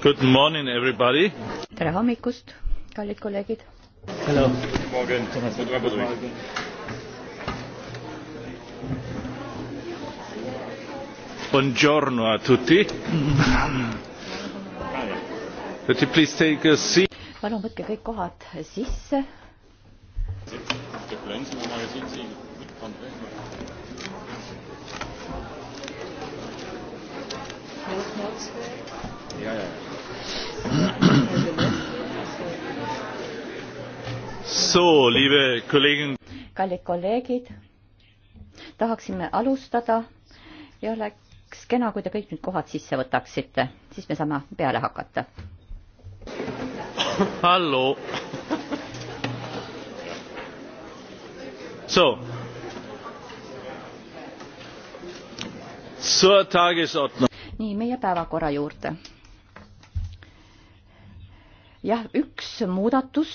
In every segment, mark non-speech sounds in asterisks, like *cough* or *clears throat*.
Good morning, everybody. tere hommikust, kallid kolleegid. Hello. Guten Morgen. Guten Morgen. Buongiorno a tutti. Could you please take a seat? palun võtke kõik kohad sisse. Ja, ja. So, liebe Kollegen. kallid kolleegid, tahaksime alustada ja oleks kena, kui te kõik nüüd kohad sisse võtaksite, siis me saame peale hakata. hallo. So. Zur Tagesordnung. nii, meie päevakorra juurde jah, üks muudatus,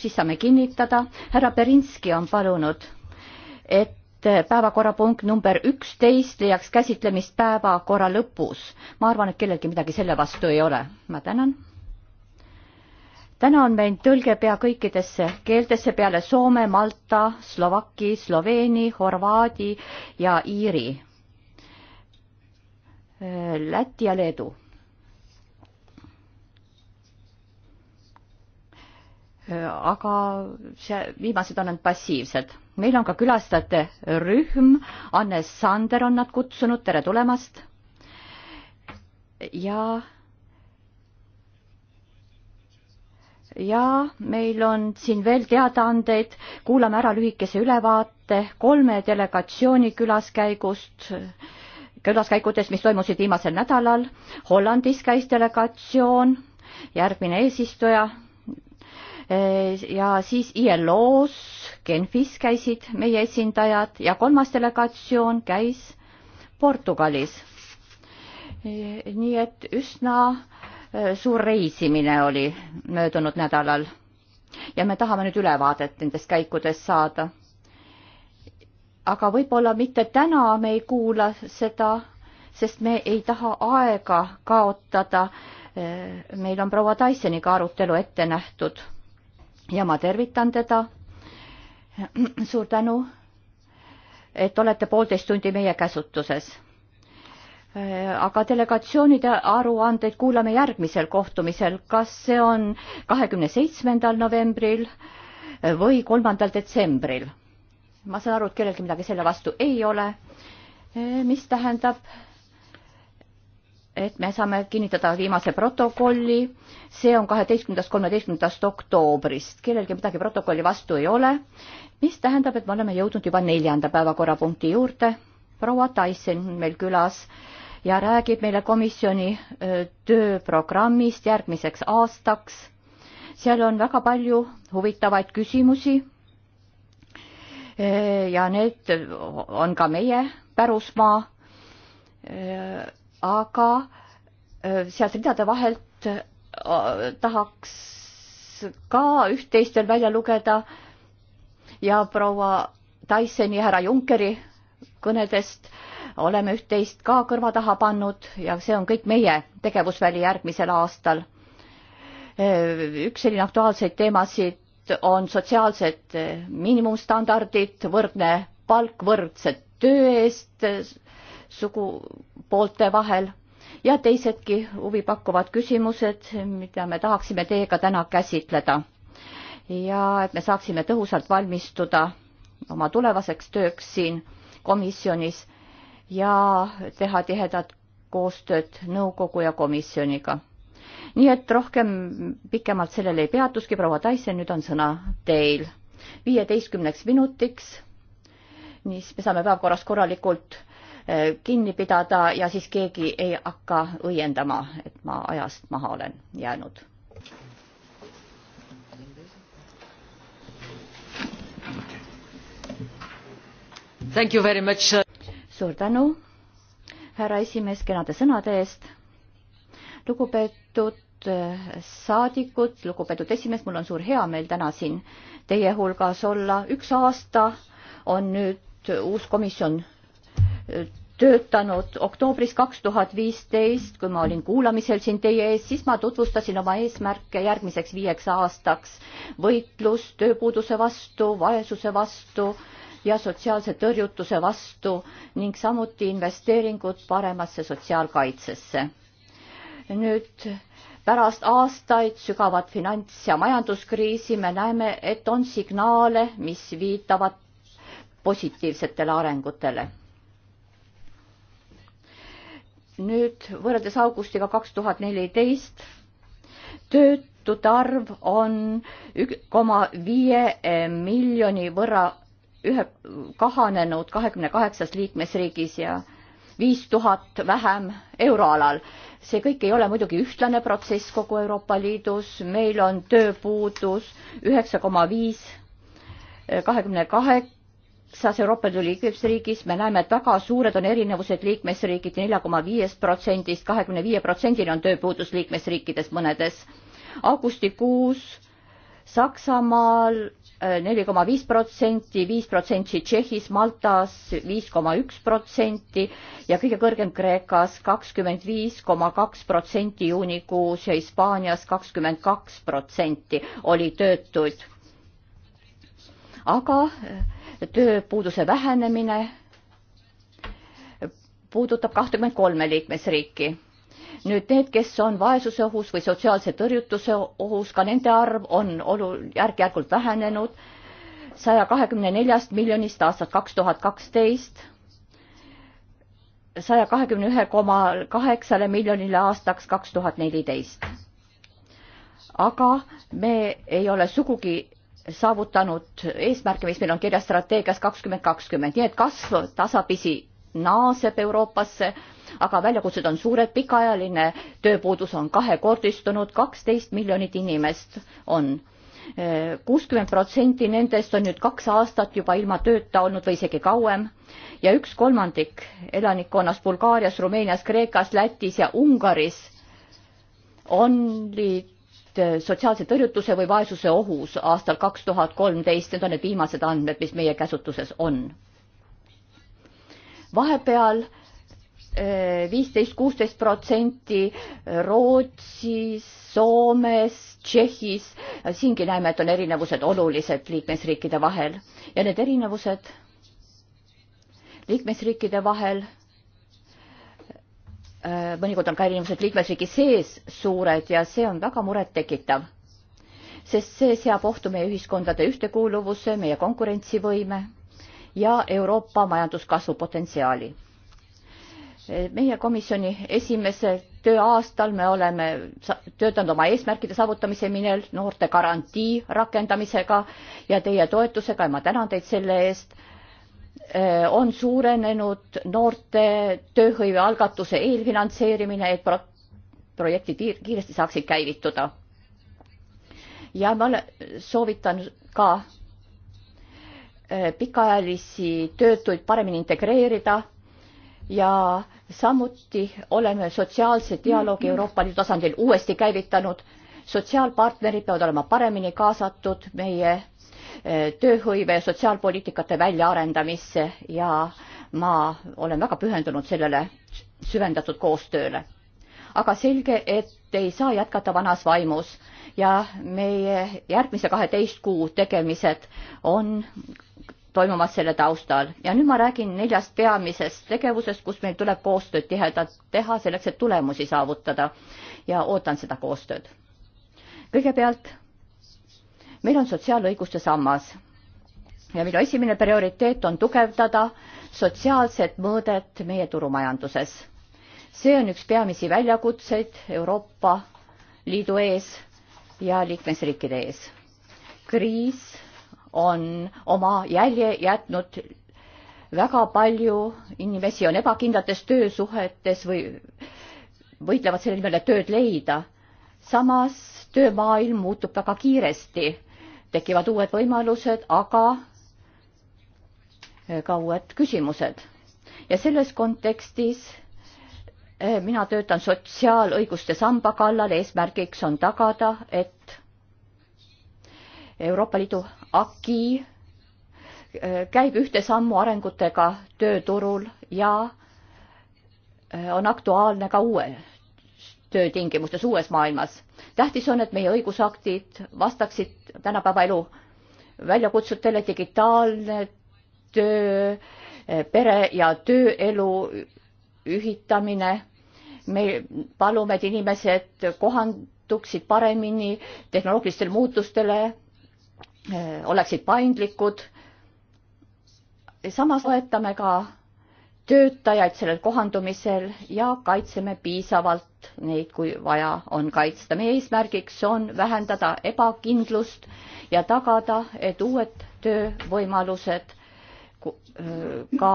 siis saame kinnitada. härra Berinski on palunud, et päevakorrapunkt number üksteist leiaks käsitlemist päevakorra lõpus. ma arvan, et kellelgi midagi selle vastu ei ole. ma tänan. täna on meil tõlge pea kõikidesse keeltesse peale soome, malta, slovaki, sloveeni, horvaadi ja iiri. Läti ja Leedu aga see, viimased on ainult passiivsed. meil on ka külastajate rühm, Anne Sander on nad kutsunud, tere tulemast. ja ja meil on siin veel teadaandeid, kuulame ära lühikese ülevaate kolme delegatsiooni külaskäigust, külaskäikudest, mis toimusid viimasel nädalal. Hollandis käis delegatsioon, järgmine eesistuja ja siis ILO-s Genfis käisid meie esindajad ja kolmas delegatsioon käis Portugalis. nii et üsna suur reisimine oli möödunud nädalal ja me tahame nüüd ülevaadet nendest käikudest saada. aga võib-olla mitte täna me ei kuula seda, sest me ei taha aega kaotada. meil on proua Tysoniga arutelu ette nähtud ja ma tervitan teda. suur tänu, et olete poolteist tundi meie käsutuses aga delegatsioonide aruandeid kuulame järgmisel kohtumisel, kas see on kahekümne seitsmendal novembril või kolmandal detsembril. ma saan aru, et kellelgi midagi selle vastu ei ole, mis tähendab et me saame kinnitada viimase protokolli, see on kaheteistkümnendast kolmeteistkümnendast oktoobrist, kellelgi midagi protokolli vastu ei ole, mis tähendab, et me oleme jõudnud juba neljanda päevakorrapunkti juurde. proua Tyson on meil külas ja räägib meile komisjoni tööprogrammist järgmiseks aastaks. seal on väga palju huvitavaid küsimusi. ja need on ka meie pärusmaa aga sealt ridade vahelt tahaks ka üht-teist veel välja lugeda ja proua Tysoni ja härra Junckeri kõnedest oleme üht-teist ka kõrva taha pannud ja see on kõik meie tegevusväli järgmisel aastal. üks selline aktuaalseid teemasid on sotsiaalsed miinimumstandardid, võrdne palk võrdse töö eest sugupoolte vahel ja teisedki huvipakkuvad küsimused, mida me tahaksime teiega täna käsitleda. ja et me saaksime tõhusalt valmistuda oma tulevaseks tööks siin komisjonis ja teha tihedat koostööd nõukogu ja komisjoniga. nii et rohkem pikemalt sellel ei peatuski, proua Taisen, nüüd on sõna teil viieteistkümneks minutiks, mis me saame päevakorras korralikult Eh, kinni pidada ja siis keegi ei hakka õiendama, et ma ajast maha olen jäänud. suur tänu, härra esimees, kenade sõnade eest. lugupeetud eh, saadikud, lugupeetud esimees, mul on suur heameel täna siin teie hulgas olla. üks aasta on nüüd uus komisjon eh, töötanud oktoobris kaks tuhat viisteist, kui ma olin kuulamisel siin teie ees, siis ma tutvustasin oma eesmärke järgmiseks viieks aastaks. võitlus tööpuuduse vastu, vaesuse vastu ja sotsiaalse tõrjutuse vastu ning samuti investeeringud paremasse sotsiaalkaitsesse. nüüd pärast aastaid sügavat finants- ja majanduskriisi me näeme, et on signaale, mis viitavad positiivsetele arengutele nüüd võrreldes augustiga kaks tuhat neliteist töötute arv on koma viie miljoni võrra ühe kahanenud kahekümne kaheksas liikmesriigis ja viis tuhat vähem euroalal. see kõik ei ole muidugi ühtlane protsess kogu Euroopa Liidus, meil on tööpuudus üheksa koma viis kahekümne kaheksa kaheksas Euroopa Liidu liikmesriigis me näeme, et väga suured on erinevused liikmesriigiti, nelja koma viiest protsendist kahekümne viie protsendini on tööpuudus liikmesriikides mõnedes. augustikuus Saksamaal äh, neli koma viis protsenti, viis protsenti Tšehhis, Maltas viis koma üks protsenti ja kõige kõrgem Kreekas kakskümmend viis koma kaks protsenti juunikuus ja Hispaanias kakskümmend kaks protsenti oli töötuid aga eh, tööpuuduse vähenemine puudutab kahtekümmet kolme liikmesriiki. nüüd need, kes on vaesuse ohus või sotsiaalse tõrjutuse ohus, ka nende arv on olu-, järk-järgult vähenenud saja kahekümne neljast miljonist aastast kaks tuhat kaksteist saja kahekümne ühe koma kaheksale miljonile aastaks kaks tuhat neliteist. aga me ei ole sugugi saavutanud eesmärke, mis meil on kirjas strateegias kakskümmend kakskümmend, nii et kasv tasapisi naaseb Euroopasse, aga väljakutsed on suured, pikaajaline tööpuudus on kahekordistunud, kaksteist miljonit inimest on. kuuskümmend protsenti nendest on nüüd kaks aastat juba ilma tööta olnud või isegi kauem ja üks kolmandik elanikkonnast Bulgaarias, Rumeenias, Kreekas, Lätis ja Ungaris on liit Eh, sotsiaalse tõrjutuse või vaesuse ohus aastal kaks tuhat kolmteist, need on need viimased andmed, mis meie käsutuses on. vahepeal eh, viisteist, kuusteist protsenti Rootsis, Soomes, Tšehhis, siingi näeme, et on erinevused olulised liikmesriikide vahel ja need erinevused liikmesriikide vahel Äh, mõnikord on ka erinevused liikmesriigi sees suured ja see on väga murettekitav, sest see seab ohtu meie ühiskondade ühtekuuluvuse, meie konkurentsivõime ja Euroopa majanduskasvu potentsiaali. Äh, meie komisjoni esimesel tööaastal me oleme töötanud oma eesmärkide saavutamise minel noorte garantii rakendamisega ja teie toetusega ja ma tänan teid selle eest Äh, on suurenenud noorte tööhõive algatuse eelfinantseerimine, et pro projektid kiiresti saaksid käivituda. ja ma soovitan ka äh, pikaajalisi töötuid paremini integreerida ja samuti oleme sotsiaalse dialoogi Euroopa Liidu tasandil uuesti käivitanud. sotsiaalpartnerid peavad olema paremini kaasatud meie tööhõive ja sotsiaalpoliitikate väljaarendamisse ja ma olen väga pühendunud sellele süvendatud koostööle. aga selge, et ei saa jätkata vanas vaimus ja meie järgmise kaheteist kuu tegemised on toimumas selle taustal ja nüüd ma räägin neljast peamisest tegevusest, kus meil tuleb koostööd tihedalt teha selleks, et tulemusi saavutada ja ootan seda koostööd. kõigepealt meil on sotsiaalõiguste sammas ja minu esimene prioriteet on tugevdada sotsiaalset mõõdet meie turumajanduses. see on üks peamisi väljakutseid Euroopa Liidu ees ja liikmesriikide ees. kriis on oma jälje jätnud väga palju inimesi on ebakindlates töösuhetes või võitlevad selle nimel, et tööd leida. samas töömaailm muutub väga kiiresti tekivad uued võimalused, aga eh, ka uued küsimused. ja selles kontekstis eh, mina töötan sotsiaalõiguste samba kallal, eesmärgiks on tagada, et Euroopa Liidu aki eh, käib ühte sammu arengutega tööturul ja on aktuaalne ka uue töötingimustes uues maailmas. tähtis on, et meie õigusaktid vastaksid tänapäeva elu väljakutsetele, digitaalne töö, pere ja tööelu ühitamine. me palume, et inimesed kohanduksid paremini tehnoloogilistele muutustele, oleksid paindlikud. samas toetame ka töötajaid sellel kohandumisel ja kaitseme piisavalt neid, kui vaja on kaitsta. meie eesmärgiks on vähendada ebakindlust ja tagada, et uued töövõimalused ka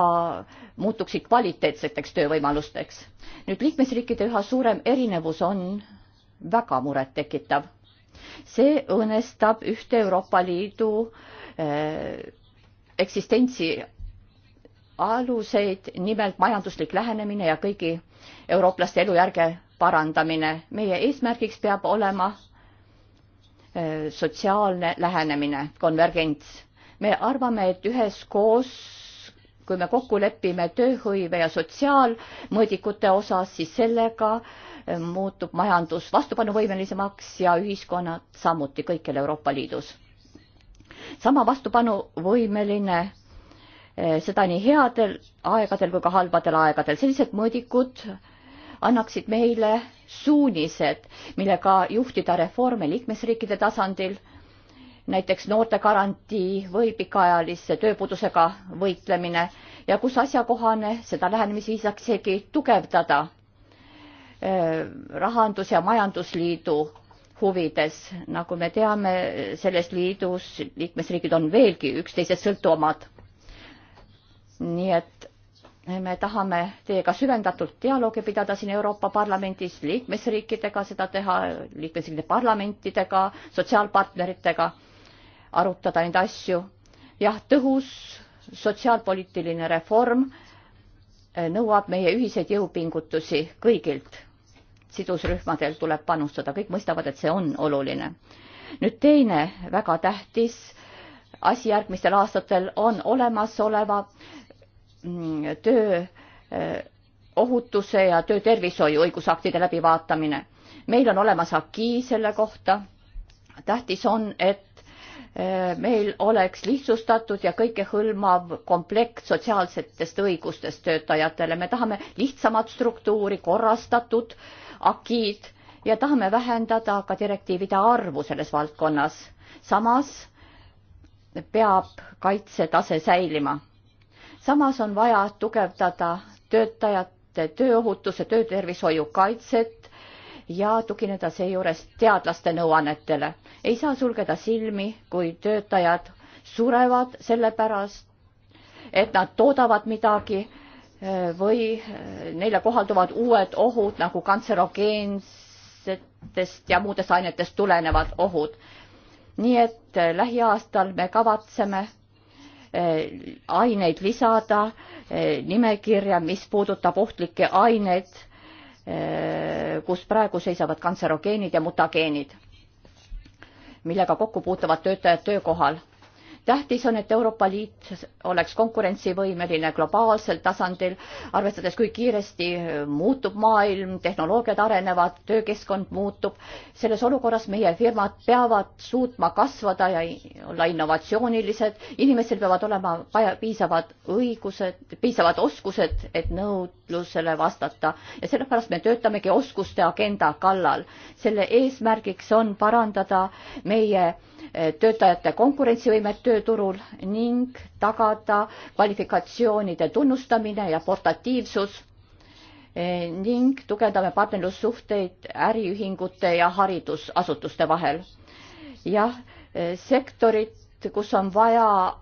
muutuksid kvaliteetseteks töövõimalusteks. nüüd liikmesriikide üha suurem erinevus on väga murettekitav. see õõnestab ühte Euroopa Liidu eksistentsi aluseid, nimelt majanduslik lähenemine ja kõigi eurooplaste elujärge parandamine. meie eesmärgiks peab olema äh, sotsiaalne lähenemine, konvergents. me arvame, et üheskoos, kui me kokku lepime tööhõive ja sotsiaalmõõdikute osas, siis sellega äh, muutub majandus vastupanuvõimelisemaks ja ühiskonnad samuti kõikjal Euroopa Liidus. sama vastupanuvõimeline Eh, seda nii headel aegadel kui ka halbadel aegadel. sellised mõõdikud annaksid meile suunised, millega juhtida reforme liikmesriikide tasandil, näiteks noortegarantii või pikaajalise tööpuudusega võitlemine ja kus asjakohane seda lähenemisviisaks isegi tugevdada eh, rahandus- ja majandusliidu huvides. nagu me teame, selles liidus liikmesriigid on veelgi üksteisest sõltuvamad nii et me tahame teiega süvendatult dialoogi pidada siin Euroopa Parlamendis, liikmesriikidega seda teha, liikmesriikide parlamentidega, sotsiaalpartneritega, arutada neid asju. jah, tõhus sotsiaalpoliitiline reform eh, nõuab meie ühiseid jõupingutusi kõigilt. sidusrühmadel tuleb panustada, kõik mõistavad, et see on oluline. nüüd teine väga tähtis asi järgmistel aastatel on olemasoleva Mm, tööohutuse eh, ja töötervishoiu õigusaktide läbivaatamine. meil on olemas aki selle kohta. tähtis on, et eh, meil oleks lihtsustatud ja kõikehõlmav komplekt sotsiaalsetest õigustest töötajatele. me tahame lihtsamat struktuuri, korrastatud akiid ja tahame vähendada ka direktiivide arvu selles valdkonnas. samas peab kaitsetase säilima samas on vaja tugevdada töötajate tööohutuse, töötervishoiu kaitset ja tugineda seejuures teadlaste nõuannetele. ei saa sulgeda silmi, kui töötajad surevad sellepärast, et nad toodavad midagi eh, või eh, neile kohalduvad uued ohud nagu kantserogeensetest ja muudest ainetest tulenevad ohud. nii et eh, lähiaastal me kavatseme Äh, aineid lisada äh, nimekirja, mis puudutab ohtlikke aineid, äh, kus praegu seisavad kantserogeenid ja mutageenid, millega kokku puutuvad töötajad töökohal tähtis on, et Euroopa Liit oleks konkurentsivõimeline globaalsel tasandil, arvestades, kui kiiresti muutub maailm, tehnoloogiad arenevad, töökeskkond muutub. selles olukorras meie firmad peavad suutma kasvada ja olla innovatsioonilised, inimestel peavad olema piisavad õigused, piisavad oskused, et nõudlusele vastata ja sellepärast me töötamegi oskuste agenda kallal. selle eesmärgiks on parandada meie töötajate konkurentsivõimet tööturul ning tagada kvalifikatsioonide tunnustamine ja portatiivsus ning tugevdame partnerlussuhteid äriühingute ja haridusasutuste vahel. jah, sektorid, kus on vaja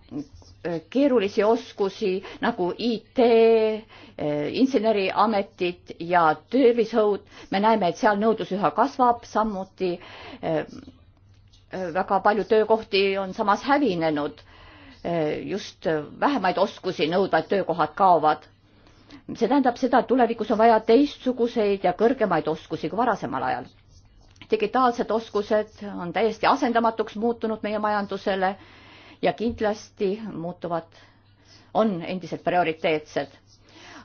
eh, keerulisi oskusi nagu IT, eh, inseneriametid ja tervishoid, me näeme, et seal nõudlus üha kasvab, samuti eh, väga palju töökohti on samas hävinenud. just vähemaid oskusi nõudvad töökohad kaovad. see tähendab seda, et tulevikus on vaja teistsuguseid ja kõrgemaid oskusi kui varasemal ajal. digitaalsed oskused on täiesti asendamatuks muutunud meie majandusele ja kindlasti muutuvad, on endiselt prioriteetsed.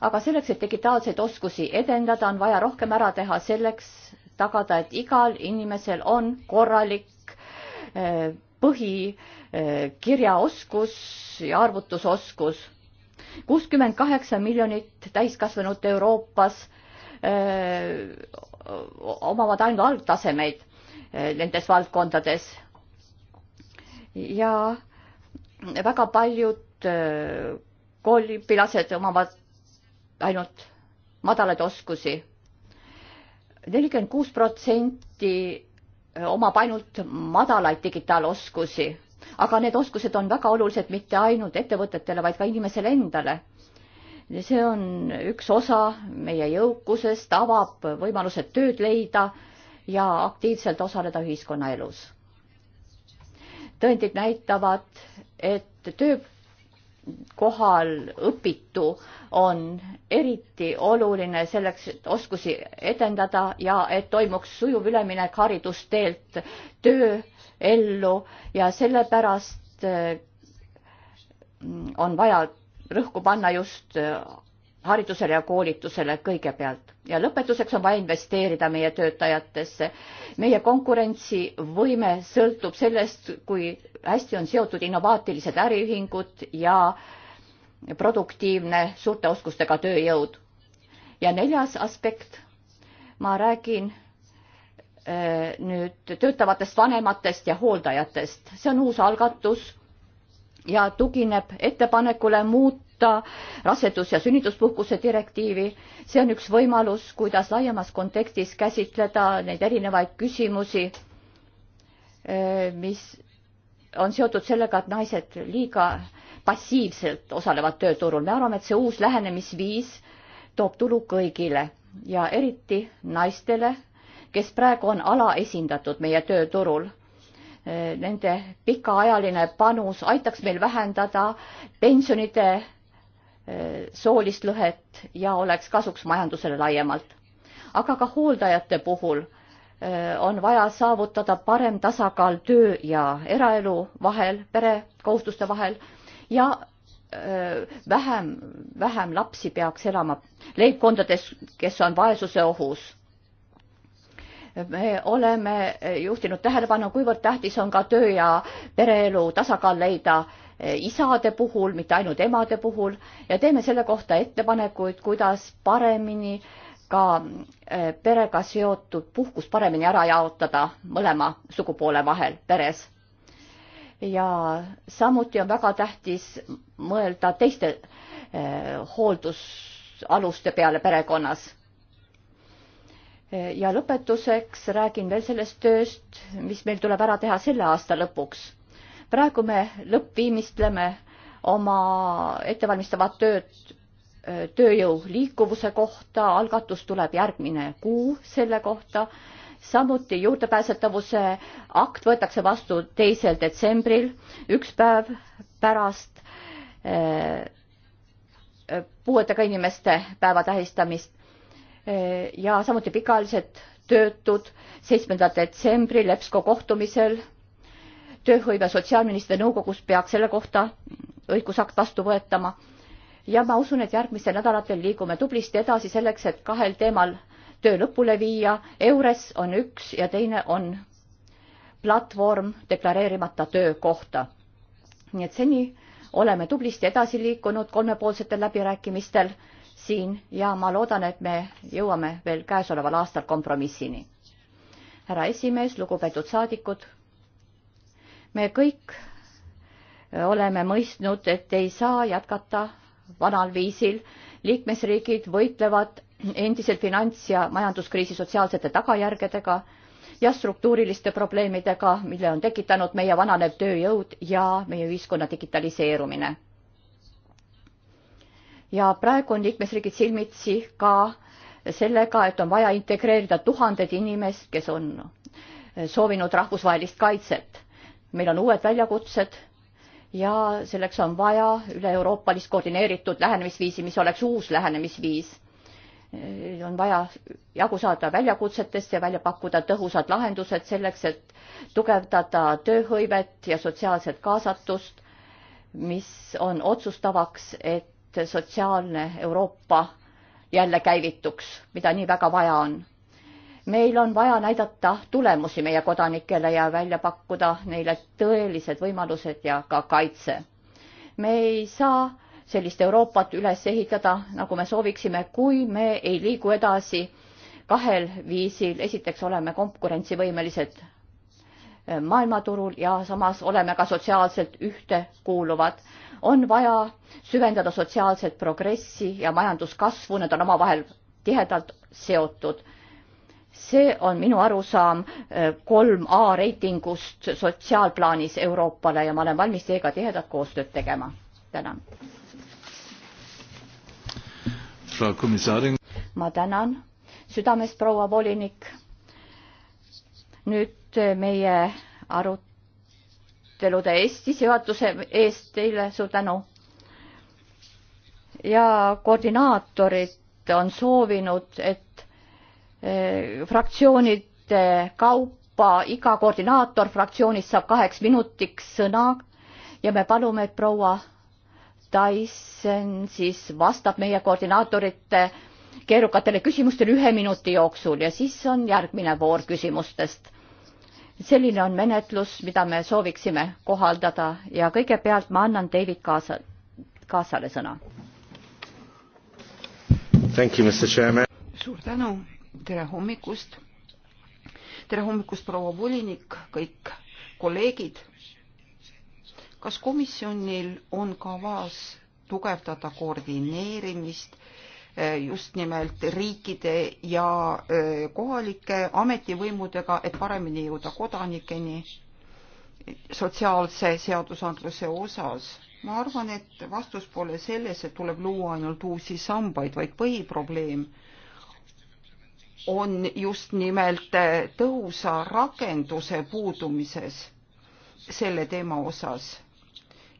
aga selleks, et digitaalseid oskusi edendada, on vaja rohkem ära teha selleks, tagada, et igal inimesel on korralik põhikirjaoskus ja arvutusoskus. kuuskümmend kaheksa miljonit täiskasvanut Euroopas öö, omavad ainult algtasemeid nendes valdkondades. ja väga paljud kooliõpilased omavad ainult madalaid oskusi. nelikümmend kuus protsenti omab ainult madalaid digitaaloskusi, aga need oskused on väga olulised mitte ainult ettevõtetele, vaid ka inimesele endale. see on üks osa meie jõukusest, avab võimalused tööd leida ja aktiivselt osaleda ühiskonnaelus. tõendid näitavad, et töö kohal õpitu on eriti oluline selleks, et oskusi edendada ja et toimuks sujuv üleminek haridusteelt tööellu ja sellepärast eh, on vaja rõhku panna just haridusele ja koolitusele kõigepealt ja lõpetuseks on vaja investeerida meie töötajatesse. meie konkurentsivõime sõltub sellest, kui hästi on seotud innovaatilised äriühingud ja produktiivne suurte oskustega tööjõud. ja neljas aspekt, ma räägin äh, nüüd töötavatest vanematest ja hooldajatest, see on uus algatus ja tugineb ettepanekule muuta rasedus- ja sünnituspuhkuse direktiivi. see on üks võimalus, kuidas laiemas kontekstis käsitleda neid erinevaid küsimusi, eh, mis on seotud sellega, et naised liiga passiivselt osalevad tööturul. me arvame, et see uus lähenemisviis toob tulu kõigile ja eriti naistele, kes praegu on alaesindatud meie tööturul nende pikaajaline panus aitaks meil vähendada pensionide eh, soolist lõhet ja oleks kasuks majandusele laiemalt. aga ka hooldajate puhul eh, on vaja saavutada parem tasakaal töö ja eraelu vahel, perekohustuste vahel ja eh, vähem, vähem lapsi peaks elama leibkondades, kes on vaesuse ohus me oleme juhtinud tähelepanu, kuivõrd tähtis on ka töö ja pereelu tasakaal leida eh, isade puhul, mitte ainult emade puhul ja teeme selle kohta ettepanekuid, kuidas paremini ka eh, perega seotud puhkus paremini ära jaotada mõlema sugupoole vahel peres. ja samuti on väga tähtis mõelda teiste eh, hooldusaluste peale perekonnas ja lõpetuseks räägin veel sellest tööst, mis meil tuleb ära teha selle aasta lõpuks. praegu me lõppviimistleme oma ettevalmistavat tööd tööjõu liikuvuse kohta, algatus tuleb järgmine kuu selle kohta, samuti juurdepääsetavuse akt võetakse vastu teisel detsembril, üks päev pärast puuetega inimeste päeva tähistamist Eh, ja samuti pikaajalised töötud seitsmendal detsembril EBSCO kohtumisel tööhõive sotsiaalministri nõukogus peaks selle kohta õigusakt vastu võetama ja ma usun, et järgmistel nädalatel liigume tublisti edasi selleks, et kahel teemal töö lõpule viia. EURES on üks ja teine on platvorm deklareerimata töö kohta. nii et seni oleme tublisti edasi liikunud kolmepoolsetel läbirääkimistel siin ja ma loodan, et me jõuame veel käesoleval aastal kompromissini. härra esimees, lugupeetud saadikud, me kõik oleme mõistnud, et ei saa jätkata vanal viisil. liikmesriigid võitlevad endiselt finants- ja majanduskriisi sotsiaalsete tagajärgedega ja struktuuriliste probleemidega, mille on tekitanud meie vananev tööjõud ja meie ühiskonna digitaliseerumine ja praegu on liikmesriigid silmitsi ka sellega, et on vaja integreerida tuhanded inimesed, kes on soovinud rahvusvahelist kaitset. meil on uued väljakutsed ja selleks on vaja üle-euroopalist koordineeritud lähenemisviisi, mis oleks uus lähenemisviis. on vaja jagu saada väljakutsetest ja välja pakkuda tõhusad lahendused selleks, et tugevdada tööhõivet ja sotsiaalset kaasatust, mis on otsustavaks, et et sotsiaalne Euroopa jälle käivituks, mida nii väga vaja on. meil on vaja näidata tulemusi meie kodanikele ja välja pakkuda neile tõelised võimalused ja ka kaitse. me ei saa sellist Euroopat üles ehitada, nagu me sooviksime, kui me ei liigu edasi kahel viisil. esiteks oleme konkurentsivõimelised maailmaturul ja samas oleme ka sotsiaalselt ühtekuuluvad. on vaja süvendada sotsiaalset progressi ja majanduskasvu, need on omavahel tihedalt seotud. see on minu arusaam eh, kolm A reitingust sotsiaalplaanis Euroopale ja ma olen valmis teiega tihedat koostööd tegema. tänan. ma tänan südamest, proua volinik nüüd eh, meie arutelude Eestis juhatuse eest teile suur tänu. ja koordinaatorid on soovinud, et eh, fraktsioonide kaupa iga koordinaator fraktsioonist saab kaheks minutiks sõna ja me palume, et proua Tyson siis vastab meie koordinaatorite keerukatele küsimustele ühe minuti jooksul ja siis on järgmine voor küsimustest selline on menetlus, mida me sooviksime kohaldada ja kõigepealt ma annan David Kaasa, Kaasale sõna. suur tänu, tere hommikust. tere hommikust, proua volinik, kõik kolleegid. kas komisjonil on kavas tugevdada koordineerimist just nimelt riikide ja kohalike ametivõimudega, et paremini jõuda kodanikeni sotsiaalse seadusandluse osas. ma arvan, et vastus pole selles, et tuleb luua ainult uusi sambaid, vaid põhiprobleem on just nimelt tõhusa rakenduse puudumises selle teema osas,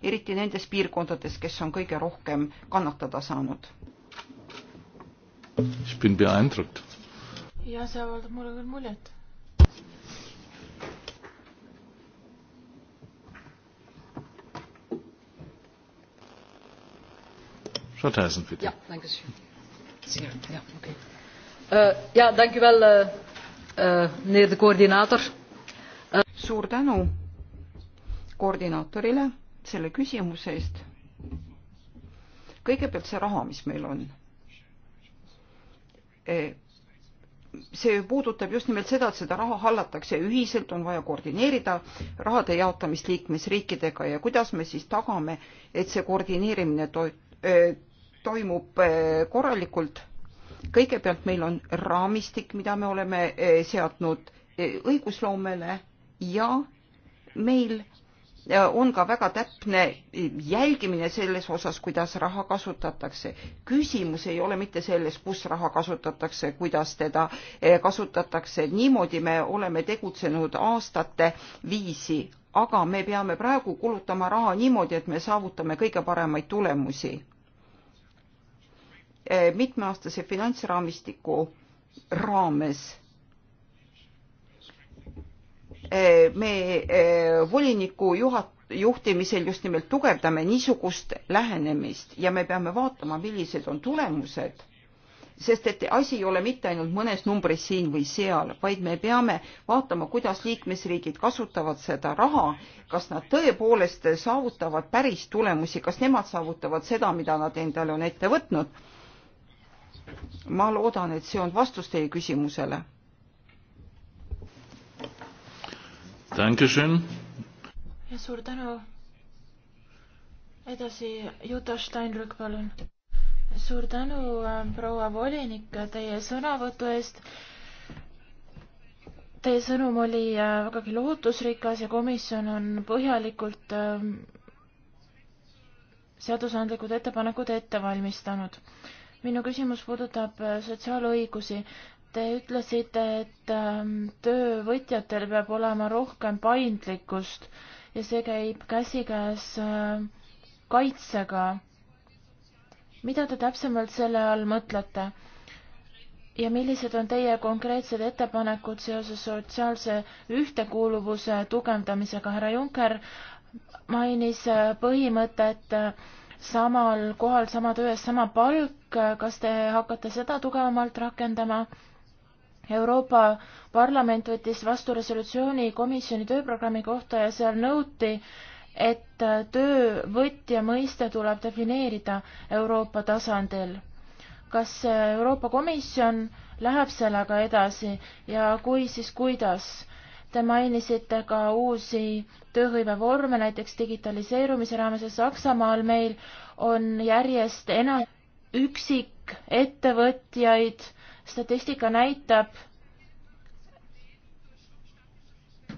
eriti nendes piirkondades, kes on kõige rohkem kannatada saanud Ich bin beeindruckt. jah, see avaldab mulle küll muljet Schatthaisen, bitte. Ja, dank u. Zeer, ja, oké. Okay. Uh, ja, dank u wel, uh, uh, meneer de coördinator. Uh, Suur tänu koordinaatorile selle küsimuse eest. kõigepealt see raha, mis meil on see puudutab just nimelt seda, et seda raha hallatakse ühiselt, on vaja koordineerida rahade jaotamist liikmesriikidega ja kuidas me siis tagame, et see koordineerimine to toimub korralikult. kõigepealt meil on raamistik, mida me oleme seadnud õigusloomele ja meil on ka väga täpne jälgimine selles osas, kuidas raha kasutatakse. küsimus ei ole mitte selles, kus raha kasutatakse, kuidas teda eh, kasutatakse, niimoodi me oleme tegutsenud aastate viisi, aga me peame praegu kulutama raha niimoodi, et me saavutame kõige paremaid tulemusi. Eh, mitmeaastase finantsraamistiku raames Eh, me eh, voliniku juhat-, juhtimisel just nimelt tugevdame niisugust lähenemist ja me peame vaatama, millised on tulemused, sest et asi ei ole mitte ainult mõnes numbris siin või seal, vaid me peame vaatama, kuidas liikmesriigid kasutavad seda raha, kas nad tõepoolest saavutavad päris tulemusi, kas nemad saavutavad seda, mida nad endale on ette võtnud. ma loodan, et see on vastus teie küsimusele ja suur tänu. edasi Juta Steinrück, palun. suur tänu, äh, proua volinik, teie sõnavõtu eest. Teie sõnum oli äh, vägagi lootusrikas ja komisjon on põhjalikult äh, seadusandlikud ettepanekud ette valmistanud. minu küsimus puudutab sotsiaalõigusi. Te ütlesite, et ähm, töövõtjatel peab olema rohkem paindlikkust ja see käib käsikäes ähm, kaitsega. mida te täpsemalt selle all mõtlete? ja millised on teie konkreetsed ettepanekud seoses sotsiaalse ühtekuuluvuse tugevdamisega? härra Juncker mainis äh, põhimõtet äh, samal kohal sama töö eest sama palk. kas te hakkate seda tugevamalt rakendama? Euroopa Parlament võttis vastu resolutsiooni komisjoni tööprogrammi kohta ja seal nõuti, et töövõtja mõiste tuleb defineerida Euroopa tasandil. kas Euroopa Komisjon läheb sellega edasi ja kui, siis kuidas? Te mainisite ka uusi tööhõivevorme, näiteks digitaliseerumise raames ja Saksamaal meil on järjest enam üksikettevõtjaid statistika näitab,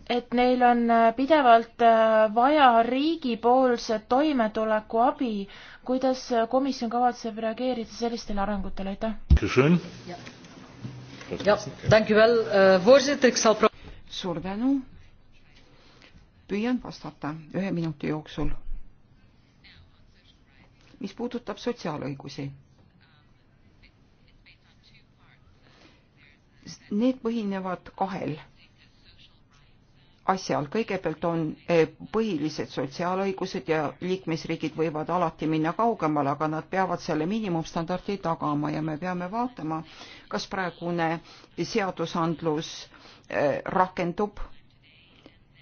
et neil on äh, pidevalt äh, vaja riigipoolset toimetulekuabi. kuidas äh, komisjon kavatseb reageerida sellistele arengutele, aitäh? suur tänu. püüan vastata ühe minuti jooksul. mis puudutab sotsiaalõigusi need põhinevad kahel asjal. kõigepealt on eh, põhilised sotsiaalõigused ja liikmesriigid võivad alati minna kaugemale, aga nad peavad selle miinimumstandardi tagama ja me peame vaatama, kas praegune seadusandlus eh, rakendub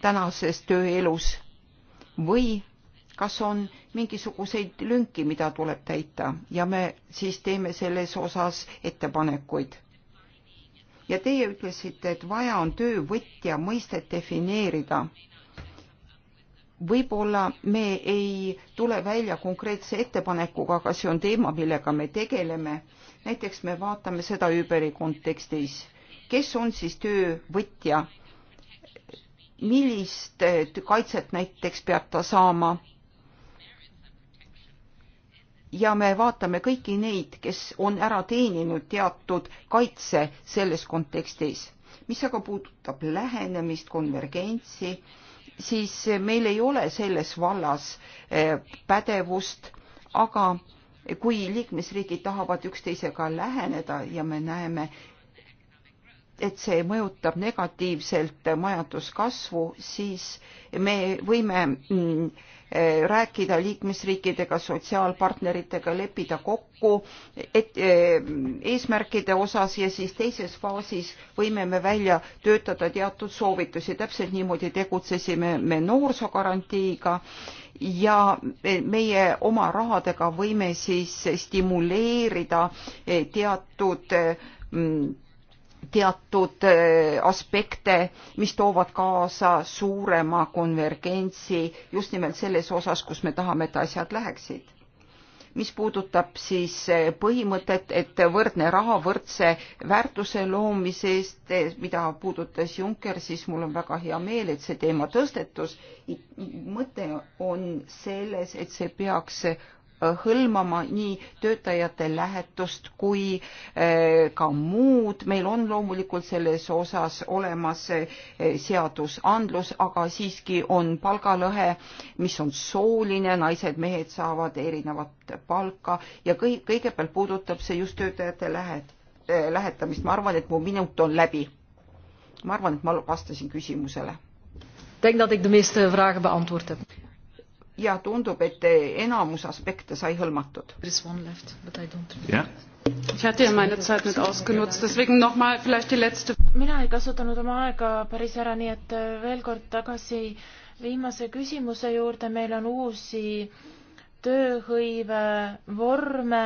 tänases tööelus või kas on mingisuguseid lünki, mida tuleb täita ja me siis teeme selles osas ettepanekuid ja teie ütlesite, et vaja on töövõtja mõistet defineerida. võib-olla me ei tule välja konkreetse ettepanekuga, aga see on teema, millega me tegeleme. näiteks me vaatame seda Uberi kontekstis, kes on siis töövõtja millist äh, kaitset näiteks peab ta saama ja me vaatame kõiki neid, kes on ära teeninud teatud kaitse selles kontekstis. mis aga puudutab lähenemist, konvergentsi, siis meil ei ole selles vallas eh, pädevust, aga kui liikmesriigid tahavad üksteisega läheneda ja me näeme, et see mõjutab negatiivselt majanduskasvu, siis me võime mm, Eh, rääkida liikmesriikidega, sotsiaalpartneritega, leppida kokku et, eh, eesmärkide osas ja siis teises faasis võime me välja töötada teatud soovitusi. täpselt niimoodi tegutsesime me noorsoogarantiiga ja meie oma rahadega võime siis stimuleerida eh, teatud teatud äh, aspekte, mis toovad kaasa suurema konvergentsi just nimelt selles osas, kus me tahame, et asjad läheksid. mis puudutab siis äh, põhimõtet, et võrdne raha võrdse väärtuse loomise eest, äh, mida puudutas Juncker, siis mul on väga hea meel, et see teema tõstetus. mõte on selles, et see peaks Äh, hõlmama nii töötajate lähetust kui äh, ka muud. meil on loomulikult selles osas olemas äh, seadusandlus, aga siiski on palgalõhe, mis on sooline, naised-mehed saavad erinevat palka ja kõik, kõigepealt puudutab see just töötajate lähet-, lähetamist. ma arvan, et mu minut on läbi. ma arvan, et ma vastasin küsimusele. Ik denk dat ik de meeste vragen beantwoord heb ja tundub, et enamus aspekte sai hõlmatud. jah. mina ei kasutanud oma aega päris ära, nii et äh, veel kord tagasi viimase küsimuse juurde, meil on uusi tööhõive vorme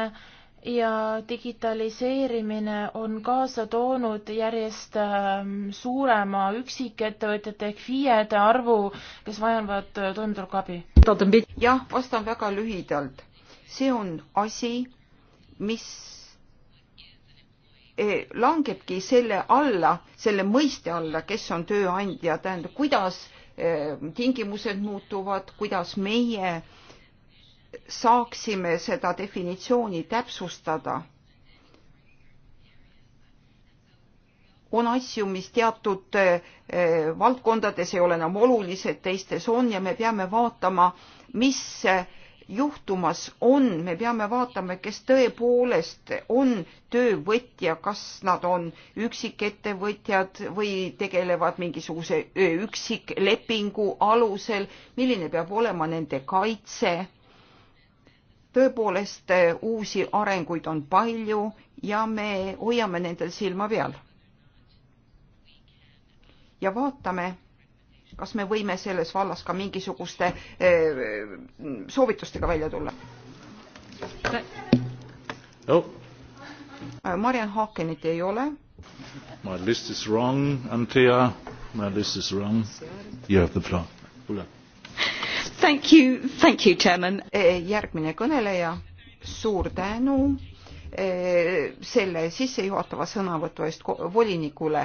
ja digitaliseerimine on kaasa toonud järjest ähm, suurema üksikettevõtjate ehk FIE-de arvu, kes vajavad äh, toimetulekuabi? jah, vastan väga lühidalt. see on asi, mis e, langebki selle alla, selle mõiste alla, kes on tööandja, tähendab, kuidas e, tingimused muutuvad, kuidas meie äh, saaksime seda definitsiooni täpsustada. on asju, mis teatud eh, valdkondades ei ole enam olulised, teistes on ja me peame vaatama, mis juhtumas on, me peame vaatama, kes tõepoolest on töövõtja, kas nad on üksikettevõtjad või tegelevad mingisuguse eh, üksiklepingu alusel, milline peab olema nende kaitse tõepoolest eh, uusi arenguid on palju ja me hoiame nendel silma peal. ja vaatame, kas me võime selles vallas ka mingisuguste eh, soovitustega välja tulla no.. Oh. Eh, Marian Haakenit ei ole. My list is wrong, Antea. My list is wrong. You have the floor. Thank you, thank you, chairman. E, järgmine kõneleja, suur tänu e, selle sissejuhatava sõnavõtu eest volinikule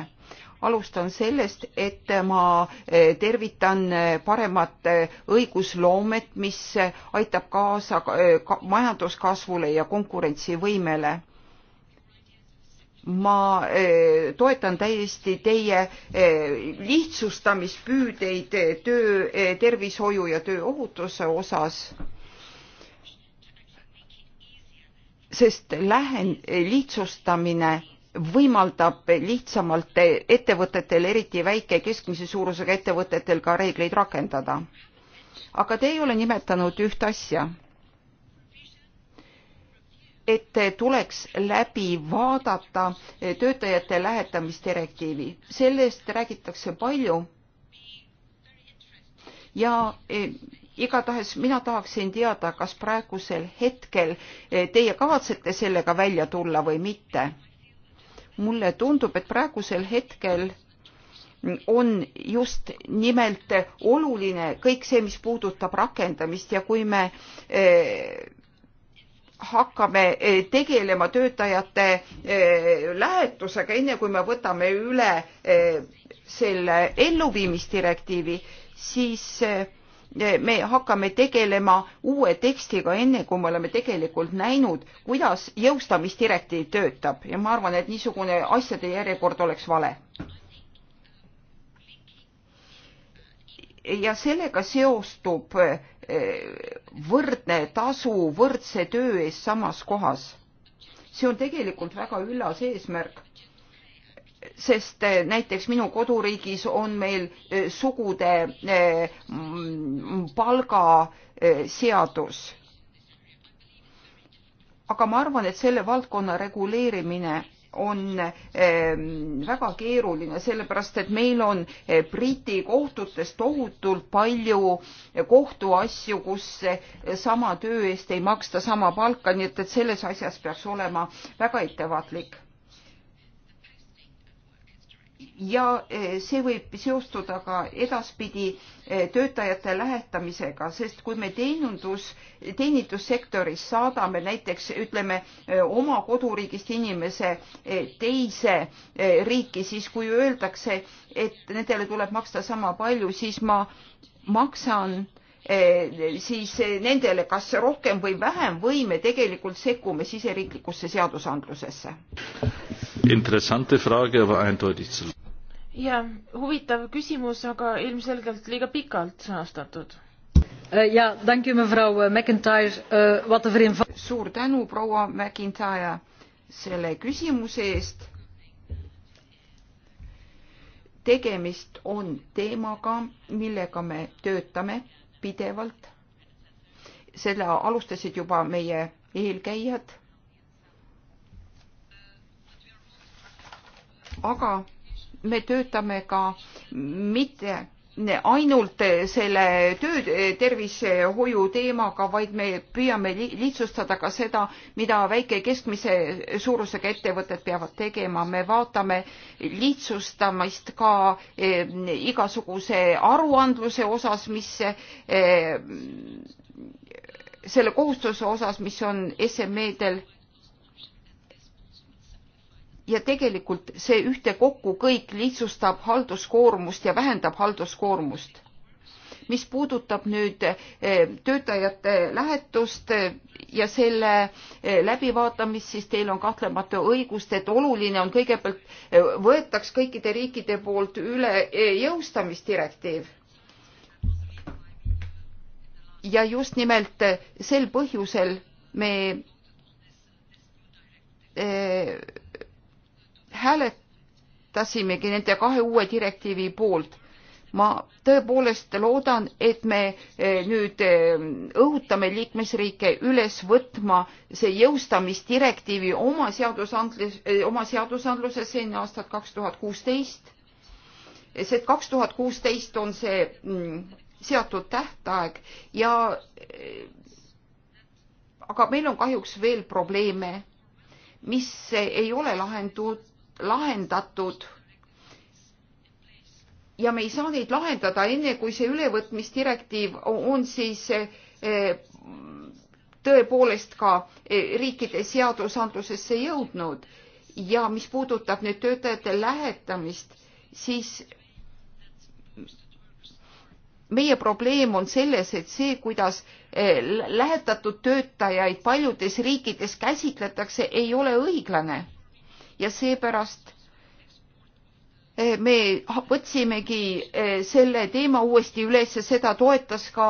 alustan sellest, et ma e, tervitan paremat õigusloomet, mis aitab kaasa majanduskasvule ja konkurentsivõimele ma eh, toetan täiesti teie eh, lihtsustamispüüdeid eh, töötervishoiu ja tööohutuse osas sest lähen lihtsustamine võimaldab lihtsamalt ettevõtetel eriti väike ja keskmise suurusega ettevõtetel ka reegleid rakendada aga te ei ole nimetanud üht asja et tuleks läbi vaadata töötajate lähetamisdirektiivi. sellest räägitakse palju. ja e, igatahes mina tahaksin teada, kas praegusel hetkel e, teie kavatsete sellega välja tulla või mitte. mulle tundub, et praegusel hetkel on just nimelt oluline kõik see, mis puudutab rakendamist ja kui me e, hakkame eh, tegelema töötajate eh, lähetusega, enne kui me võtame üle eh, selle elluviimisdirektiivi, siis me hakkame tegelema uue tekstiga, enne kui me oleme tegelikult näinud, kuidas jõustamisdirektiiv töötab ja ma arvan, et niisugune asjade järjekord oleks vale. ja sellega seostub võrdne tasu võrdse töö eest samas kohas. see on tegelikult väga üllas eesmärk, sest eh, näiteks minu koduriigis on meil eh, sugude eh, palgaseadus. aga ma arvan, et selle valdkonna reguleerimine on ehm, väga keeruline, sellepärast et meil on eh, Briti kohtutes tohutult palju kohtuasju, kus eh, sama töö eest ei maksta sama palka, nii et, et selles asjas peaks olema väga ettevaatlik ja eh, see võib seostuda ka edaspidi eh, töötajate lähetamisega, sest kui me teenundus, teenindussektoris saadame näiteks ütleme eh, oma koduriigist inimese teise riiki, siis kui öeldakse, et nendele tuleb maksta sama palju, siis ma maksan siis nendele kas rohkem või vähem või me tegelikult sekkume siseriiklikusse seadusandlusesse interessante Frage, aber eindeutig zu. ja, huvitav küsimus, aga ilmselgelt liiga pikalt sõnastatud. Äh, ja, tänke mevrouw äh, McIntyre, what a verin-. suur tänu, proua McIntyre, selle küsimuse eest. tegemist on teemaga, millega me töötame pidevalt. selle alustasid juba meie eelkäijad aga me töötame ka mitte ainult selle töötervishoiu teemaga, vaid me püüame lihtsustada ka seda, mida väike keskmise suurusega ettevõtted peavad tegema. me vaatame lihtsustamist ka eh, igasuguse aruandluse osas, mis eh, selle kohustuse osas, mis on SME-del ja tegelikult see ühtekokku kõik lihtsustab halduskoormust ja vähendab halduskoormust. mis puudutab nüüd eh, töötajate lähetust eh, ja selle eh, läbivaatamist, siis teil on kahtlemata õigust, et oluline on kõigepealt, võetaks kõikide riikide poolt üle jõustamisdirektiiv ja just nimelt sel põhjusel me hääletasimegi nende kahe uue direktiivi poolt. ma tõepoolest loodan, et me eh, nüüd eh, õhutame liikmesriike üles võtma see jõustamisdirektiivi oma seadusandlus, eh, oma seadusandlusesse enne aastat kaks tuhat kuusteist. sest kaks tuhat kuusteist on see mm, seatud tähtaeg ja aga meil on kahjuks veel probleeme mis ei ole lahendatud lahendatud. ja me ei saa neid lahendada enne, kui see ülevõtmisdirektiiv on siis eh, tõepoolest ka eh, riikide seadusandlusesse jõudnud ja mis puudutab nüüd töötajate lähetamist, siis meie probleem on selles, et see, kuidas eh, lähetatud töötajaid paljudes riikides käsitletakse, ei ole õiglane ja seepärast eh, me võtsimegi eh, selle teema uuesti üles ja seda toetas ka,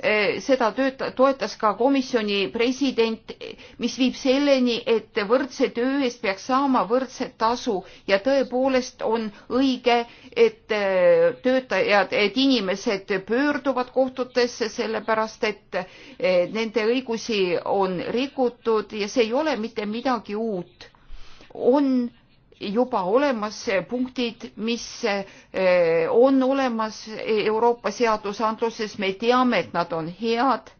eh, seda tööta, toetas ka komisjoni president, mis viib selleni, et võrdse töö eest peaks saama võrdset tasu ja tõepoolest on õige, et töötajad, et inimesed pöörduvad kohtutesse, sellepärast et nende õigusi on rikutud ja see ei ole mitte midagi uut on juba olemas punktid, mis eh, on olemas Euroopa seadusandluses, me teame, et nad on head.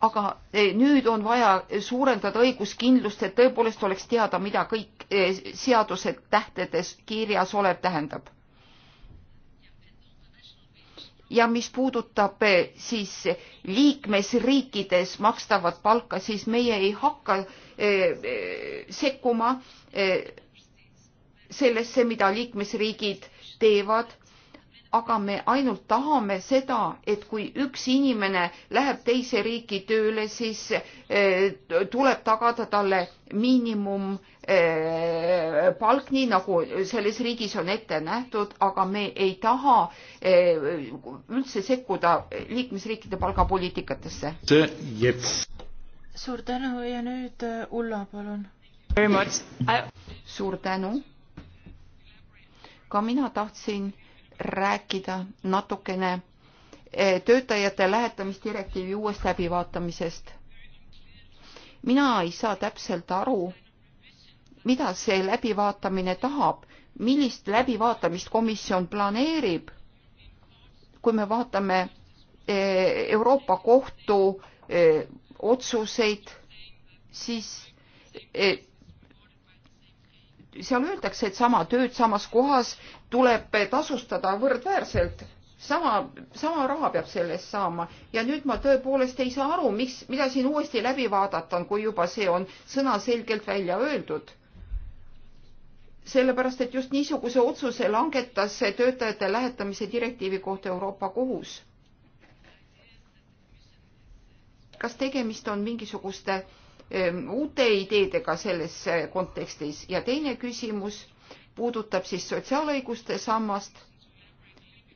aga eh, nüüd on vaja suurendada õiguskindlust, et tõepoolest oleks teada, mida kõik eh, seaduse tähtedes kirjas olev tähendab ja mis puudutab eh, siis liikmesriikides makstavat palka, siis meie ei hakka eh, eh, sekkuma sellesse, mida liikmesriigid teevad, aga me ainult tahame seda, et kui üks inimene läheb teise riiki tööle, siis tuleb tagada talle miinimum Eh, palk, nii nagu selles riigis on ette nähtud, aga me ei taha eh, üldse sekkuda liikmesriikide palgapoliitikatesse. suur tänu ja nüüd eh, Ulla, palun. suur tänu. ka mina tahtsin rääkida natukene töötajate lähetamisdirektiivi uuest läbivaatamisest. mina ei saa täpselt aru mida see läbivaatamine tahab, millist läbivaatamist komisjon planeerib. kui me vaatame eh, Euroopa Kohtu eh, otsuseid, siis eh, seal öeldakse, et sama tööd samas kohas tuleb tasustada võrdväärselt, sama, sama raha peab selle eest saama ja nüüd ma tõepoolest ei saa aru, miks, mida siin uuesti läbi vaadata on, kui juba see on sõnaselgelt välja öeldud sellepärast et just niisuguse otsuse langetas töötajate lähetamise direktiivi kohta Euroopa Kohus. kas tegemist on mingisuguste ehm, uute ideedega selles eh, kontekstis ja teine küsimus puudutab siis sotsiaalõiguste sammast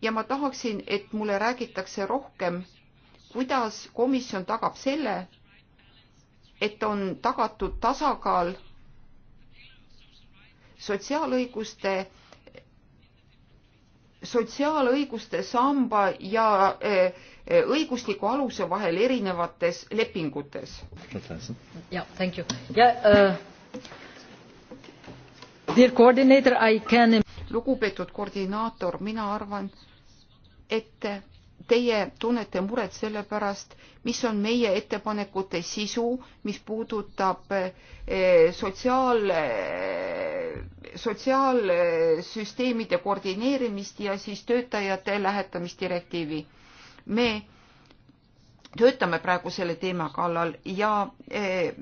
ja ma tahaksin, et mulle räägitakse rohkem, kuidas komisjon tagab selle, et on tagatud tasakaal sotsiaalõiguste sotsiaalõiguste samba ja eh, eh, õigusliku aluse vahel erinevates lepingutes. Yeah, yeah, uh, can... lugupeetud koordinaator, mina arvan, et teie tunnete muret selle pärast, mis on meie ettepanekute sisu, mis puudutab eh, sotsiaal, eh, sotsiaalsüsteemide koordineerimist ja siis töötajate lähetamisdirektiivi. me töötame praegu selle teema kallal ja eh,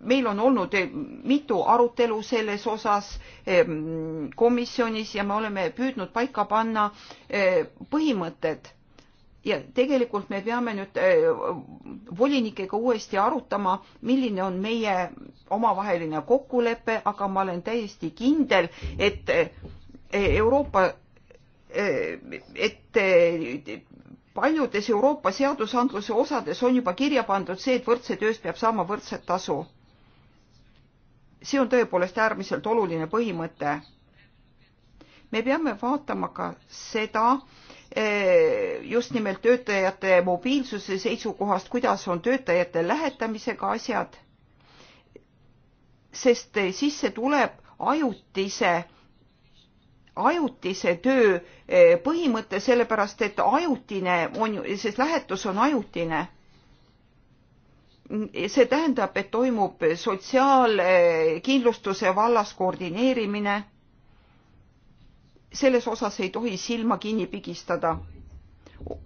meil on olnud mitu arutelu selles osas komisjonis ja me oleme püüdnud paika panna põhimõtted ja tegelikult me peame nüüd äh, volinikega uuesti arutama, milline on meie omavaheline kokkulepe, aga ma olen täiesti kindel, et äh, Euroopa, äh, et paljudes Euroopa seadusandluse osades on juba kirja pandud see, et võrdse töö eest peab saama võrdset tasu. see on tõepoolest äärmiselt oluline põhimõte. me peame vaatama ka seda, just nimelt töötajate mobiilsuse seisukohast, kuidas on töötajate lähetamisega asjad, sest sisse tuleb ajutise ajutise töö põhimõte, sellepärast et ajutine on ju, sest lähetus on ajutine. see tähendab, et toimub sotsiaalkindlustuse vallas koordineerimine selles osas ei tohi silma kinni pigistada.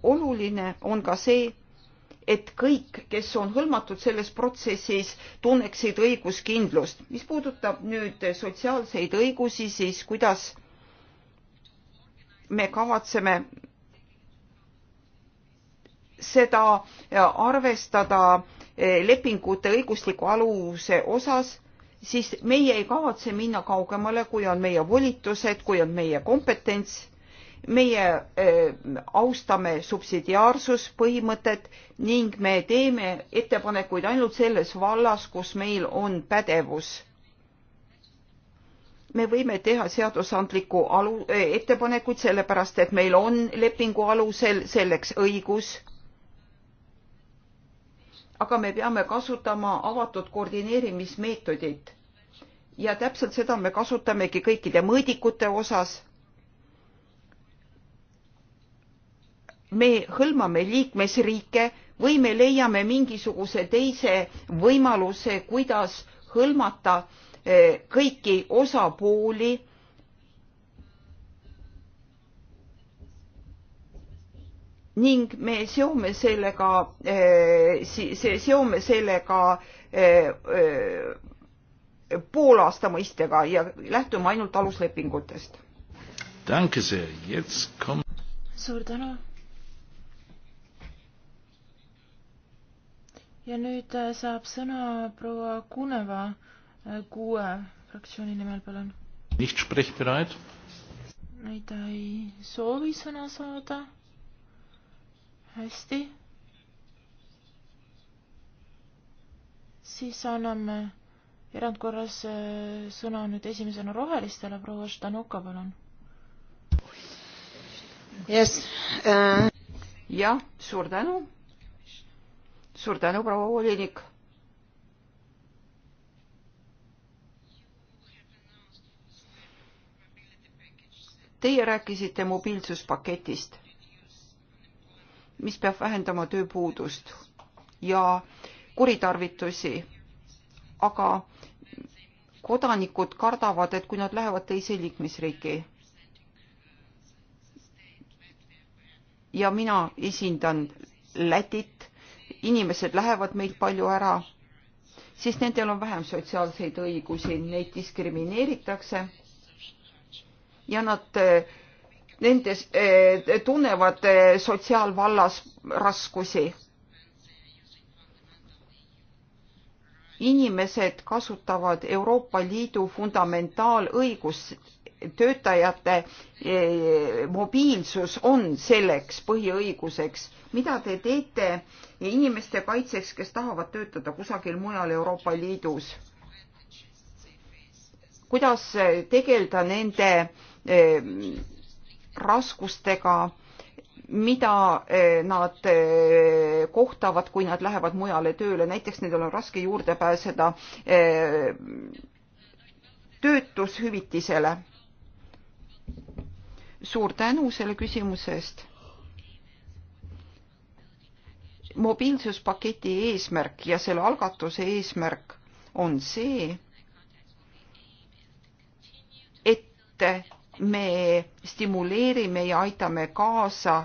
oluline on ka see, et kõik, kes on hõlmatud selles protsessis, tunneksid õiguskindlust. mis puudutab nüüd sotsiaalseid õigusi, siis kuidas me kavatseme seda arvestada lepingute õigusliku aluse osas siis meie ei kavatse minna kaugemale, kui on meie volitused, kui on meie kompetents. meie äh, austame subsidiaarsuspõhimõtet ning me teeme ettepanekuid ainult selles vallas, kus meil on pädevus. me võime teha seadusandliku alu äh,, ettepanekuid, sellepärast et meil on lepingu alusel selleks õigus aga me peame kasutama avatud koordineerimismeetodit. ja täpselt seda me kasutamegi kõikide mõõdikute osas. me hõlmame liikmesriike või me leiame mingisuguse teise võimaluse, kuidas hõlmata eh, kõiki osapooli ning me seome sellega, eh, seome sellega eh, eh, poolaasta mõistega ja lähtume ainult aluslepingutest. suur tänu. ja nüüd äh, saab sõna proua Kuneva äh, kuue fraktsiooni nimel, palun. ei, ta ei soovi sõna saada hästi. siis anname erandkorras äh, sõna nüüd esimesena rohelistele, proua Štanuka, palun. Äh, jah, suur tänu. suur tänu, proua volinik Teie rääkisite mobiilsuspaketist mis peab vähendama tööpuudust ja kuritarvitusi. aga kodanikud kardavad, et kui nad lähevad teise liikmesriiki ja mina esindan Lätit, inimesed lähevad meilt palju ära, siis nendel on vähem sotsiaalseid õigusi, neid diskrimineeritakse ja nad eh, nende eh, tunnevad eh, sotsiaalvallas raskusi. inimesed kasutavad Euroopa Liidu fundamentaalõigust töötajate eh, mobiilsus on selleks põhiõiguseks. mida te teete inimeste kaitseks, kes tahavad töötada kusagil mujal Euroopa Liidus? kuidas tegeleda nende raskustega, mida eh, nad eh, kohtavad, kui nad lähevad mujale tööle, näiteks nendel on raske juurde pääseda eh, töötushüvitisele. suur tänu selle küsimuse eest. mobiilsuspaketi eesmärk ja selle algatuse eesmärk on see, et me stimuleerime ja aitame kaasa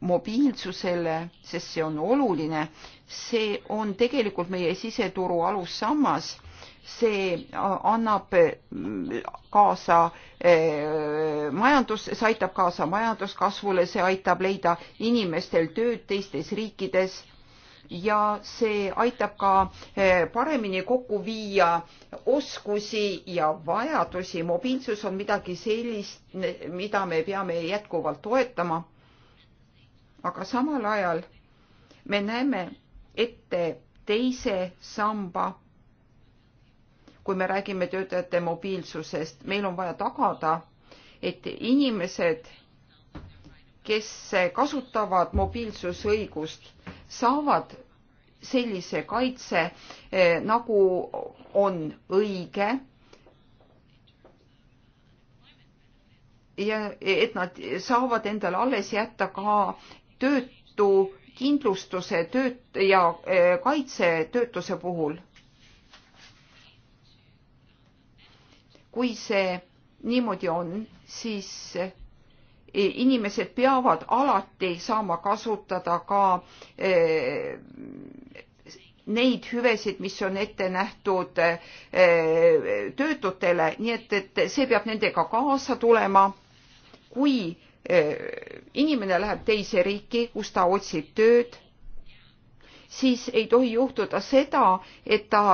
mobiilsusele, sest see on oluline. see on tegelikult meie siseturu alussammas. see annab kaasa eh, majandus, see aitab kaasa majanduskasvule, see aitab leida inimestel tööd teistes riikides ja see aitab ka eh, paremini kokku viia oskusi ja vajadusi. mobiilsus on midagi sellist, mida me peame jätkuvalt toetama. aga samal ajal me näeme ette teise samba, kui me räägime töötajate mobiilsusest, meil on vaja tagada, et inimesed, kes kasutavad mobiilsusõigust, saavad sellise kaitse eh, nagu on õige ja et nad saavad endale alles jätta ka töötu kindlustuse tööt- ja eh, kaitse töötuse puhul. kui see niimoodi on, siis inimesed peavad alati saama kasutada ka eh, neid hüvesid, mis on ette nähtud eh, töötutele, nii et, et see peab nendega kaasa tulema. kui eh, inimene läheb teise riiki, kus ta otsib tööd, siis ei tohi juhtuda seda, et ta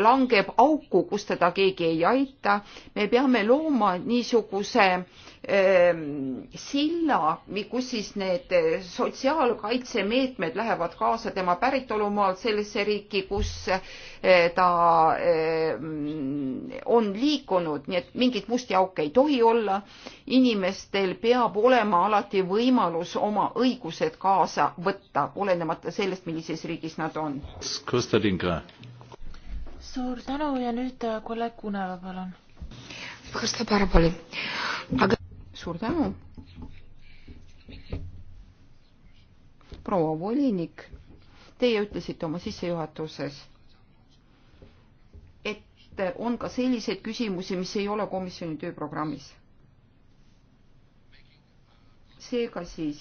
langeb auku, kus teda keegi ei aita. me peame looma niisuguse äh, Ehm, silla, kus siis need eh, sotsiaalkaitsemeetmed lähevad kaasa tema päritolumaalt sellesse riiki, kus eh, ta ehm, on liikunud, nii et mingit musti auke ei tohi olla. inimestel peab olema alati võimalus oma õigused kaasa võtta, olenemata sellest, millises riigis nad on. suur tänu ja nüüd eh, kolleeg Kuneva, palun. Aga suur tänu. proua volinik, teie ütlesite oma sissejuhatuses, et on ka selliseid küsimusi, mis ei ole komisjoni tööprogrammis. seega siis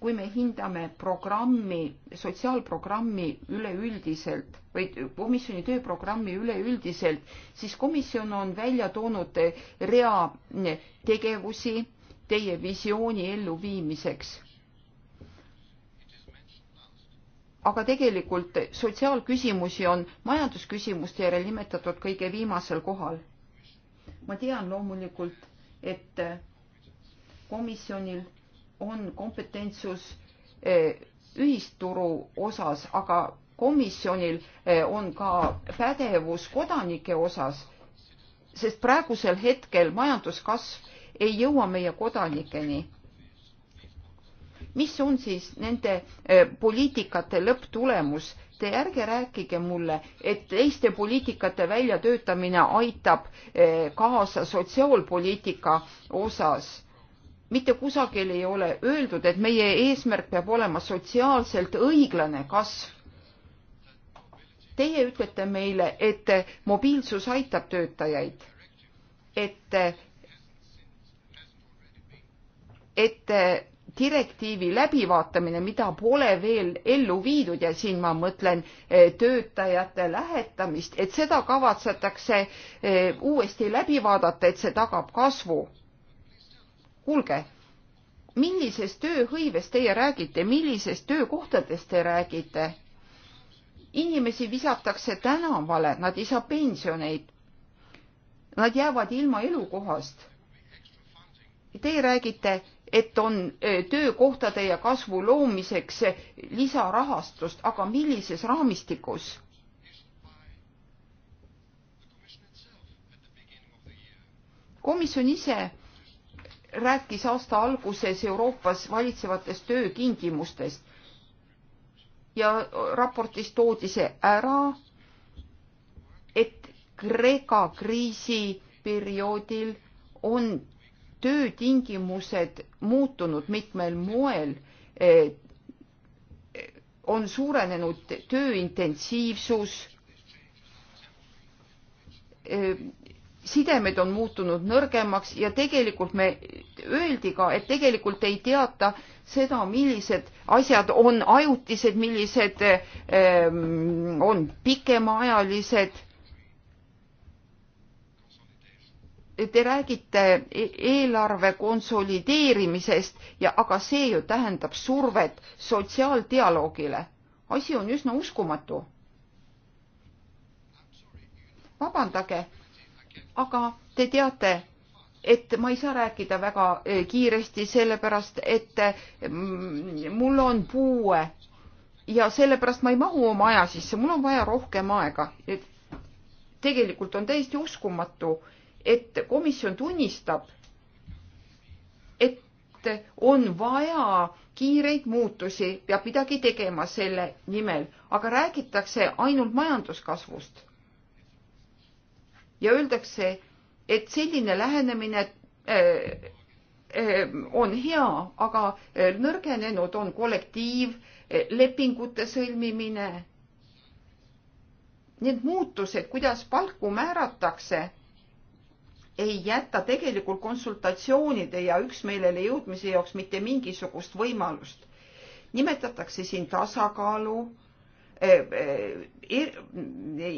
kui me hindame programmi, sotsiaalprogrammi üleüldiselt või komisjoni tööprogrammi üleüldiselt, siis komisjon on välja toonud rea tegevusi teie visiooni elluviimiseks. aga tegelikult sotsiaalküsimusi on majandusküsimuste järel nimetatud kõige viimasel kohal. ma tean loomulikult, et komisjonil on kompetentsus eh, ühisturu osas, aga komisjonil eh, on ka pädevus kodanike osas, sest praegusel hetkel majanduskasv ei jõua meie kodanikeni. mis on siis nende eh, poliitikate lõpptulemus? Te ärge rääkige mulle, et teiste poliitikate väljatöötamine aitab kaasa sotsiaalpoliitika osas mitte kusagil ei ole öeldud, et meie eesmärk peab olema sotsiaalselt õiglane kasv. Teie ütlete meile, et mobiilsus aitab töötajaid, et, et direktiivi läbivaatamine, mida pole veel ellu viidud ja siin ma mõtlen eh, töötajate lähetamist, et seda kavatsetakse eh, uuesti läbi vaadata, et see tagab kasvu kuulge, millisest tööhõivest teie räägite, millisest töökohtadest te räägite? inimesi visatakse tänavale, nad ei saa pensioneid. Nad jäävad ilma elukohast. Teie räägite, et on e, töökohtade ja kasvu loomiseks lisarahastust, aga millises raamistikus? komisjon ise rääkis aasta alguses Euroopas valitsevatest töötingimustest ja raportis toodi see ära, et Kreeka kriisiperioodil on töötingimused muutunud mitmel moel, eh, on suurenenud töö intensiivsus eh, sidemed on muutunud nõrgemaks ja tegelikult me öeldi ka, et tegelikult ei teata seda, millised asjad on ajutised, millised ähm, on pikemaajalised. Te räägite e-, eelarve konsolideerimisest ja, aga see ju tähendab survet sotsiaaldialoogile. asi on üsna uskumatu. vabandage aga te teate, et ma ei saa rääkida väga eh, kiiresti, sellepärast et mm, mul on puue ja sellepärast ma ei mahu oma aja sisse, mul on vaja rohkem aega. tegelikult on täiesti uskumatu, et komisjon tunnistab, et on vaja kiireid muutusi, peab midagi tegema selle nimel, aga räägitakse ainult majanduskasvust ja öeldakse, et selline lähenemine äh, äh, on hea, aga äh, nõrgenenud on kollektiivlepingute sõlmimine. Need muutused, kuidas palku määratakse, ei jäta tegelikult konsultatsioonide ja üksmeelele jõudmise jaoks mitte mingisugust võimalust. nimetatakse siin tasakaalu Eh, eh,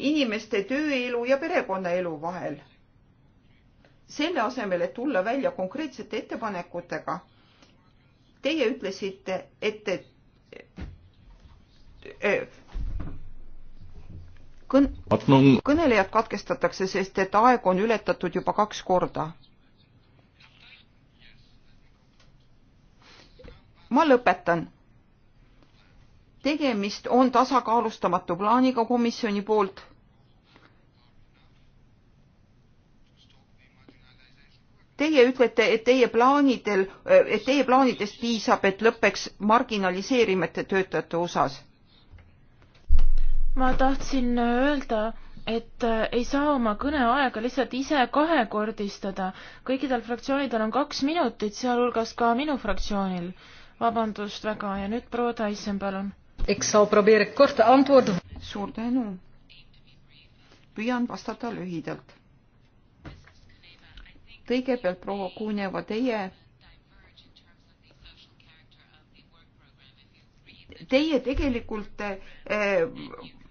inimeste tööelu ja perekonnaelu vahel. selle asemel, et tulla välja konkreetsete ettepanekutega, teie ütlesite, et, et eh, kõn-, kõnelejad katkestatakse, sest et aeg on ületatud juba kaks korda. ma lõpetan tegemist on tasakaalustamatu plaaniga komisjoni poolt Teie ütlete, et teie plaanidel, et teie plaanidest piisab, et lõpeks marginaliseerimata töötajate osas. ma tahtsin öelda, et ei saa oma kõneaega lihtsalt ise kahekordistada. kõikidel fraktsioonidel on kaks minutit, sealhulgas ka minu fraktsioonil. vabandust väga ja nüüd proua Tyson, palun suur tänu. püüan vastata lühidalt. kõigepealt proua Kuneva, teie Teie tegelikult eh,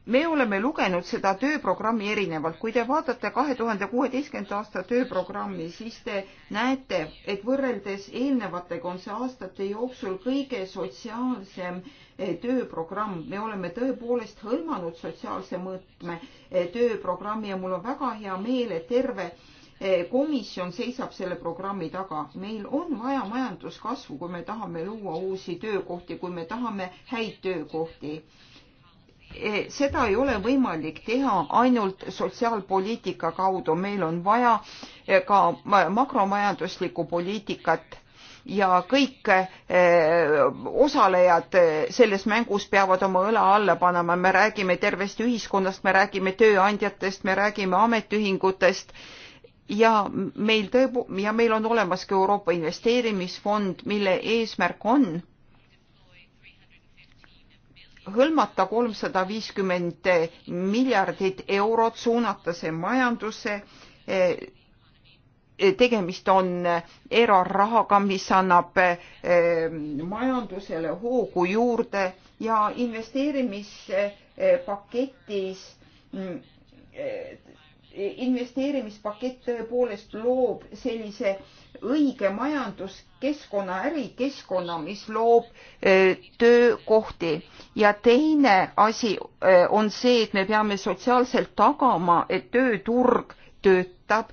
me oleme lugenud seda tööprogrammi erinevalt. kui te vaatate kahe tuhande kuueteistkümnenda aasta tööprogrammi, siis te näete, et võrreldes eelnevatega on see aastate jooksul kõige sotsiaalsem äh, Eh, tööprogramm. me oleme tõepoolest hõlmanud sotsiaalse mõõtme eh, tööprogrammi ja mul on väga hea meel, et terve eh, komisjon seisab selle programmi taga. meil on vaja majanduskasvu, kui me tahame luua uusi töökohti, kui me tahame häid töökohti seda ei ole võimalik teha ainult sotsiaalpoliitika kaudu, meil on vaja ka makromajanduslikku poliitikat ja kõik eh, osalejad eh, selles mängus peavad oma õla alla panema, me räägime tervest ühiskonnast, me räägime tööandjatest, me räägime ametiühingutest ja meil tõepu- ja meil on olemas ka Euroopa Investeerimisfond, mille eesmärk on hõlmata kolmsada viiskümmend miljardit eurot, suunata see majandusse eh, Äh, tegemist on äh, erarahaga, mis annab äh, majandusele hoogu juurde ja investeerimispaketis mm, investeerimispakett tõepoolest loob sellise õige majanduskeskkonna, ärikeskkonna, mis loob töökohti ja teine asi on see, et me peame sotsiaalselt tagama, et tööturg töötab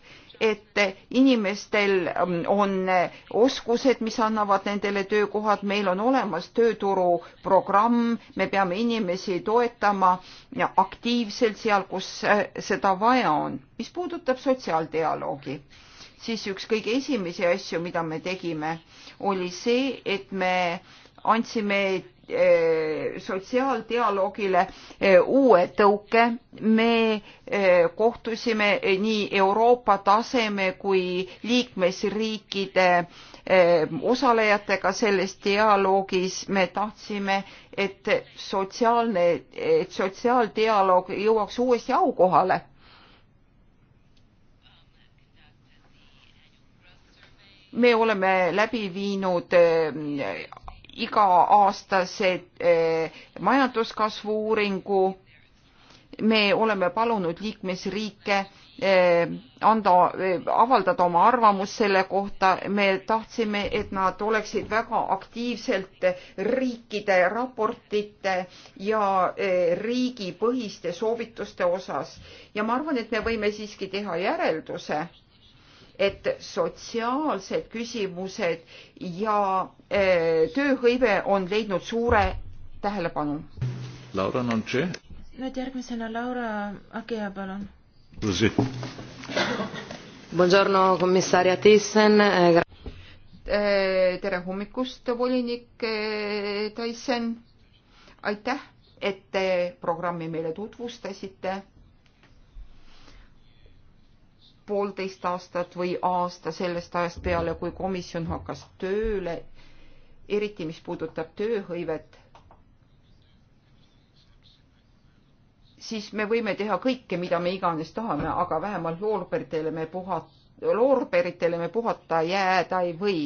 et inimestel ähm, on äh, oskused, mis annavad nendele töökohad, meil on olemas tööturuprogramm, me peame inimesi toetama aktiivselt seal, kus äh, seda vaja on. mis puudutab sotsiaaldialoogi, siis üks kõige esimesi asju, mida me tegime, oli see, et me andsime eh, sotsiaaldialoogile eh, uue tõuke. me eh, kohtusime nii Euroopa taseme kui liikmesriikide osalejatega selles dialoogis. me tahtsime, et sotsiaalne, et sotsiaaldialoog jõuaks uuesti aukohale me oleme läbi viinud iga-aastase eh, majanduskasvu uuringu. me oleme palunud liikmesriike eh, anda, eh, avaldada oma arvamust selle kohta, me tahtsime, et nad oleksid väga aktiivselt riikide raportite ja riigipõhiste soovituste osas ja ma arvan, et me võime siiski teha järelduse, et sotsiaalsed küsimused ja eh, tööhõive on leidnud suure tähelepanu. Laura Nonche. nüüd järgmisena Laura Agea, palun. Buongiorno, komissarja Thyssen. Eh, tere hommikust, volinik eh, Tyson. aitäh, et te programmi meile tutvustasite poolteist aastat või aasta sellest ajast peale, kui komisjon hakkas tööle, eriti mis puudutab tööhõivet, siis me võime teha kõike, mida me iganes tahame, aga vähemalt loorberitele me puha-, loorberitele me puhata jääda ei või.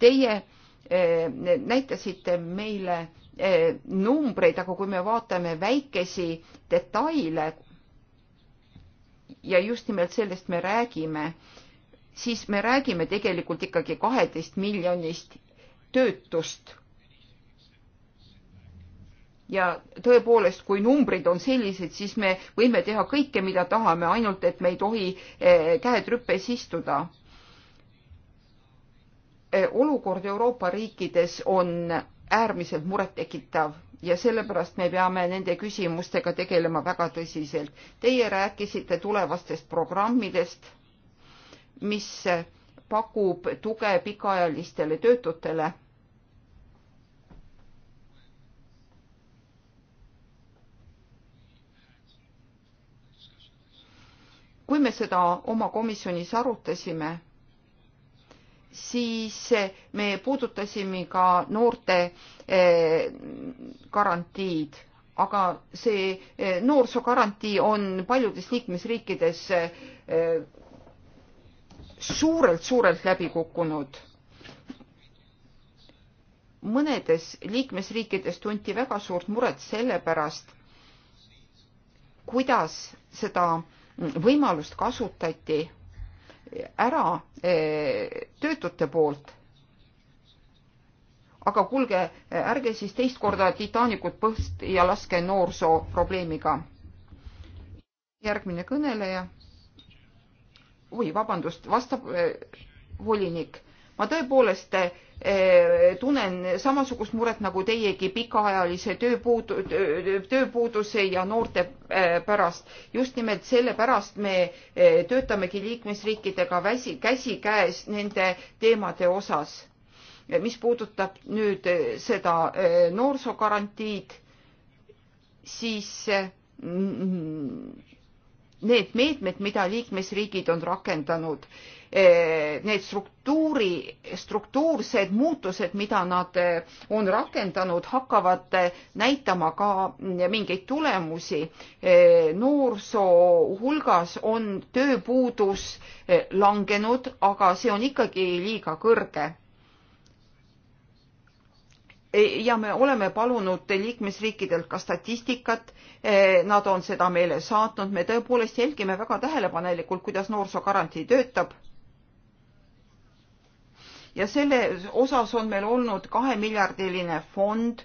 Teie eh, näitasite meile eh, numbreid, aga kui me vaatame väikesi detaile, ja just nimelt sellest me räägime, siis me räägime tegelikult ikkagi kaheteist miljonist töötust. ja tõepoolest, kui numbrid on sellised, siis me võime teha kõike, mida tahame, ainult et me ei tohi eh, käed rüpes istuda. Eh, olukord Euroopa riikides on äärmiselt murettekitav ja sellepärast me peame nende küsimustega tegelema väga tõsiselt. Teie rääkisite tulevastest programmidest, mis pakub tuge pikaajalistele töötutele. kui me seda oma komisjonis arutasime siis eh, me puudutasime ka noorte eh, garantiid, aga see eh, noorsoogarantii on paljudes liikmesriikides suurelt-suurelt läbi kukkunud. mõnedes liikmesriikides tunti väga suurt muret selle pärast, kuidas seda võimalust kasutati ära eh, töötute poolt. aga kuulge, eh, ärge siis teist korda Titanicut põhst ja laske noorsoo probleemiga. järgmine kõneleja. oi, vabandust, vastab eh, volinik ma tõepoolest eh, tunnen samasugust muret nagu teiegi pikaajalise tööpuudu, tööpuuduse ja noorte eh, pärast. just nimelt sellepärast me eh, töötamegi liikmesriikidega väsi, käsikäes nende teemade osas. mis puudutab nüüd seda noorsoogarantiid, siis mm, need meetmed, mida liikmesriigid on rakendanud, eh, need struktuuri, struktuursed muutused, mida nad eh, on rakendanud, hakkavad eh, näitama ka mm, mingeid tulemusi. noorsoo hulgas on tööpuudus langenud, aga see on ikkagi liiga kõrge ja me oleme palunud liikmesriikidelt ka statistikat, e, nad on seda meile saatnud, me tõepoolest jälgime väga tähelepanelikult, kuidas noorsoogarantii töötab. ja selle osas on meil olnud kahemiljardiline fond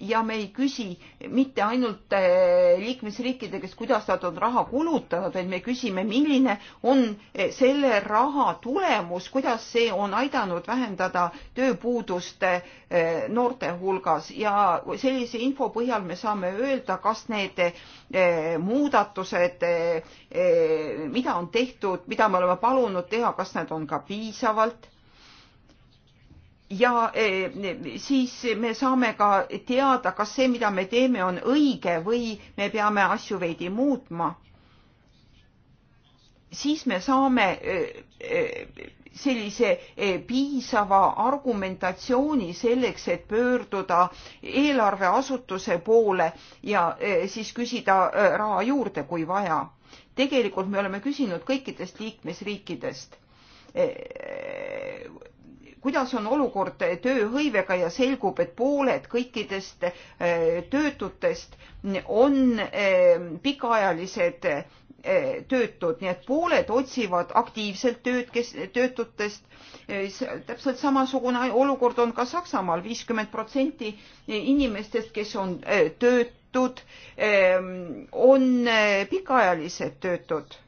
ja me ei küsi mitte ainult äh, liikmesriikide käest, kuidas nad on raha kulutanud, vaid me küsime, milline on äh, selle raha tulemus, kuidas see on aidanud vähendada tööpuudust äh, noorte hulgas ja sellise info põhjal me saame öelda, kas need muudatused, mida on tehtud, mida me oleme palunud teha, kas need on ka piisavalt ja eh, siis me saame ka teada, kas see, mida me teeme, on õige või me peame asju veidi muutma. siis me saame eh, eh, sellise piisava argumentatsiooni selleks, et pöörduda eelarveasutuse poole ja siis küsida raha juurde, kui vaja. tegelikult me oleme küsinud kõikidest liikmesriikidest kuidas on olukord tööhõivega ja selgub, et pooled kõikidest eh, töötutest on eh, pikaajalised eh, töötud, nii et pooled otsivad aktiivselt tööd, kes töötutest. täpselt samasugune olukord on ka Saksamaal, viiskümmend protsenti inimestest, kes on töötud, on pikaajalised töötud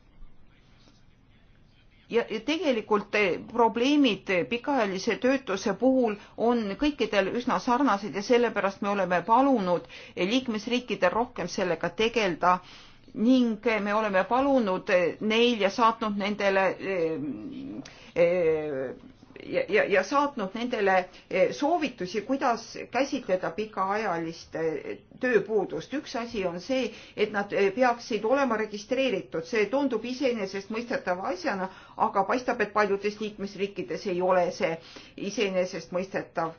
ja tegelikult eh, probleemid eh, pikaajalise töötuse puhul on kõikidel üsna sarnased ja sellepärast me oleme palunud eh, liikmesriikidel rohkem sellega tegeleda ning me oleme palunud neil ja saatnud nendele ja, ja, ja saatnud nendele eh, soovitusi, kuidas käsitleda pikaajalist eh, tööpuudust. üks asi on see, et nad eh, peaksid olema registreeritud, see tundub iseenesestmõistetava asjana, aga paistab, et paljudes liikmesriikides ei ole see iseenesestmõistetav.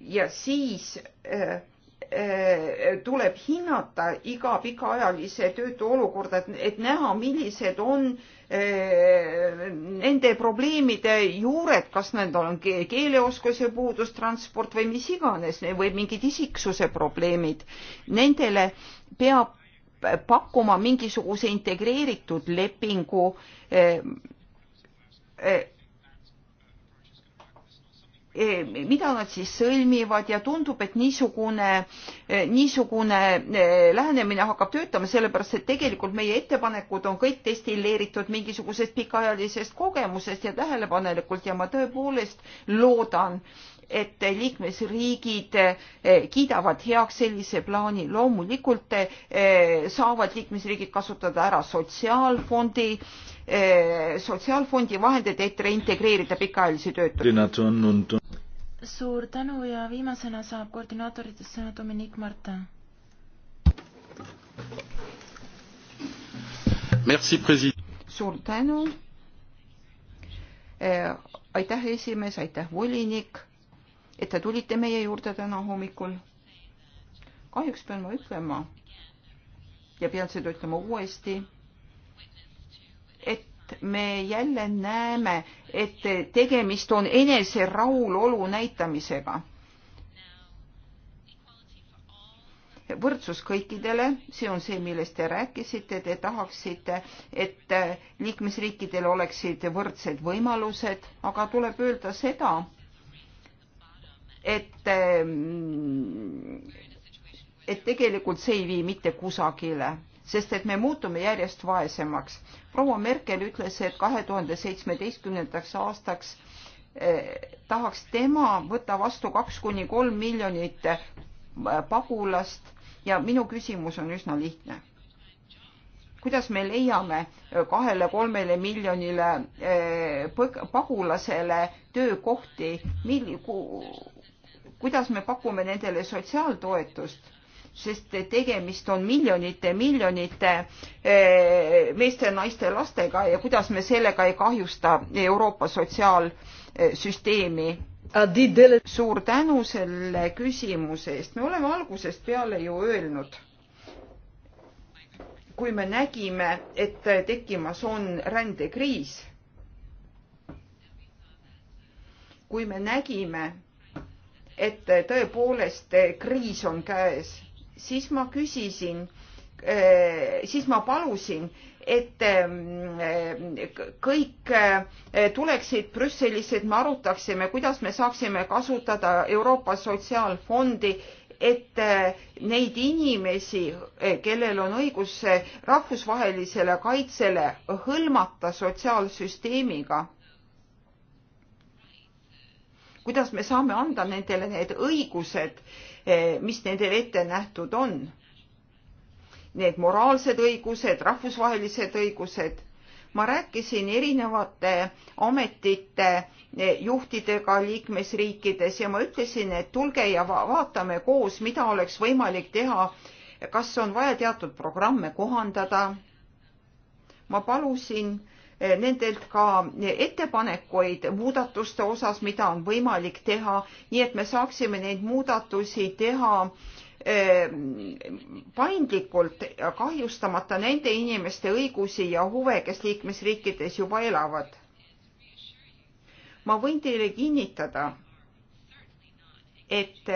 ja siis äh, tuleb hinnata iga pikaajalise töötu olukorda, et näha, millised on äh, Äh, nende probleemide juured, kas nendel on keeleoskuse puudus, transport või mis iganes või mingid isiksuse probleemid, nendele peab pakkuma mingisuguse integreeritud lepingu äh, äh, Eh, mida nad siis sõlmivad ja tundub, et niisugune, eh, niisugune eh, lähenemine hakkab töötama, sellepärast et tegelikult meie ettepanekud on kõik destilleeritud mingisugusest pikaajalisest kogemusest ja tähelepanelikult ja ma tõepoolest loodan, et liikmesriigid eh, kiidavad heaks sellise plaani. loomulikult eh, saavad liikmesriigid kasutada ära sotsiaalfondi, eh, sotsiaalfondi vahendeid, et reintegreerida pikaajalisi töötajaid. suur tänu ja viimasena saab koordinaatoritest sõna Dominic Martin. suur tänu aitäh esimees, aitäh volinik et te tulite meie juurde täna hommikul. kahjuks pean ma ütlema ja pean seda ütlema uuesti, et me jälle näeme, et tegemist on enese rahulolu näitamisega. võrdsus kõikidele, see on see, millest te rääkisite, te tahaksite, et liikmesriikidel oleksid võrdsed võimalused, aga tuleb öelda seda, et, ehm, et tegelikult see ei vii mitte kusagile, sest et me muutume järjest vaesemaks. proua Merkel ütles, et kahe tuhande seitsmeteistkümnendaks aastaks eh, tahaks tema võtta vastu kaks kuni kolm miljonit eh, pagulast ja minu küsimus on üsna lihtne. kuidas me leiame eh, kahele-kolmele miljonile pagulasele töökohti, mil-, kuidas me pakume nendele sotsiaaltoetust sest tegemist on miljonite miljonite eh, meeste naiste lastega ja kuidas me sellega ei kahjusta euroopa sotsiaalsüsteemi suur tänu selle küsimuse eest me oleme algusest peale ju öelnud kui me nägime et tekkimas on rändekriis kui me nägime et tõepoolest kriis on käes, siis ma küsisin, eh, siis ma palusin, et eh, kõik eh, tuleksid Brüsselisse, et me arutaksime, kuidas me saaksime kasutada Euroopa Sotsiaalfondi, et neid inimesi, kellel on õigus rahvusvahelisele kaitsele, hõlmata sotsiaalsüsteemiga kuidas me saame anda nendele need õigused, eh, mis nendele ette nähtud on? Need moraalsed õigused, rahvusvahelised õigused. ma rääkisin erinevate ametite eh, juhtidega liikmesriikides ja ma ütlesin, et tulge ja vaatame koos, mida oleks võimalik teha, kas on vaja teatud programme kohandada. ma palusin äh, Eh, nendelt ka ettepanekuid muudatuste osas, mida on võimalik teha, nii et me saaksime neid muudatusi teha eh, paindlikult kahjustamata nende inimeste õigusi ja huve, kes liikmesriikides juba elavad. ma võin teile kinnitada, et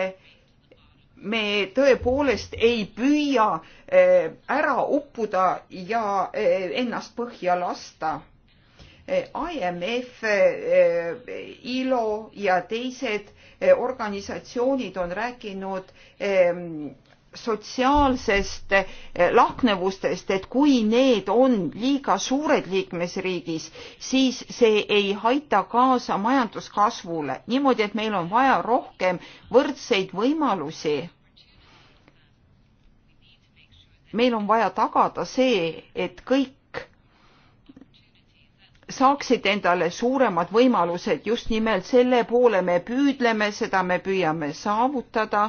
me tõepoolest ei püüa eh, ära uppuda ja ennast põhja lasta. IMF, eh, ILO ja teised eh, organisatsioonid on rääkinud ehm, sotsiaalsest eh, lahknevustest, et kui need on liiga suured liikmesriigis, siis see ei aita kaasa majanduskasvule. niimoodi, et meil on vaja rohkem võrdseid võimalusi. meil on vaja tagada see, et kõik saaksid endale suuremad võimalused, just nimelt selle poole me püüdleme, seda me püüame saavutada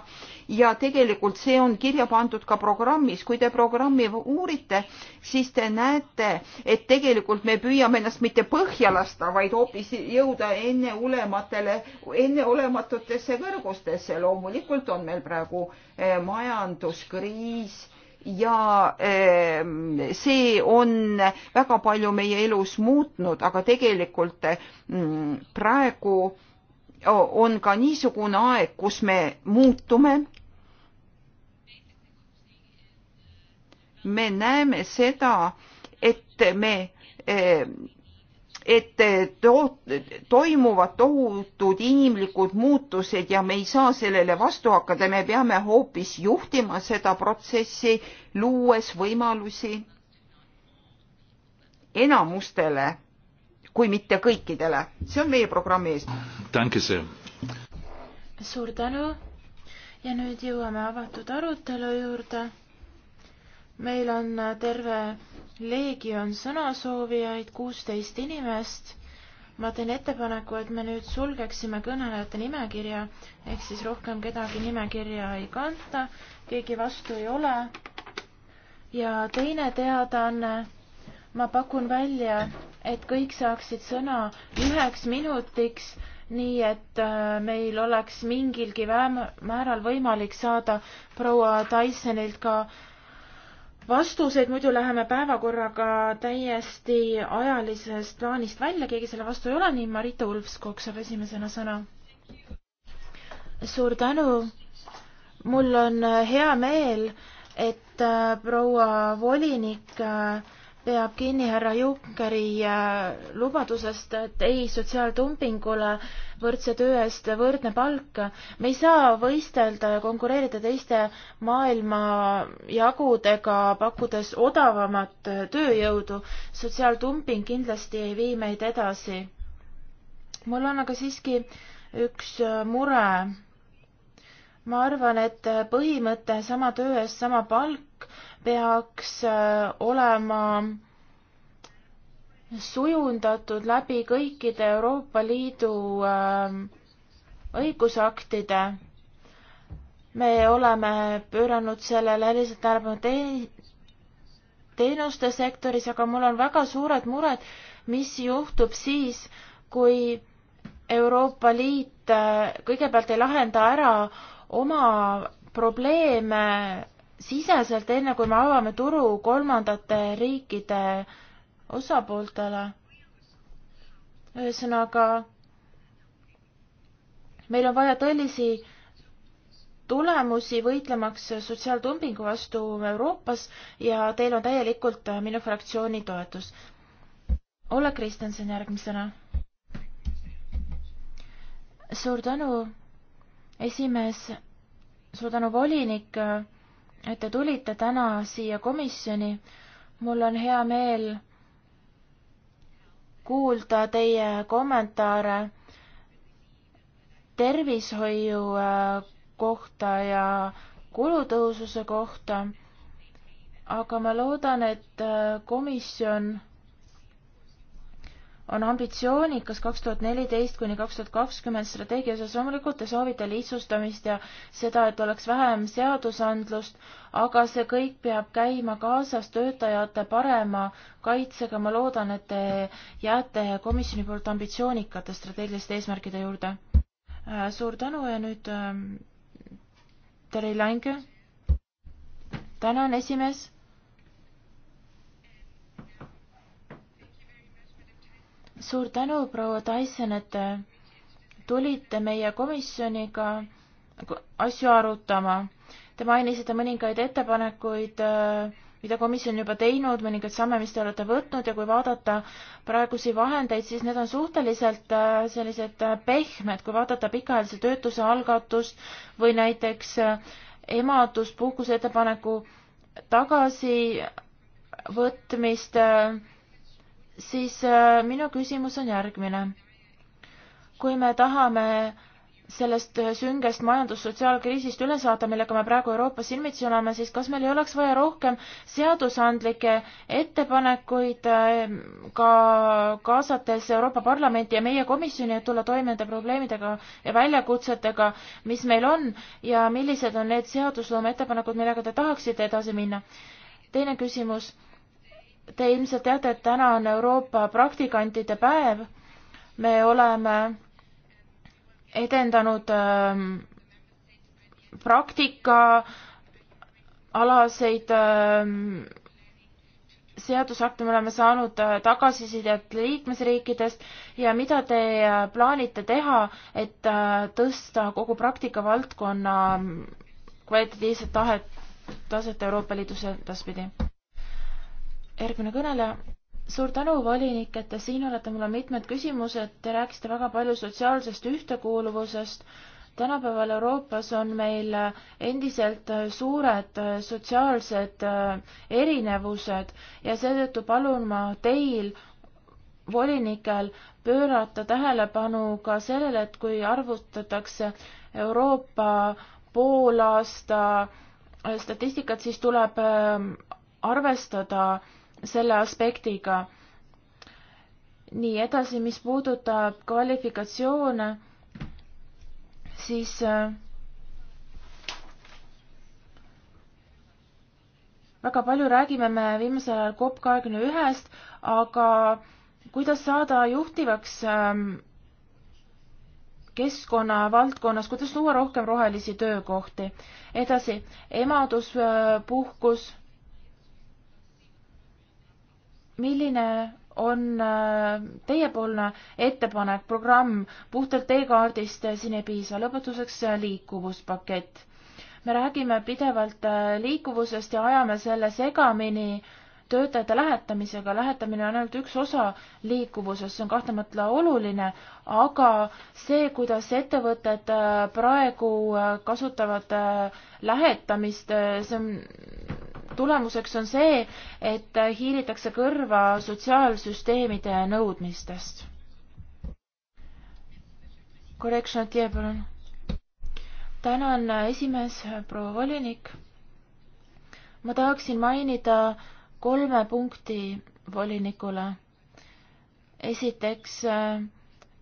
ja tegelikult see on kirja pandud ka programmis, kui te programmi uurite, siis te näete, et tegelikult me püüame ennast mitte põhja lasta, vaid hoopis jõuda enneolematele, enneolematutesse kõrgustesse. loomulikult on meil praegu eh, majanduskriis ja ehm, see on väga palju meie elus muutnud, aga tegelikult mm, praegu on ka niisugune aeg, kus me muutume. me näeme seda, et me ehm, et to toimuvad tohutud inimlikud muutused ja me ei saa sellele vastu hakata, me peame hoopis juhtima seda protsessi, luues võimalusi enamustele, kui mitte kõikidele. see on meie programmi eesmärk. suur tänu ja nüüd jõuame avatud arutelu juurde. meil on terve leegi on sõnasoovijaid, kuusteist inimest. ma teen ettepaneku, et me nüüd sulgeksime kõnelejate nimekirja, ehk siis rohkem kedagi nimekirja ei kanta, keegi vastu ei ole. ja teine teadaanne, ma pakun välja, et kõik saaksid sõna üheks minutiks nii et äh, meil oleks mingilgi määral võimalik saada proua Tysonilt ka vastuseid, muidu läheme päevakorraga täiesti ajalisest plaanist välja, keegi selle vastu ei ole, nii Marita Ulfskog saab esimesena sõna. suur tänu. mul on hea meel, et äh, proua volinik äh, peab kinni härra Junckeri äh, lubadusest, et ei sotsiaaldumpingule äh, võrdse töö eest võrdne palk. me ei saa võistelda ja konkureerida teiste maailmajagudega, pakkudes odavamat tööjõudu. sotsiaaltumping kindlasti ei vii meid edasi. mul on aga siiski üks mure. ma arvan, et põhimõte sama töö eest sama palk peaks äh, olema sujundatud läbi kõikide Euroopa Liidu ähm, õigusaktide. me oleme pööranud sellele lihtsalt tähelepanu teenuste sektoris, aga mul on väga suured mured, mis juhtub siis, kui Euroopa Liit äh, kõigepealt ei lahenda ära oma probleeme siseselt, enne kui me avame turu kolmandate riikide osapooltele. ühesõnaga, meil on vaja tõelisi tulemusi võitlemaks sotsiaaltumpingu vastu Euroopas ja teil on täielikult minu fraktsiooni toetus. Olle Kristjanson järgmisena. suur tänu, esimees, suur tänu, volinik, et te tulite täna siia komisjoni. mul on hea meel kuulda teie kommentaare tervishoiu äh, kohta ja kulutõhususe kohta, aga ma loodan, et äh, komisjon on ambitsioonikas kaks tuhat neliteist kuni kaks tuhat kakskümmend strateegia osas, loomulikult te soovite lihtsustamist ja seda, et oleks vähem seadusandlust, aga see kõik peab käima kaasas töötajate parema kaitsega, ma loodan, et te jääte komisjoni poolt ambitsioonikate strateegiliste eesmärkide juurde. Äh, suur tänu ja nüüd ähm, Terje Lange. tänan, esimees suur tänu, proua Tyson, et te tulite meie komisjoniga asju arutama. Te mainisite mõningaid ettepanekuid, mida komisjon juba teinud, mõningaid samme, mis te olete võtnud ja kui vaadata praegusi vahendeid, siis need on suhteliselt äh, sellised äh, pehmed, kui vaadata pikaajalise töötuse algatust või näiteks äh, emaduspuhkuse ettepaneku tagasivõtmist äh, siis äh, minu küsimus on järgmine. kui me tahame sellest äh, süngest majandussotsiaalkriisist üle saada, millega me praegu Euroopas silmitsi oleme, siis kas meil ei oleks vaja rohkem seadusandlikke ettepanekuid äh, ka kaasates Euroopa Parlamenti ja meie komisjoni, et tulla toime nende probleemidega ja väljakutsetega, mis meil on ja millised on need seadusloome ettepanekud, millega te tahaksite edasi minna? teine küsimus Te ilmselt teate, et täna on Euroopa praktikantide päev. me oleme edendanud äh, praktika alaseid äh, seadusakte, me oleme saanud äh, tagasisidet liikmesriikidest ja mida te äh, plaanite teha, et äh, tõsta kogu praktikavaldkonna ähm, kvalitatiivset tahet, taset Euroopa Liidus edaspidi? järgmine kõneleja. suur tänu, volinik, et te siin olete, mul on mitmed küsimused, te rääkisite väga palju sotsiaalsest ühtekuuluvusest. tänapäeval Euroopas on meil endiselt suured sotsiaalsed erinevused ja seetõttu palun ma teil volinikel pöörata tähelepanu ka sellele, et kui arvutatakse Euroopa poolaasta statistikat, siis tuleb arvestada selle aspektiga. nii, edasi, mis puudutab kvalifikatsioone, siis äh, väga palju räägime me viimasel ajal COP kahekümne ühest, aga kuidas saada juhtivaks ähm, keskkonnavaldkonnas, kuidas luua rohkem rohelisi töökohti. edasi, emaduspuhkus milline on äh, teiepoolne ettepanek, programm, puhtalt teekaardist äh, siin ei piisa, lõpetuseks äh, liikuvuspakett. me räägime pidevalt liikuvusest ja ajame selle segamini töötajate lähetamisega, lähetamine on ainult üks osa liikuvusest, see on kahtlemata oluline, aga see, kuidas ettevõtted praegu kasutavad lähetamist, see on tulemuseks on see, et hiilitakse kõrva sotsiaalsüsteemide nõudmistest. kolleeg Chantier, palun. tänan, esimees, proua volinik. ma tahaksin mainida kolme punkti volinikule. esiteks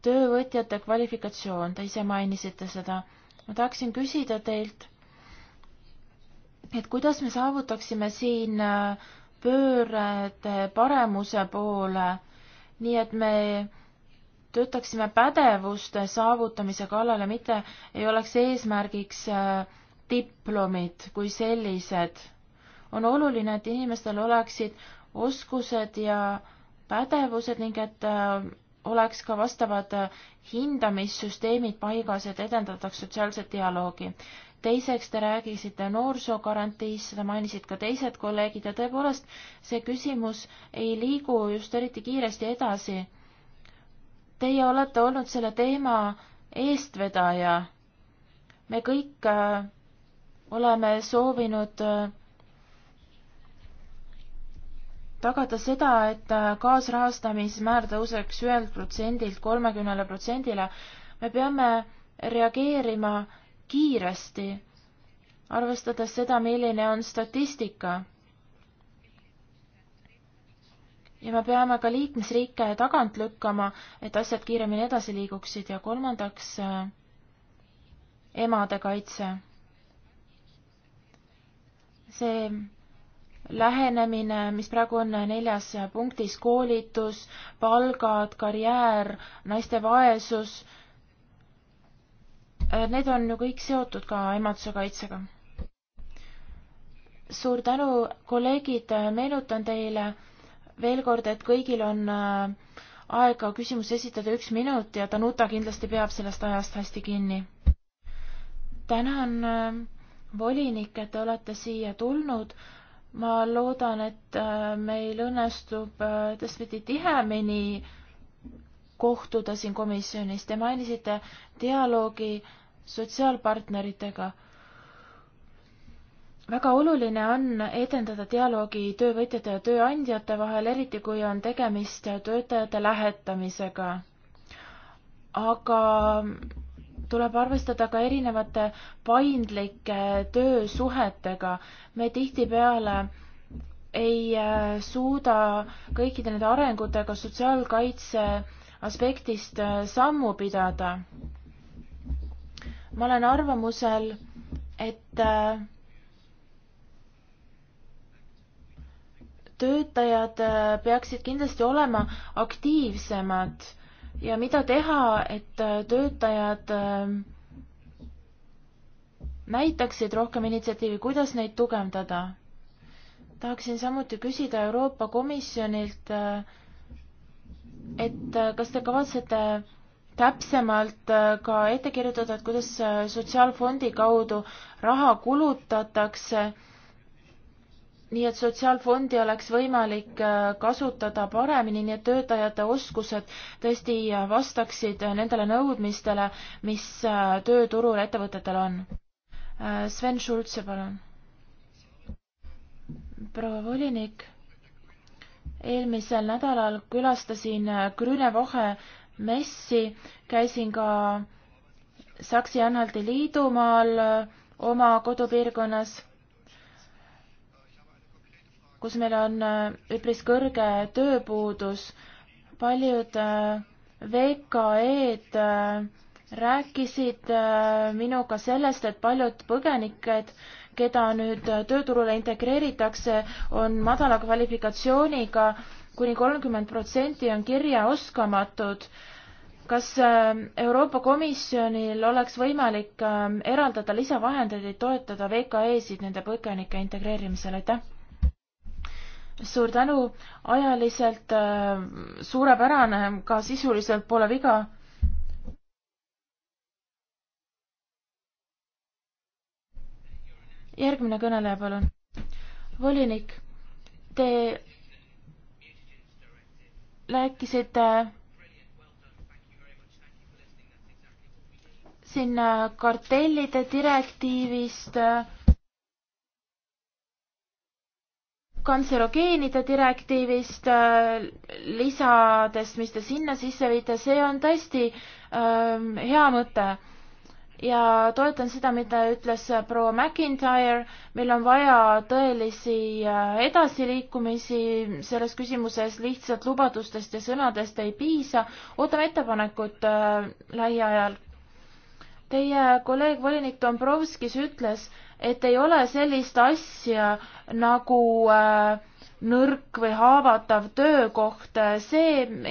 töövõtjate kvalifikatsioon, te ise mainisite seda. ma tahaksin küsida teilt et kuidas me saavutaksime siin äh, pöörde äh, paremuse poole, nii et me töötaksime pädevuste saavutamise kallale, mitte ei oleks eesmärgiks äh, diplomid kui sellised. on oluline, et inimestel oleksid oskused ja pädevused ning et oleks ka vastavad hindamissüsteemid paigas, et edendataks sotsiaalset dialoogi teiseks te rääkisite noorsoogarantiist, seda mainisid ka teised kolleegid ja tõepoolest see küsimus ei liigu just eriti kiiresti edasi. Teie olete olnud selle teema eestvedaja. me kõik äh, oleme soovinud äh, tagada seda, et äh, kaasrahastamismäär tõuseks ühelt protsendilt kolmekümnele protsendile. me peame reageerima kiiresti, arvestades seda, milline on statistika. ja me peame ka liikmesriike tagant lükkama, et asjad kiiremini edasi liiguksid ja kolmandaks emade kaitse. see lähenemine, mis praegu on neljas punktis, koolitus, palgad, karjäär, naiste vaesus Äh, need on ju kõik seotud ka emaduse kaitsega. suur tänu, kolleegid, äh, meenutan teile veel kord, et kõigil on äh, aega küsimusi esitada üks minut ja Danuta kindlasti peab sellest ajast hästi kinni. tänan, volinik, et te olete siia tulnud. ma loodan, et meil õnnestub tõstmeti tihemini kohtuda siin komisjonis. Te mainisite dialoogi äh, sotsiaalpartneritega. väga oluline on edendada dialoogi töövõtjate ja tööandjate vahel, eriti kui on tegemist töötajate lähetamisega. aga tuleb arvestada ka erinevate paindlike töösuhetega. me tihtipeale ei äh, suuda kõikide nende arengutega sotsiaalkaitse aspektist äh, sammu pidada ma olen arvamusel, et äh, töötajad äh, peaksid kindlasti olema aktiivsemad ja mida teha, et äh, töötajad näitaksid rohkem initsiatiivi, kuidas neid tugevdada? tahaksin samuti küsida Euroopa Komisjonilt, et kas te kavatsete täpsemalt äh, ka ette kirjutada, et kuidas äh, sotsiaalfondi kaudu raha kulutatakse, nii et sotsiaalfondi oleks võimalik äh, kasutada paremini, nii et töötajate oskused tõesti vastaksid nendele nõudmistele, mis tööturul ettevõtetel on. Sven Schulze, palun. proua volinik, eelmisel nädalal külastasin Grüne Vahe messi, käisin ka Saksi-Anhalti liidumaal oma kodupiirkonnas, kus meil on äh, üpris kõrge tööpuudus. paljud äh, VKE-d äh, rääkisid minuga sellest, et paljud põgenikud, keda nüüd tööturule integreeritakse, on madala kvalifikatsiooniga kuni, kuni kolmkümmend protsenti on kirjaoskamatud kas äh, Euroopa Komisjonil oleks võimalik ähm, eraldada lisavahendeid, et toetada VKE-sid nende põgenike integreerimisel, aitäh! suur tänu, ajaliselt äh, suurepärane, ka sisuliselt pole viga järgmine kõneleja, palun. volinik, te rääkisite siin äh, kartellide direktiivist, äh, kantserogeenide direktiivist, äh, lisadest, mis te sinna sisse viite, see on tõesti ähm, hea mõte. ja toetan seda, mida ütles proua McIntyre, meil on vaja tõelisi edasiliikumisi selles küsimuses, lihtsalt lubadustest ja sõnadest ei piisa, ootame ettepanekut äh, lähiajal Teie kolleeg volinik Dombrovskis ütles, et ei ole sellist asja nagu äh, nõrk või haavatav töökoht, see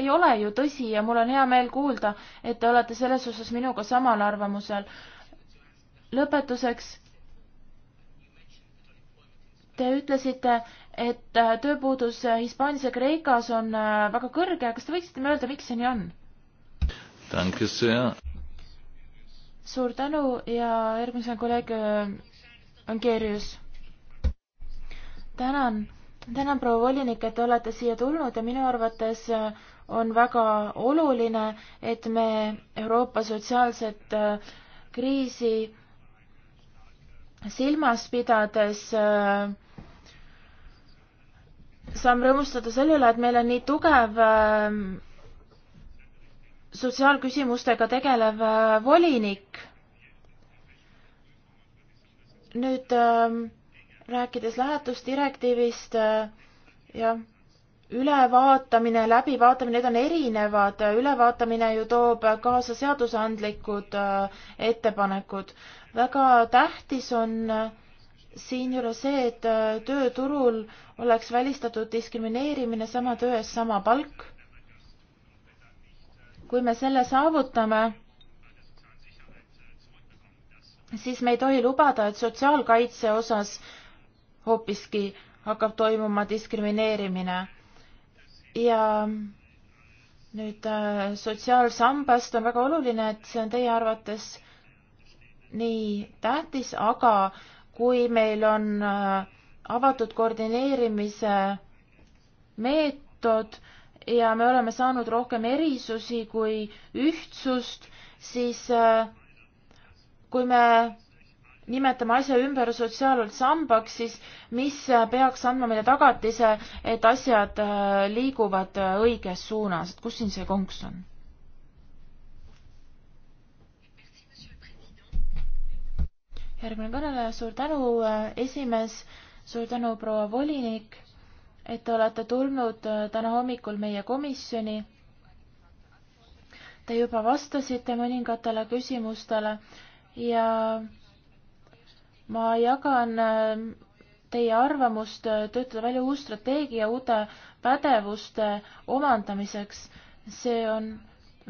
ei ole ju tõsi ja mul on hea meel kuulda, et te olete selles osas minuga samal arvamusel. lõpetuseks. Te ütlesite, et äh, tööpuudus Hispaanias ja Kreekas on äh, väga kõrge, kas te võiksite öelda, miks see nii on? suur tänu ja järgmisena kolleeg äh, Angeerius. tänan, tänan proua volinik, et te olete siia tulnud ja minu arvates äh, on väga oluline, et me Euroopa sotsiaalset äh, kriisi silmas pidades äh, saame rõõmustada selle üle, et meil on nii tugev äh, sotsiaalküsimustega tegelev äh, volinik. nüüd äh, rääkides lähetusdirektiivist äh,, jah, ülevaatamine, läbivaatamine, need on erinevad, ülevaatamine ju toob kaasa seadusandlikud äh, ettepanekud. väga tähtis on äh, siinjuures see, et äh, tööturul oleks välistatud diskrimineerimine sama töö eest sama palk kui me selle saavutame, siis me ei tohi lubada, et sotsiaalkaitse osas hoopiski hakkab toimuma diskrimineerimine. ja nüüd äh, sotsiaalsambast on väga oluline, et see on teie arvates nii tähtis, aga kui meil on äh, avatud koordineerimise meetod, ja me oleme saanud rohkem erisusi kui ühtsust, siis äh, kui me nimetame asja ümber sotsiaalselt sambaks, siis mis peaks andma meile tagatise, et asjad äh, liiguvad äh, õiges suunas, et kus siin see konks on? järgmine kõneleja, suur tänu, esimees, suur tänu, proua volinik et te olete tulnud äh, täna hommikul meie komisjoni. Te juba vastasite mõningatele küsimustele ja ma jagan äh, teie arvamust äh, töötada välja uus strateegia uute pädevuste omandamiseks. see on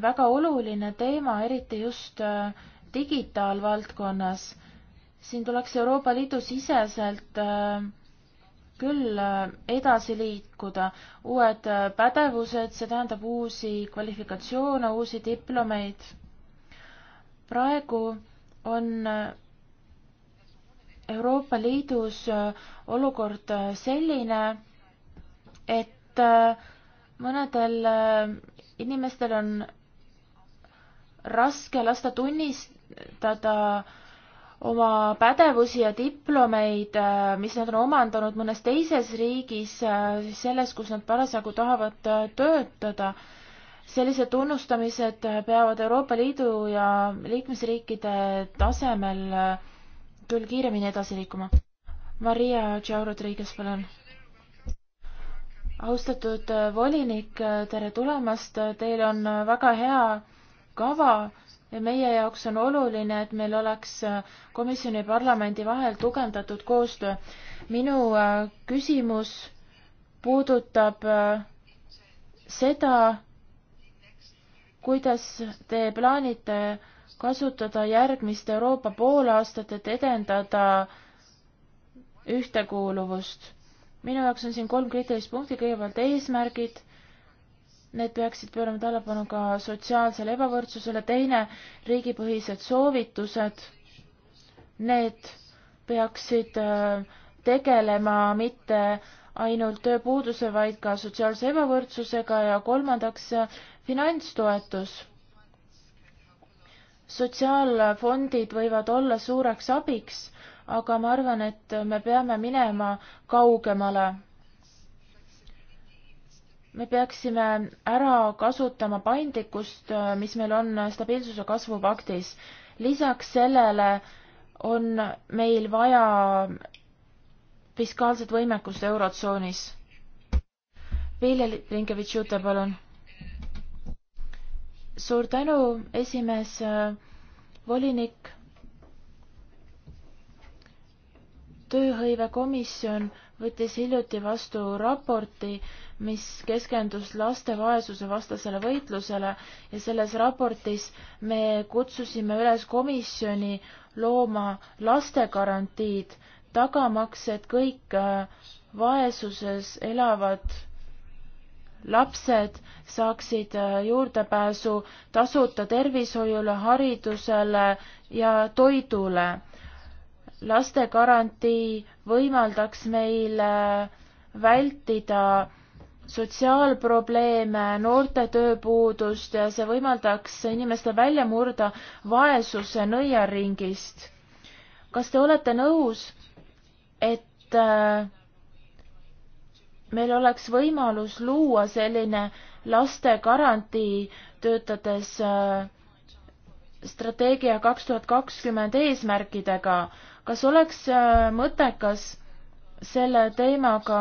väga oluline teema, eriti just digitaalvaldkonnas. siin tuleks Euroopa Liidu siseselt äh, küll äh, edasi liikuda, uued äh, pädevused, see tähendab uusi kvalifikatsioone, uusi diplomeid. praegu on äh, Euroopa Liidus olukord selline, et mõnedel inimestel on raske lasta tunnistada äh, oma pädevusi ja diplomeid, äh, mis nad on omandanud mõnes teises riigis, siis äh, selles, kus nad parasjagu tahavad äh, töötada. sellised tunnustamised peavad Euroopa Liidu ja liikmesriikide tasemel küll kiiremini edasi liikuma. Maria Tšaurud-Riiges, palun. austatud volinik, tere tulemast, teil on väga hea kava meie jaoks on oluline, et meil oleks äh, komisjoni ja parlamendi vahel tugevdatud koostöö. minu äh, küsimus puudutab äh, seda, kuidas te plaanite kasutada järgmist Euroopa poolaastat, et edendada ühtekuuluvust. minu jaoks on siin kolm kriitilist punkti, kõigepealt eesmärgid Need peaksid pöörama tähelepanu ka sotsiaalsele ebavõrdsusele, teine riigipõhised soovitused, need peaksid äh, tegelema mitte ainult tööpuuduse, vaid ka sotsiaalse ebavõrdsusega ja kolmandaks äh, finantstoetus. sotsiaalfondid võivad olla suureks abiks, aga ma arvan, et me peame minema kaugemale me peaksime ära kasutama paindlikkust, äh, mis meil on stabiilsuse kasvupaktis. lisaks sellele on meil vaja fiskaalset võimekust Eurotsoonis. Vilja Linkevitš-Jute, palun. suur tänu, esimees äh, volinik tööhõivekomisjon võttis hiljuti vastu raporti, mis keskendus laste vaesuse vastasele võitlusele ja selles raportis me kutsusime üles komisjoni looma lastegarantiid, tagamaks, et kõik äh, vaesuses elavad lapsed saaksid äh, juurdepääsu tasuta tervishoiule, haridusele ja toidule lastegarantii võimaldaks meil äh, vältida sotsiaalprobleeme, noorte tööpuudust ja see võimaldaks inimestel välja murda vaesuse nõiaringist. kas te olete nõus, et äh, meil oleks võimalus luua selline lastegarantii, töötades äh, strateegia kaks tuhat kakskümmend eesmärkidega kas oleks äh, mõttekas selle teemaga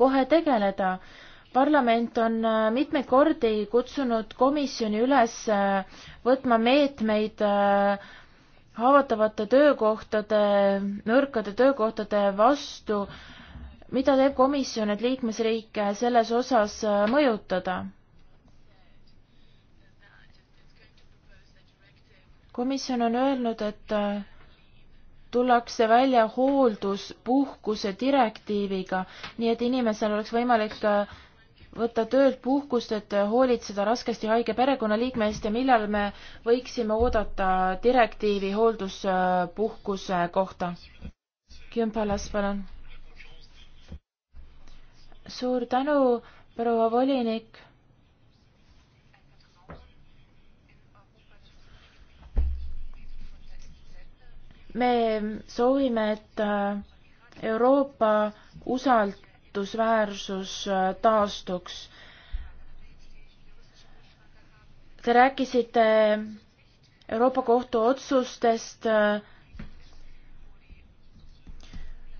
kohe tegeleda? parlament on äh, mitmeid kordi kutsunud komisjoni üles äh, võtma meetmeid haavatavate töökohtade, nõrkade töökohtade vastu. mida teeb komisjon, et liikmesriike selles osas mõjutada? komisjon on öelnud, et tullakse välja hoolduspuhkuse direktiiviga, nii et inimesel oleks võimalik äh, võtta töölt puhkust, et äh, hoolitseda raskesti haige perekonnaliikme eest ja millal me võiksime oodata direktiivi hoolduspuhkuse äh, kohta? Kümpalas, palun. suur tänu, proua volinik me soovime, et äh, Euroopa usaldusväärsus äh, taastuks. Te rääkisite Euroopa Kohtu otsustest. Äh,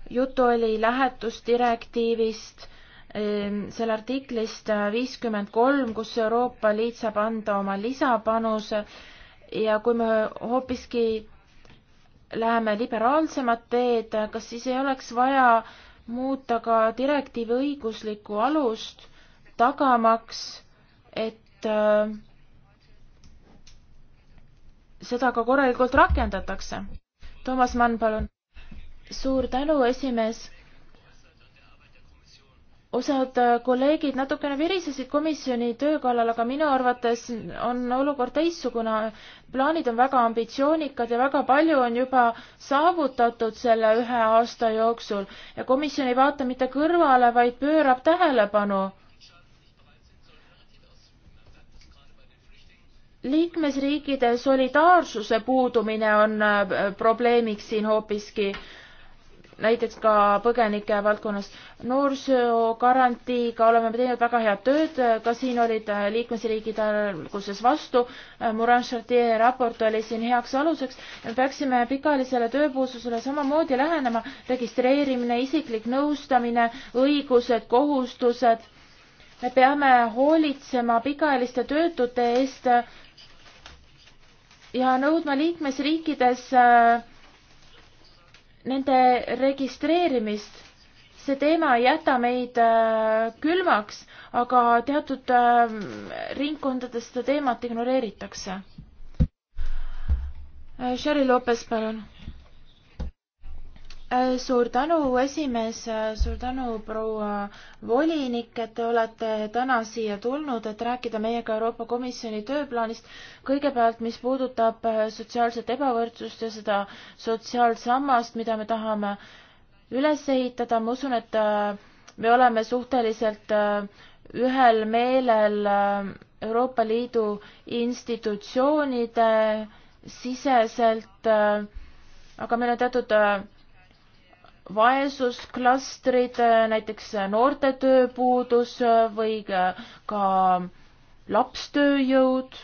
juttu oli lähetusdirektiivist, ähm, selle artiklist viiskümmend kolm, kus Euroopa Liit saab anda oma lisapanuse ja kui me hoopiski läheme liberaalsemat teed, kas siis ei oleks vaja muuta ka direktiivi õiguslikku alust, tagamaks, et äh, seda ka korralikult rakendatakse? Toomas Mann, palun. suur tänu, esimees osad äh, kolleegid natukene virisesid komisjoni töö kallal, aga minu arvates on olukord teistsugune. plaanid on väga ambitsioonikad ja väga palju on juba saavutatud selle ühe aasta jooksul ja komisjon ei vaata mitte kõrvale, vaid pöörab tähelepanu. liikmesriikide solidaarsuse puudumine on äh, probleemiks siin hoopiski näiteks ka põgenike valdkonnas. noorsoogarantiiga oleme teinud väga head tööd, ka siin olid liikmesriigid alguses vastu. Morin Chartier raport oli siin heaks aluseks. me peaksime pikaajalisele tööpuudusele samamoodi lähenema, registreerimine, isiklik nõustamine, õigused, kohustused. me peame hoolitsema pikaajaliste töötute eest ja nõudma liikmesriikides äh, nende registreerimist, see teema ei jäta meid äh, külmaks, aga teatud äh, ringkondades seda teemat ignoreeritakse. Äh, Sherry Lopez, palun Äh, suur tänu, esimees, äh, suur tänu, proua volinik, et te olete täna siia tulnud, et rääkida meiega Euroopa Komisjoni tööplaanist. kõigepealt, mis puudutab äh, sotsiaalset ebavõrdsust ja seda sotsiaalsammast, mida me tahame üles ehitada, ma usun, et me oleme suhteliselt ühel meelel Euroopa Liidu institutsioonide siseselt, aga meil on teatud vaesusklastrid, näiteks noorte tööpuudus või ka lapstööjõud.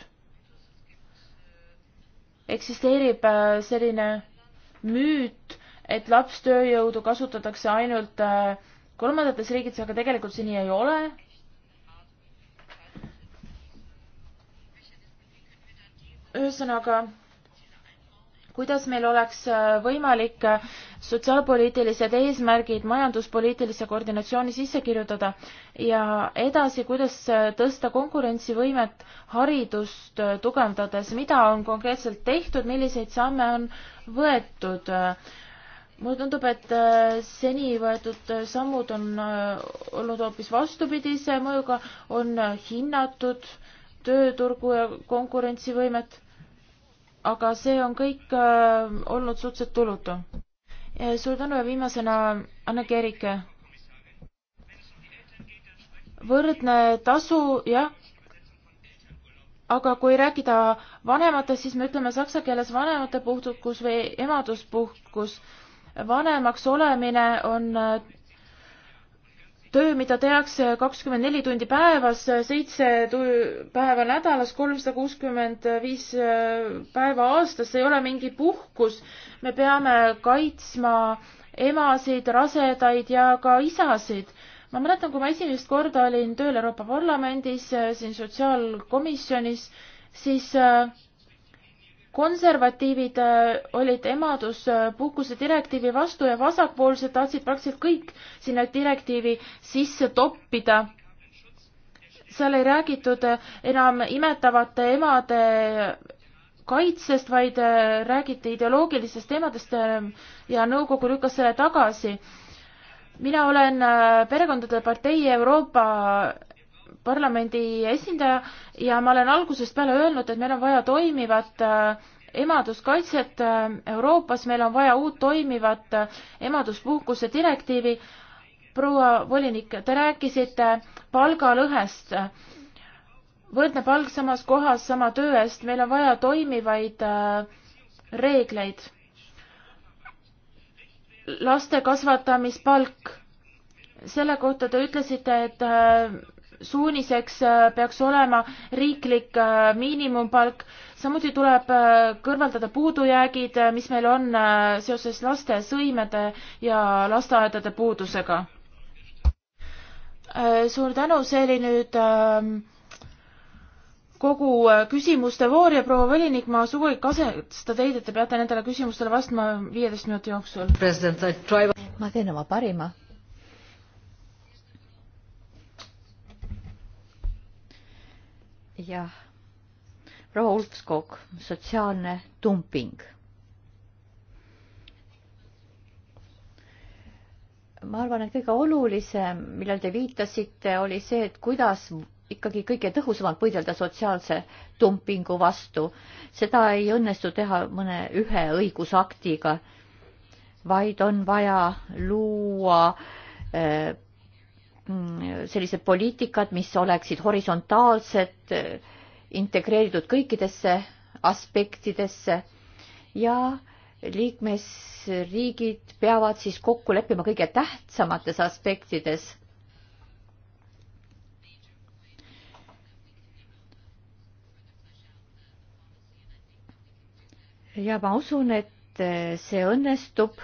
eksisteerib selline müüt, et lapstööjõudu kasutatakse ainult kolmandates riigites, aga tegelikult see nii ei ole. ühesõnaga kuidas meil oleks äh, võimalik äh, sotsiaalpoliitilised eesmärgid majanduspoliitilise koordinatsiooni sisse kirjutada ja edasi, kuidas äh, tõsta konkurentsivõimet haridust tugevdades, mida on konkreetselt tehtud, milliseid samme on võetud mulle tundub, et seni võetud sammud on olnud hoopis vastupidise mõjuga, on hinnatud tööturgu ja konkurentsivõimet aga see on kõik äh, olnud suhteliselt tulutu. suur tänu ja viimasena Anneki Erike. võrdne tasu, jah. aga kui rääkida vanematest, siis me ütleme saksa keeles vanematepuhkus või emaduspuhkus. vanemaks olemine on äh, töö, mida tehakse kakskümmend neli tundi päevas, seitse päeva nädalas, kolmsada kuuskümmend viis äh, päeva aastas, see ei ole mingi puhkus. me peame kaitsma emasid, rasedaid ja ka isasid. ma mäletan, kui ma esimest korda olin tööl Euroopa Parlamendis, äh, siin sotsiaalkomisjonis, siis äh, konservatiivid äh, olid emaduspuhkuse äh, direktiivi vastu ja vasakpoolsed tahtsid praktiliselt kõik sinna direktiivi sisse toppida. seal ei räägitud äh, enam imetavate emade kaitsest, vaid räägiti ideoloogilisest teemadest ja nõukogu lükkas selle tagasi. mina olen Perekondade Partei Euroopa parlamendi esindaja ja ma olen algusest peale öelnud, et meil on vaja toimivat äh, emaduskaitset äh, Euroopas, meil on vaja uut toimivat äh, emaduspuhkuse direktiivi. proua volinik, te rääkisite palgalõhest. võrdne palk samas kohas sama töö eest, meil on vaja toimivaid reegleid. laste kasvatamispalk, selle kohta te ütlesite, et suuniseks äh, peaks olema riiklik äh, miinimumpalk, samuti tuleb äh, kõrvaldada puudujäägid, mis meil on seoses laste sõimede ja lasteaedade puudusega. suur tänu, see oli nüüd ähm, kogu küsimuste voor ja proua volinik, ma sugugi kasesta teid, et te peate nendele küsimustele vastama viieteist minuti jooksul. ma teen oma parima jah, proua Ulfskog, sotsiaalne dumping. ma arvan, et kõige olulisem, millele te viitasite, oli see, et kuidas ikkagi kõige tõhusamalt võidelda sotsiaalse dumpingu vastu. seda ei õnnestu teha mõne ühe õigusaktiga, vaid on vaja luua äh, Mm, sellised poliitikad, mis oleksid horisontaalsed, integreeritud kõikidesse aspektidesse ja liikmesriigid peavad siis kokku leppima kõige tähtsamates aspektides. ja ma usun, et eh, see õnnestub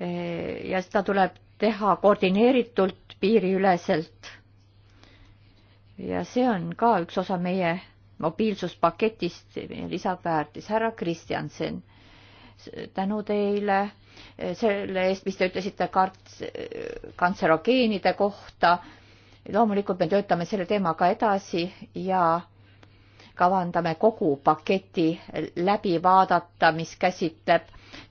eh, ja seda tuleb teha koordineeritult, piiriüleselt. ja see on ka üks osa meie mobiilsuspaketist, meie lisaväärtis. härra Kristjansen, tänu teile eh, selle eest, mis te ütlesite kart-, kantserogeenide kohta. loomulikult me töötame selle teemaga edasi ja kavandame kogu paketi läbi vaadata, mis käsitleb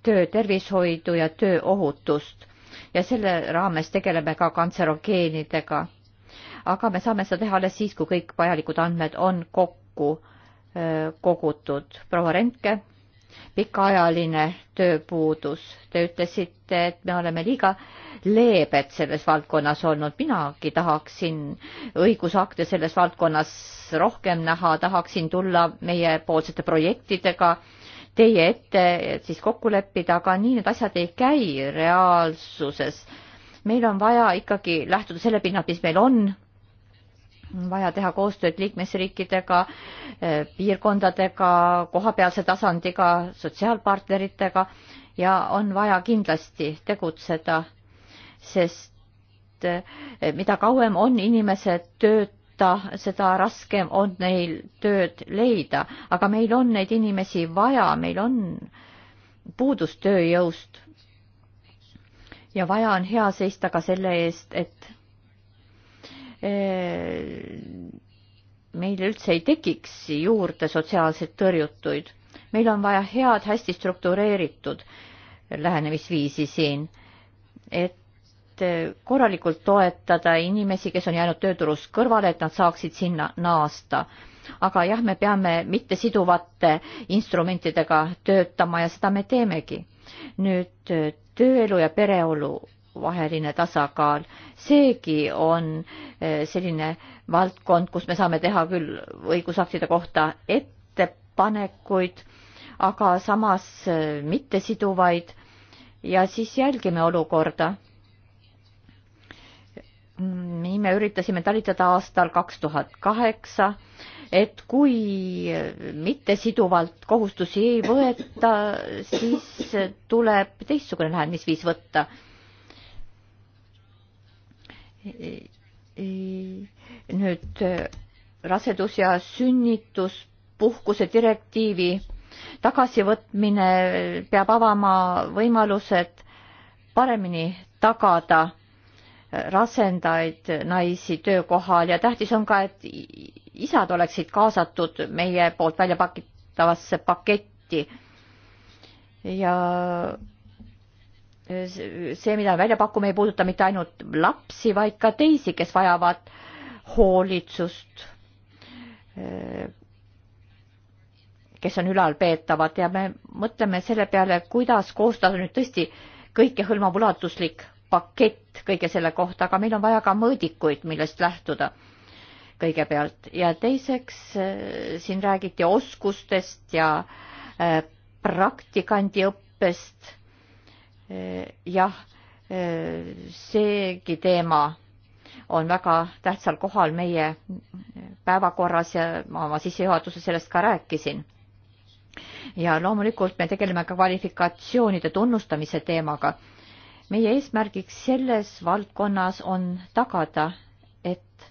töötervishoidu ja tööohutust ja selle raames tegeleme ka kantserogeenidega. aga me saame seda teha alles siis, kui kõik vajalikud andmed on kokku kogutud. proua Rentke, pikaajaline tööpuudus, te ütlesite, et me oleme liiga leebed selles valdkonnas olnud, minagi tahaksin õigusakte selles valdkonnas rohkem näha, tahaksin tulla meiepoolsete projektidega teie ette, et siis kokku leppida, aga nii need asjad ei käi reaalsuses. meil on vaja ikkagi lähtuda selle pinnalt, mis meil on, vaja teha koostööd liikmesriikidega, eh, piirkondadega, kohapealse tasandiga, sotsiaalpartneritega ja on vaja kindlasti tegutseda, sest eh, mida kauem on inimesed töötud, võtta, seda raskem on neil tööd leida, aga meil on neid inimesi vaja, meil on puudus tööjõust. ja vaja on hea seista ka selle eest, et e, meil üldse ei tekiks juurde sotsiaalseid tõrjutuid. meil on vaja head, hästi struktureeritud lähenemisviisi siin, et et korralikult toetada inimesi, kes on jäänud tööturust kõrvale, et nad saaksid sinna naasta. aga jah, me peame mittesiduvate instrumentidega töötama ja seda me teemegi. nüüd tööelu ja pereolu vaheline tasakaal, seegi on eh, selline valdkond, kus me saame teha küll õigusaktide kohta ettepanekuid, aga samas eh, mittesiduvaid ja siis jälgime olukorda nii me üritasime talitada aastal kaks tuhat kaheksa, et kui mittesiduvalt kohustusi ei võeta, siis tuleb teistsugune lähenemisviis võtta. nüüd rasedus- ja sünnituspuhkuse direktiivi tagasivõtmine peab avama võimalused paremini tagada rasendaid naisi töökohal ja tähtis on ka, et isad oleksid kaasatud meie poolt välja pakitavasse paketti. ja see, mida me välja pakume, ei puuduta mitte ainult lapsi, vaid ka teisi, kes vajavad hoolitsust, kes on ülalpeetavad ja me mõtleme selle peale, kuidas koostada nüüd tõesti kõikehõlmav ulatuslik pakett kõige selle kohta, aga meil on vaja ka mõõdikuid, millest lähtuda kõigepealt ja teiseks äh, siin räägiti oskustest ja äh, praktikandiõppest. Äh, jah, seegi teema on väga tähtsal kohal meie päevakorras ja ma oma sissejuhatuses sellest ka rääkisin. ja loomulikult me tegeleme ka kvalifikatsioonide tunnustamise teemaga meie eesmärgiks selles valdkonnas on tagada, et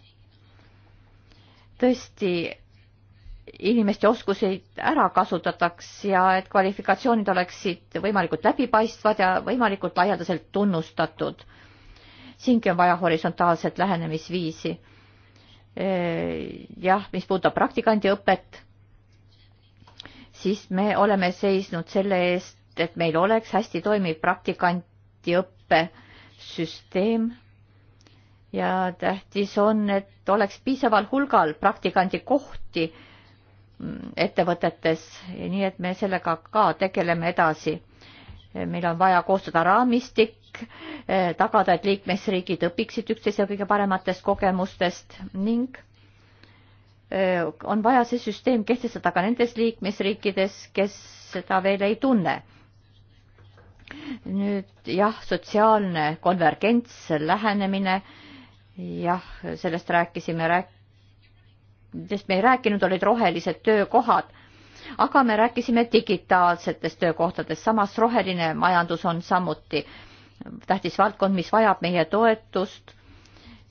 tõesti inimeste oskuseid ära kasutataks ja et kvalifikatsioonid oleksid võimalikult läbipaistvad ja võimalikult laialdaselt tunnustatud. siingi on vaja horisontaalset lähenemisviisi. jah, mis puudutab praktikandiõpet, siis me oleme seisnud selle eest, et meil oleks hästi toimiv praktikant ametiõppe süsteem ja tähtis on, et oleks piisaval hulgal praktikandi kohti mm, ettevõtetes, nii et me sellega ka tegeleme edasi. meil on vaja koostada raamistik, eh, tagada, et liikmesriigid õpiksid üksteise kõige parematest kogemustest ning eh, on vaja see süsteem kehtestada ka nendes liikmesriikides, kes seda veel ei tunne nüüd jah, sotsiaalne konvergents, lähenemine, jah, sellest rääkisime, rääk-, sest me ei rääkinud, olid rohelised töökohad, aga me rääkisime digitaalsetest töökohtadest, samas roheline majandus on samuti tähtis valdkond, mis vajab meie toetust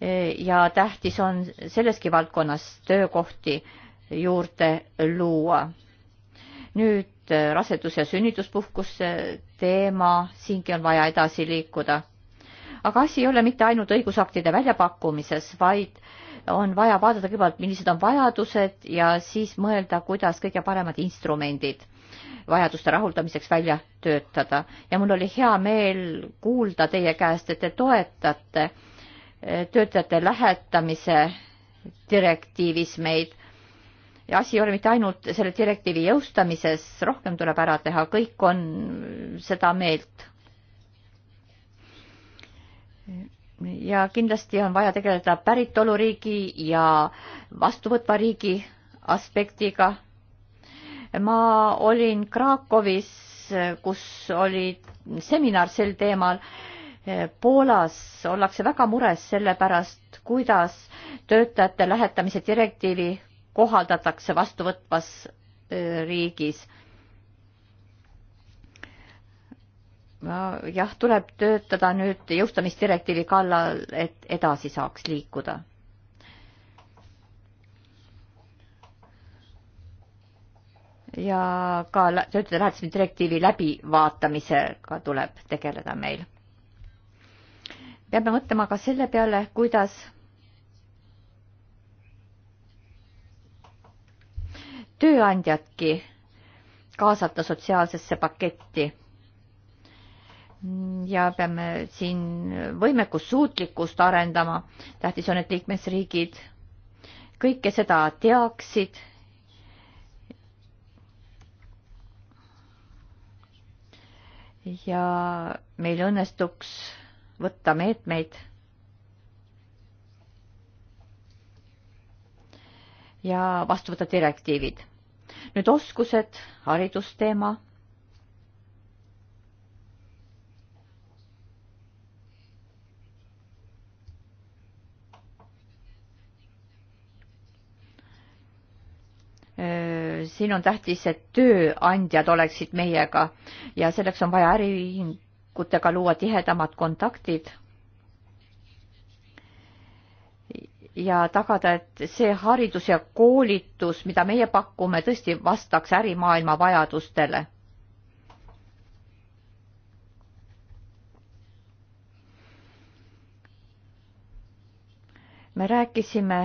e, ja tähtis on selleski valdkonnas töökohti juurde luua nüüd äh, rasedus- ja sünnituspuhkuste teema, siingi on vaja edasi liikuda. aga asi ei ole mitte ainult õigusaktide väljapakkumises, vaid on vaja vaadata kõigepealt, millised on vajadused ja siis mõelda, kuidas kõige paremad instrumendid vajaduste rahuldamiseks välja töötada. ja mul oli hea meel kuulda teie käest, et te toetate äh, töötajate lähetamise direktiivis meid ja asi ei ole mitte ainult selle direktiivi jõustamises, rohkem tuleb ära teha, kõik on seda meelt. ja kindlasti on vaja tegeleda päritoluriigi ja vastuvõtva riigi aspektiga. ma olin Krakowis, kus oli seminar sel teemal Poolas ollakse väga mures selle pärast, kuidas töötajate lähetamise direktiivi kohaldatakse vastuvõtvas riigis. jah, tuleb töötada nüüd jõustamisdirektiivi kallal, et edasi saaks liikuda. ja ka töötajate lähetamise direktiivi läbivaatamisega tuleb tegeleda meil. peame mõtlema ka selle peale, kuidas tööandjadki kaasata sotsiaalsesse paketti. ja peame siin võimekust, suutlikkust arendama. tähtis on, et liikmesriigid kõike seda teaksid. ja meil õnnestuks võtta meetmeid ja vastu võtta direktiivid. nüüd oskused, haridusteema. siin on tähtis, et tööandjad oleksid meiega ja selleks on vaja äriühingutega luua tihedamad kontaktid ja tagada, et see haridus ja koolitus, mida meie pakume, tõesti vastaks ärimaailma vajadustele. me rääkisime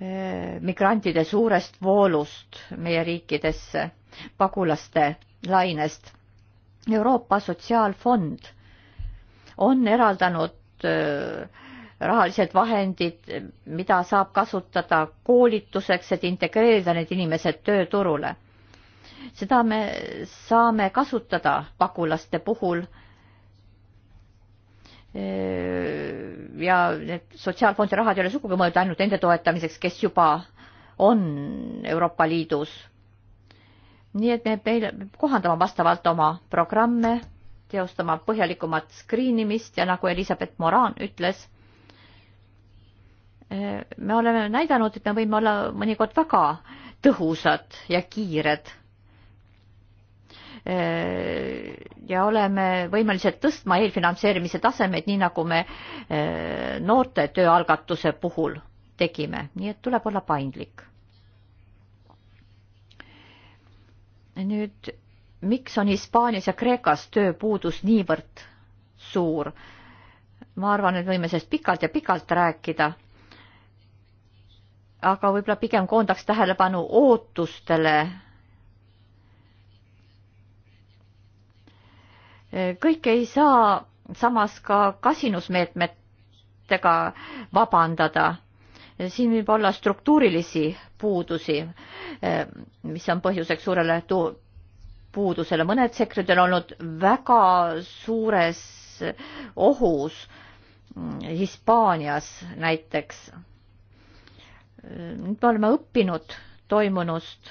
eh, migrantide suurest voolust meie riikidesse, pagulaste lainest. Euroopa Sotsiaalfond on eraldanud öö, eh, rahalised vahendid, mida saab kasutada koolituseks, et integreerida need inimesed tööturule. seda me saame kasutada pagulaste puhul. ja need sotsiaalfondi rahad ei ole sugugi mõeldud ainult nende toetamiseks, kes juba on Euroopa Liidus. nii et me peame kohandama vastavalt oma programme teostama põhjalikumat skriinimist ja nagu Elizabeth Moran ütles, Äh, me oleme näidanud, et me võime olla mõnikord väga tõhusad ja kiired. Äh, ja oleme võimelised tõstma eelfinantseerimise tasemeid, nii nagu me äh, noorte tööalgatuse puhul tegime, nii et tuleb olla paindlik. nüüd, miks on Hispaanias ja Kreekas tööpuudus niivõrd suur? ma arvan, et võime sellest pikalt ja pikalt rääkida aga võib-olla pigem koondaks tähelepanu ootustele. kõike ei saa samas ka kasinusmeetmetega vabandada. siin võib olla struktuurilisi puudusi, mis on põhjuseks suurele puudusele. mõned sektorid on olnud väga suures ohus, Hispaanias näiteks nüüd me oleme õppinud toimunust.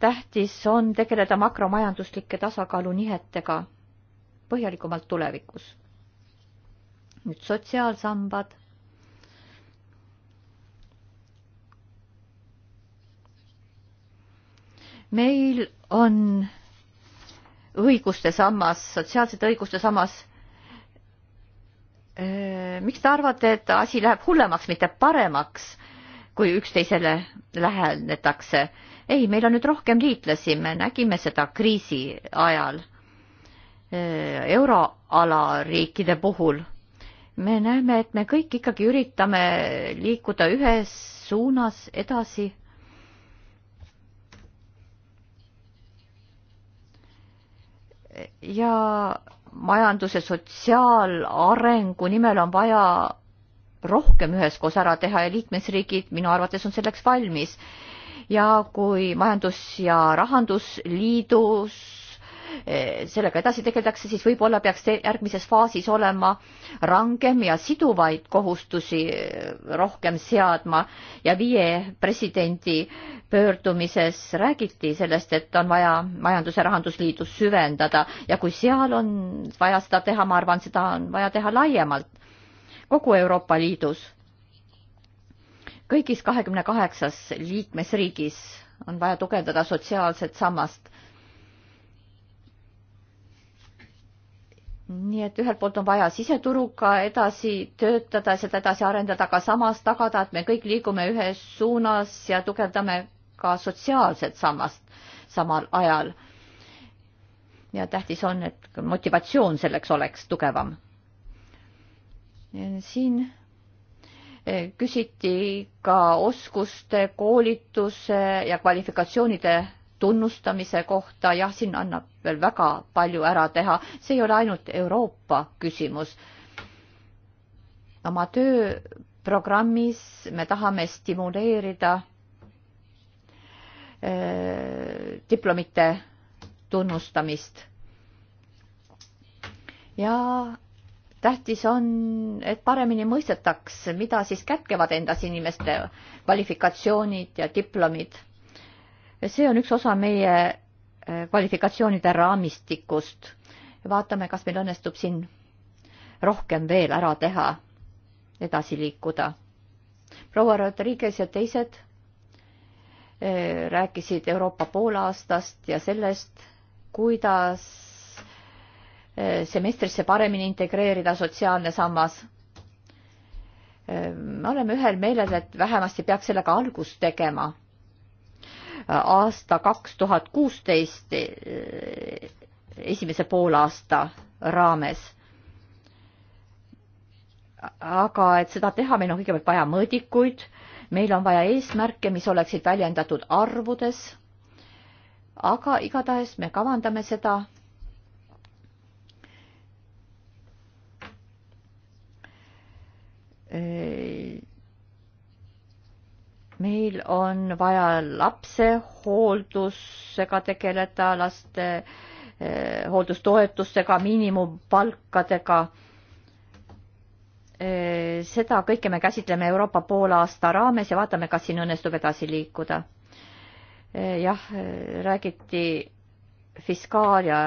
tähtis on tegeleda makromajanduslike tasakaalunihetega põhjalikumalt tulevikus. nüüd sotsiaalsambad. meil on õiguste sammas, sotsiaalsete õiguste sammas Äh, miks te arvate, et asi läheb hullemaks, mitte paremaks, kui üksteisele lähenetakse? ei, meil on nüüd rohkem liitlasi, me nägime seda kriisi ajal äh, euroala riikide puhul. me näeme, et me kõik ikkagi üritame liikuda ühes suunas edasi. ja majanduse sotsiaalarengu nimel on vaja rohkem üheskoos ära teha ja liikmesriigid minu arvates on selleks valmis. ja kui Majandus- ja Rahandusliidus Eh, sellega edasi tegeldakse, siis võib-olla peaks järgmises faasis olema rangem ja siduvaid kohustusi eh, rohkem seadma ja viie presidendi pöördumises räägiti sellest, et on vaja majandus- ja rahandusliidu süvendada ja kui seal on vaja seda teha, ma arvan, seda on vaja teha laiemalt kogu Euroopa Liidus. kõigis kahekümne kaheksas liikmesriigis on vaja tugevdada sotsiaalset sammast nii et ühelt poolt on vaja siseturuga edasi töötada, seda edasi arendada, aga samas tagada, et me kõik liigume ühes suunas ja tugevdame ka sotsiaalset sammast samal ajal. ja tähtis on, et motivatsioon selleks oleks tugevam. siin eh, küsiti ka oskuste, koolituse ja kvalifikatsioonide tunnustamise kohta, jah, siin annab veel väga palju ära teha, see ei ole ainult Euroopa küsimus. oma tööprogrammis me tahame stimuleerida eh, diplomite tunnustamist. ja tähtis on, et paremini mõistetaks, mida siis kätkevad endas inimeste kvalifikatsioonid ja diplomid see on üks osa meie eh, kvalifikatsioonide raamistikust. vaatame, kas meil õnnestub siin rohkem veel ära teha, edasi liikuda. proua Rodriguez ja teised eh, rääkisid Euroopa poolaastast ja sellest, kuidas eh, semestrisse paremini integreerida sotsiaalne sammas. me oleme ühel meelel, et vähemasti peaks sellega algust tegema aasta kaks tuhat kuusteist esimese poolaasta raames. aga et seda teha, meil on kõigepealt vaja mõõdikuid, meil on vaja eesmärke, mis oleksid väljendatud arvudes, aga igatahes me kavandame seda meil on vaja lapsehooldusega tegeleda, laste eh, hooldustoetustega, miinimumpalkadega eh,. seda kõike me käsitleme Euroopa poolaasta raames ja vaatame, kas siin õnnestub edasi liikuda eh,. jah, räägiti fiskaal- ja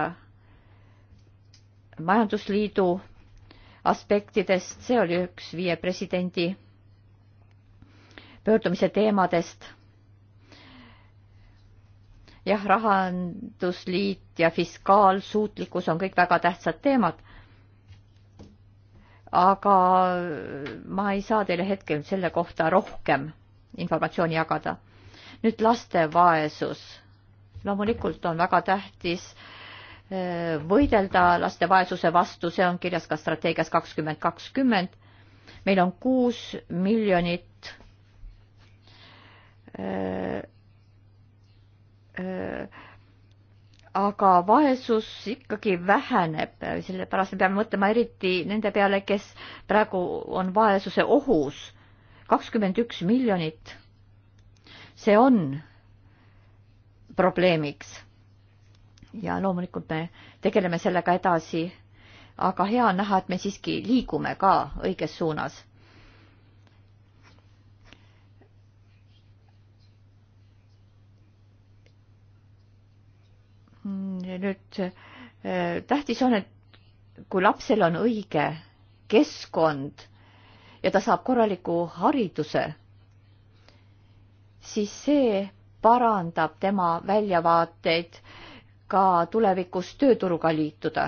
majandusliidu aspektidest, see oli üks viie presidendi pöördumise teemadest. jah, rahandusliit ja fiskaalsuutlikkus on kõik väga tähtsad teemad. aga ma ei saa teile hetkel selle kohta rohkem informatsiooni jagada. nüüd laste vaesus. loomulikult on väga tähtis äh, võidelda laste vaesuse vastu, see on kirjas ka strateegias kakskümmend kakskümmend. meil on kuus miljonit Äh, äh, aga vaesus ikkagi väheneb, sellepärast me peame mõtlema eriti nende peale, kes praegu on vaesuse ohus. kakskümmend üks miljonit. see on probleemiks. ja loomulikult me tegeleme sellega edasi, aga hea on näha, et me siiski liigume ka õiges suunas nüüd äh, tähtis on, et kui lapsel on õige keskkond ja ta saab korraliku hariduse, siis see parandab tema väljavaateid ka tulevikus tööturuga liituda.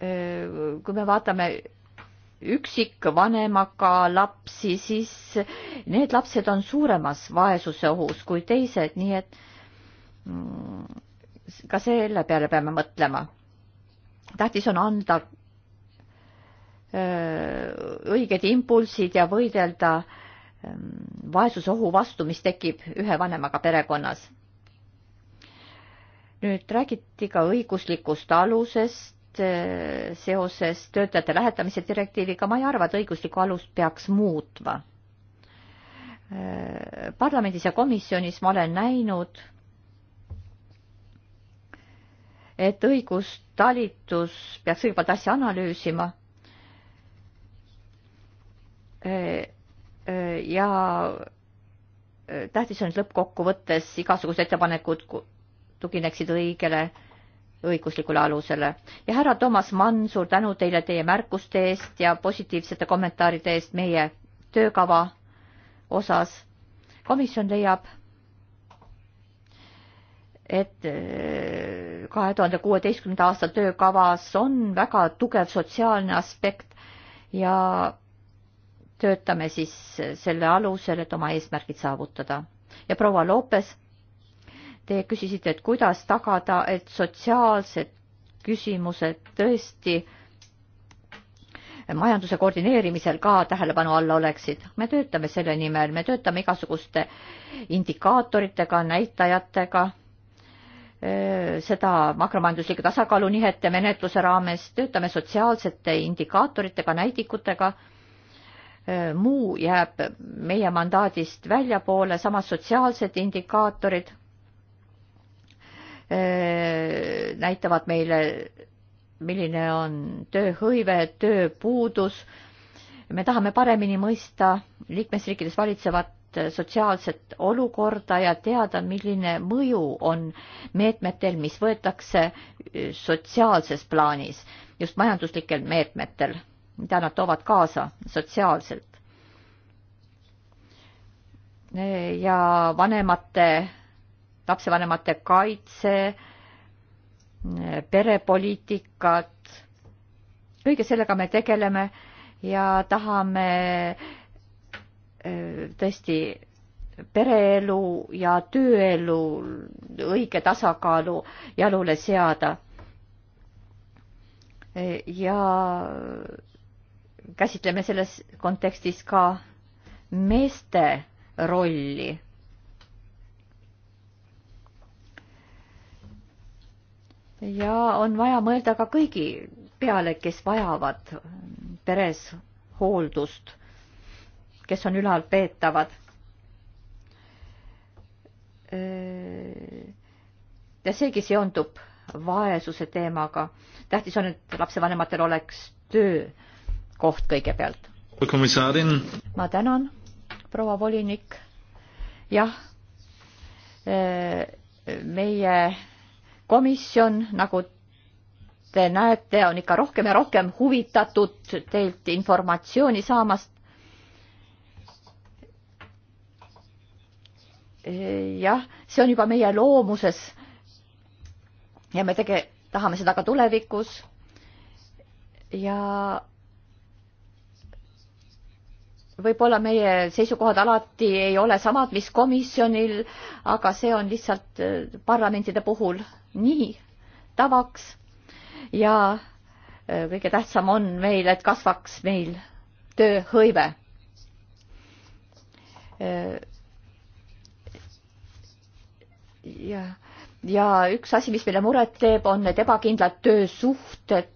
Äh, kui me vaatame üksikvanemaga lapsi, siis need lapsed on suuremas vaesuse ohus kui teised, nii et ka selle peale peame mõtlema. tähtis on anda õiged impulsid ja võidelda vaesusohu vastu, mis tekib ühe vanemaga perekonnas. nüüd räägiti ka õiguslikust alusest seoses töötajate lähetamise direktiiviga, ma ei arva, et õiguslikku alust peaks muutma. parlamendis ja komisjonis ma olen näinud, et õigustalitus peaks kõigepealt asja analüüsima äh, äh, ja äh, tähtis on, et lõppkokkuvõttes igasugused ettepanekud tugineksid õigele õiguslikule alusele. ja härra Toomas Mann, suur tänu teile teie märkuste eest ja positiivsete kommentaaride eest meie töökava osas. komisjon leiab, et kahe tuhande kuueteistkümnenda aasta töökavas on väga tugev sotsiaalne aspekt ja töötame siis selle alusel, et oma eesmärgid saavutada. ja proua Loopes, te küsisite, et kuidas tagada, et sotsiaalsed küsimused tõesti majanduse koordineerimisel ka tähelepanu all oleksid. me töötame selle nimel, me töötame igasuguste indikaatoritega, näitajatega seda makromajanduslike tasakaalunihete menetluse raames, töötame sotsiaalsete indikaatoritega, näidikutega, muu jääb meie mandaadist väljapoole, samas sotsiaalsed indikaatorid näitavad meile, milline on tööhõive, tööpuudus, me tahame paremini mõista liikmesriikides valitsevat sotsiaalset olukorda ja teada, milline mõju on meetmetel, mis võetakse äh, sotsiaalses plaanis, just majanduslikel meetmetel, mida nad toovad kaasa sotsiaalselt. ja vanemate, lapsevanemate kaitse, äh, perepoliitikat, kõige sellega me tegeleme ja tahame äh, tõesti pereelu ja tööelu õige tasakaalu jalule seada. ja käsitleme selles kontekstis ka meeste rolli. ja on vaja mõelda ka kõigi peale, kes vajavad peres hooldust kes on ülalpeetavad. ja seegi seondub vaesuse teemaga. tähtis on, et lapsevanematel oleks töökoht kõigepealt. ma tänan, proua volinik. jah, meie komisjon, nagu te näete, on ikka rohkem ja rohkem huvitatud teilt informatsiooni saamast jah, see on juba meie loomuses. ja me tege-, tahame seda ka tulevikus. ja võib-olla meie seisukohad alati ei ole samad, mis komisjonil, aga see on lihtsalt äh, parlamentide puhul nii tavaks. ja äh, kõige tähtsam on meil, et kasvaks meil tööhõive äh, ja, ja üks asi, mis meile muret teeb, on need ebakindlad töösuhted.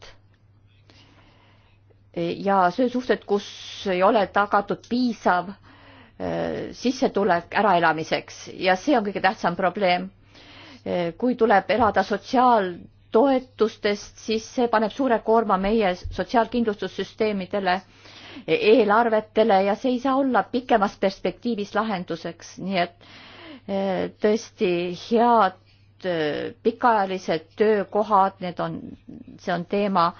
ja töösuhted, kus ei ole tagatud piisav äh, sissetulek äraelamiseks ja see on kõige tähtsam probleem. Äh, kui tuleb elada sotsiaaltoetustest, siis see paneb suure koorma meie sotsiaalkindlustussüsteemidele eelarvetele ja see ei saa olla pikemas perspektiivis lahenduseks, nii et tõesti head äh, pikaajalised töökohad, need on, see on teema,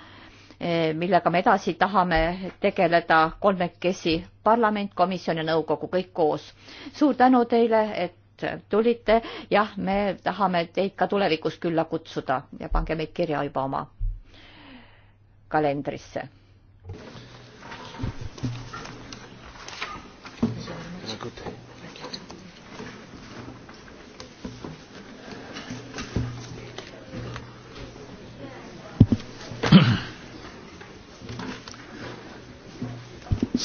äh, millega me edasi tahame tegeleda kolmekesi, parlament, komisjon ja nõukogu kõik koos. suur tänu teile, et tulite, jah, me tahame teid ka tulevikus külla kutsuda ja pange meid kirja juba oma kalendrisse. Good day.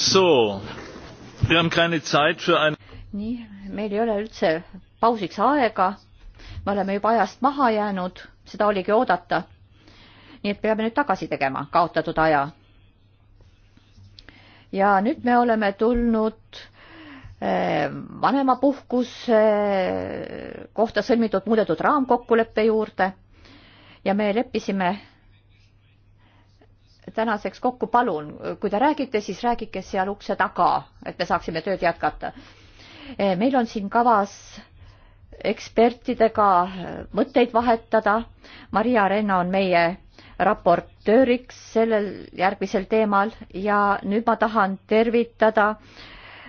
So, wir haben keine Zeit für ein... nii, meil ei ole üldse pausiks aega. me oleme juba ajast maha jäänud, seda oligi oodata. nii et peame nüüd tagasi tegema kaotatud aja. ja nüüd me oleme tulnud eh, vanemapuhkuse eh, kohta sõlmitud muudetud raamkokkuleppe juurde ja me leppisime tänaseks kokku, palun, kui te räägite, siis rääkige seal ukse taga, et me saaksime tööd jätkata. E, meil on siin kavas ekspertidega mõtteid vahetada. Maria Renna on meie raportööriks sellel järgmisel teemal ja nüüd ma tahan tervitada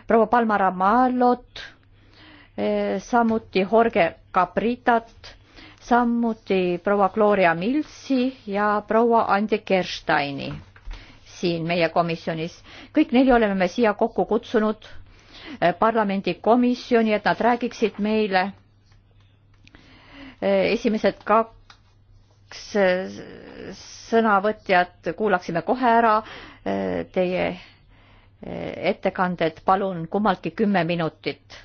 proua Palmar Amalot, e, samuti Jorge Capritat samuti proua Gloria Milsi ja proua Andi Kersteini siin meie komisjonis. kõik neli oleme me siia kokku kutsunud eh, parlamendikomisjoni, et nad räägiksid meile eh, esimesed kaks eh, sõnavõtjat kuulaksime kohe ära teie ettekanded, palun kummaltki kümme minutit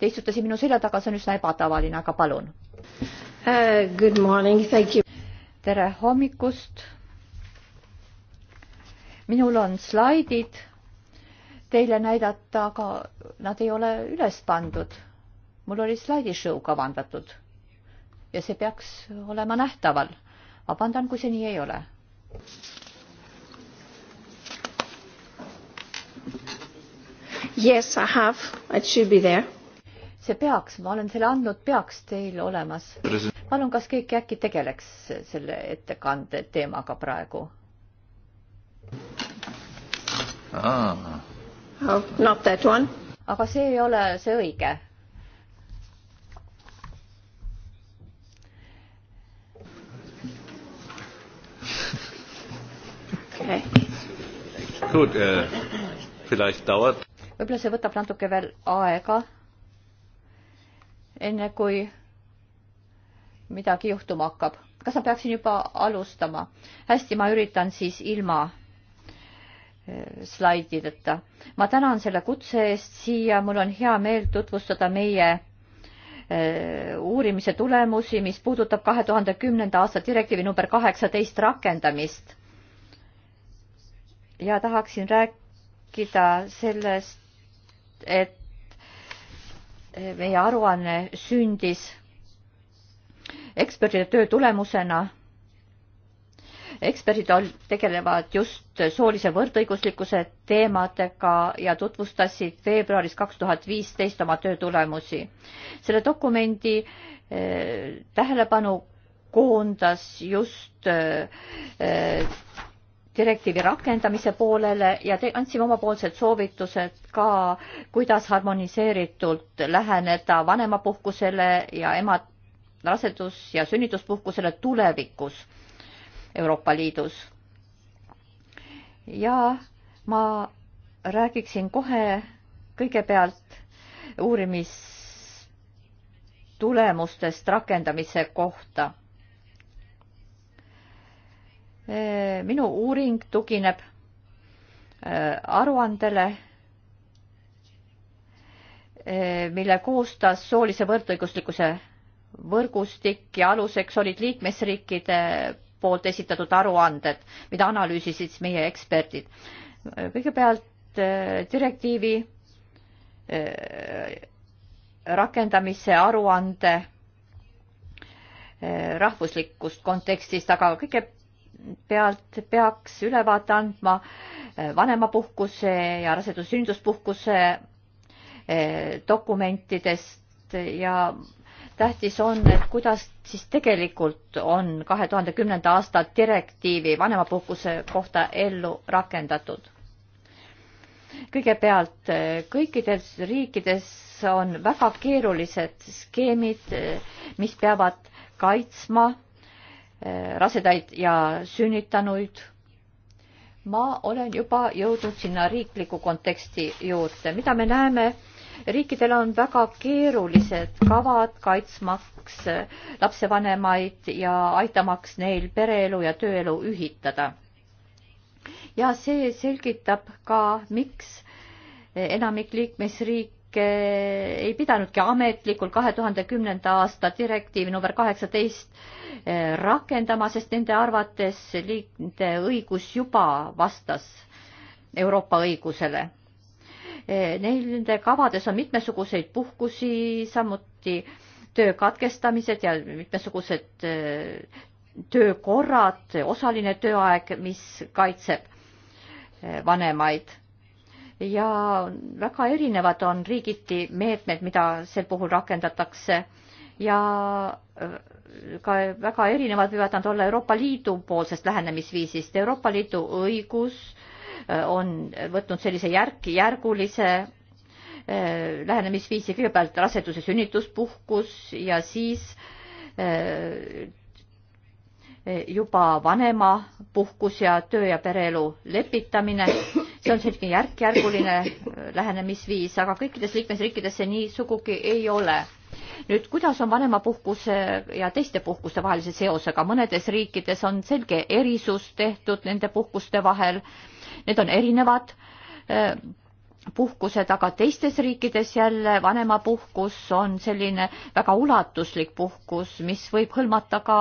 Te istute siin minu selja taga, see on üsna ebatavaline, aga palun uh,. Good morning, thank you. tere hommikust. minul on slaidid teile näidata, aga nad ei ole üles pandud. mul oli slaidishow kavandatud ja see peaks olema nähtaval. vabandan, kui see nii ei ole. Yes, I have. It should be there see peaks, ma olen selle andnud, peaks teil olemas. palun, kas keegi äkki tegeleks selle ettekande teemaga praegu? Oh, aga see ei ole see õige. Okay. Gut, äh, vielleicht dauert. Võib-olla see võtab natuke veel aega enne kui midagi juhtuma hakkab. kas ma peaksin juba alustama? hästi, ma üritan siis ilma e, slaidideta. ma tänan selle kutse eest siia, mul on hea meel tutvustada meie e, uurimise tulemusi, mis puudutab kahe tuhande kümnenda aasta direktiivi number kaheksateist rakendamist. ja tahaksin rääkida sellest, et meie aruanne sündis ekspertide töö tulemusena. eksperdid on, tegelevad just soolise võrdõiguslikkuse teemadega ja tutvustasid veebruaris kaks tuhat viisteist oma töö tulemusi. selle dokumendi eh, tähelepanu koondas just eh, direktiivi rakendamise poolele ja te andsime omapoolsed soovitused ka, kuidas harmoniseeritult läheneda vanemapuhkusele ja ema rasedus- ja sünnituspuhkusele tulevikus Euroopa Liidus. ja ma räägiksin kohe kõigepealt uurimistulemustest rakendamise kohta Eh, minu uuring tugineb eh, aruandele, eh, mille koostas soolise võrdõiguslikkuse võrgustik ja aluseks olid liikmesriikide poolt esitatud aruanded, mida analüüsisid siis meie eksperdid. kõigepealt direktiivi rakendamise aruande rahvuslikust kontekstist, aga kõige pealt peaks ülevaate andma eh, vanemapuhkuse ja rasedus-sündluspuhkuse eh, dokumentidest ja tähtis on, et kuidas siis tegelikult on kahe tuhande kümnenda aasta direktiivi vanemapuhkuse kohta ellu rakendatud. kõigepealt eh, kõikides riikides on väga keerulised skeemid, mis peavad kaitsma Eh, rasedaid ja sünnitanuid. ma olen juba jõudnud sinna riikliku konteksti juurde, mida me näeme, riikidel on väga keerulised kavad kaitsmaks eh, lapsevanemaid ja aitamaks neil pereelu ja tööelu ühitada. ja see selgitab ka, miks enamik liikmesriike ei pidanudki ametlikult kahe tuhande kümnenda aasta direktiivi number kaheksateist eh, rakendama, sest nende arvates liikmete õigus juba vastas Euroopa õigusele. Neil, eh, nende kavades on mitmesuguseid puhkusi, samuti töö katkestamised ja mitmesugused eh, töökorrad, osaline tööaeg, mis kaitseb vanemaid ja väga erinevad on riigiti meetmed, mida sel puhul rakendatakse ja äh, ka väga erinevad võivad nad olla Euroopa Liidu poolsest lähenemisviisist. Euroopa Liidu õigus äh, on võtnud sellise järk-järgulise äh, lähenemisviisi, kõigepealt rasedus- ja sünnituspuhkus ja siis juba vanemapuhkus ja töö ja pereelu lepitamine see on selline järk-järguline äh, lähenemisviis, aga kõikides liikmesriikides see nii sugugi ei ole. nüüd, kuidas on vanemapuhkuse ja teiste puhkuste vahelise seosega, mõnedes riikides on selge erisus tehtud nende puhkuste vahel, need on erinevad äh, puhkused, aga teistes riikides jälle vanemapuhkus on selline väga ulatuslik puhkus, mis võib hõlmata ka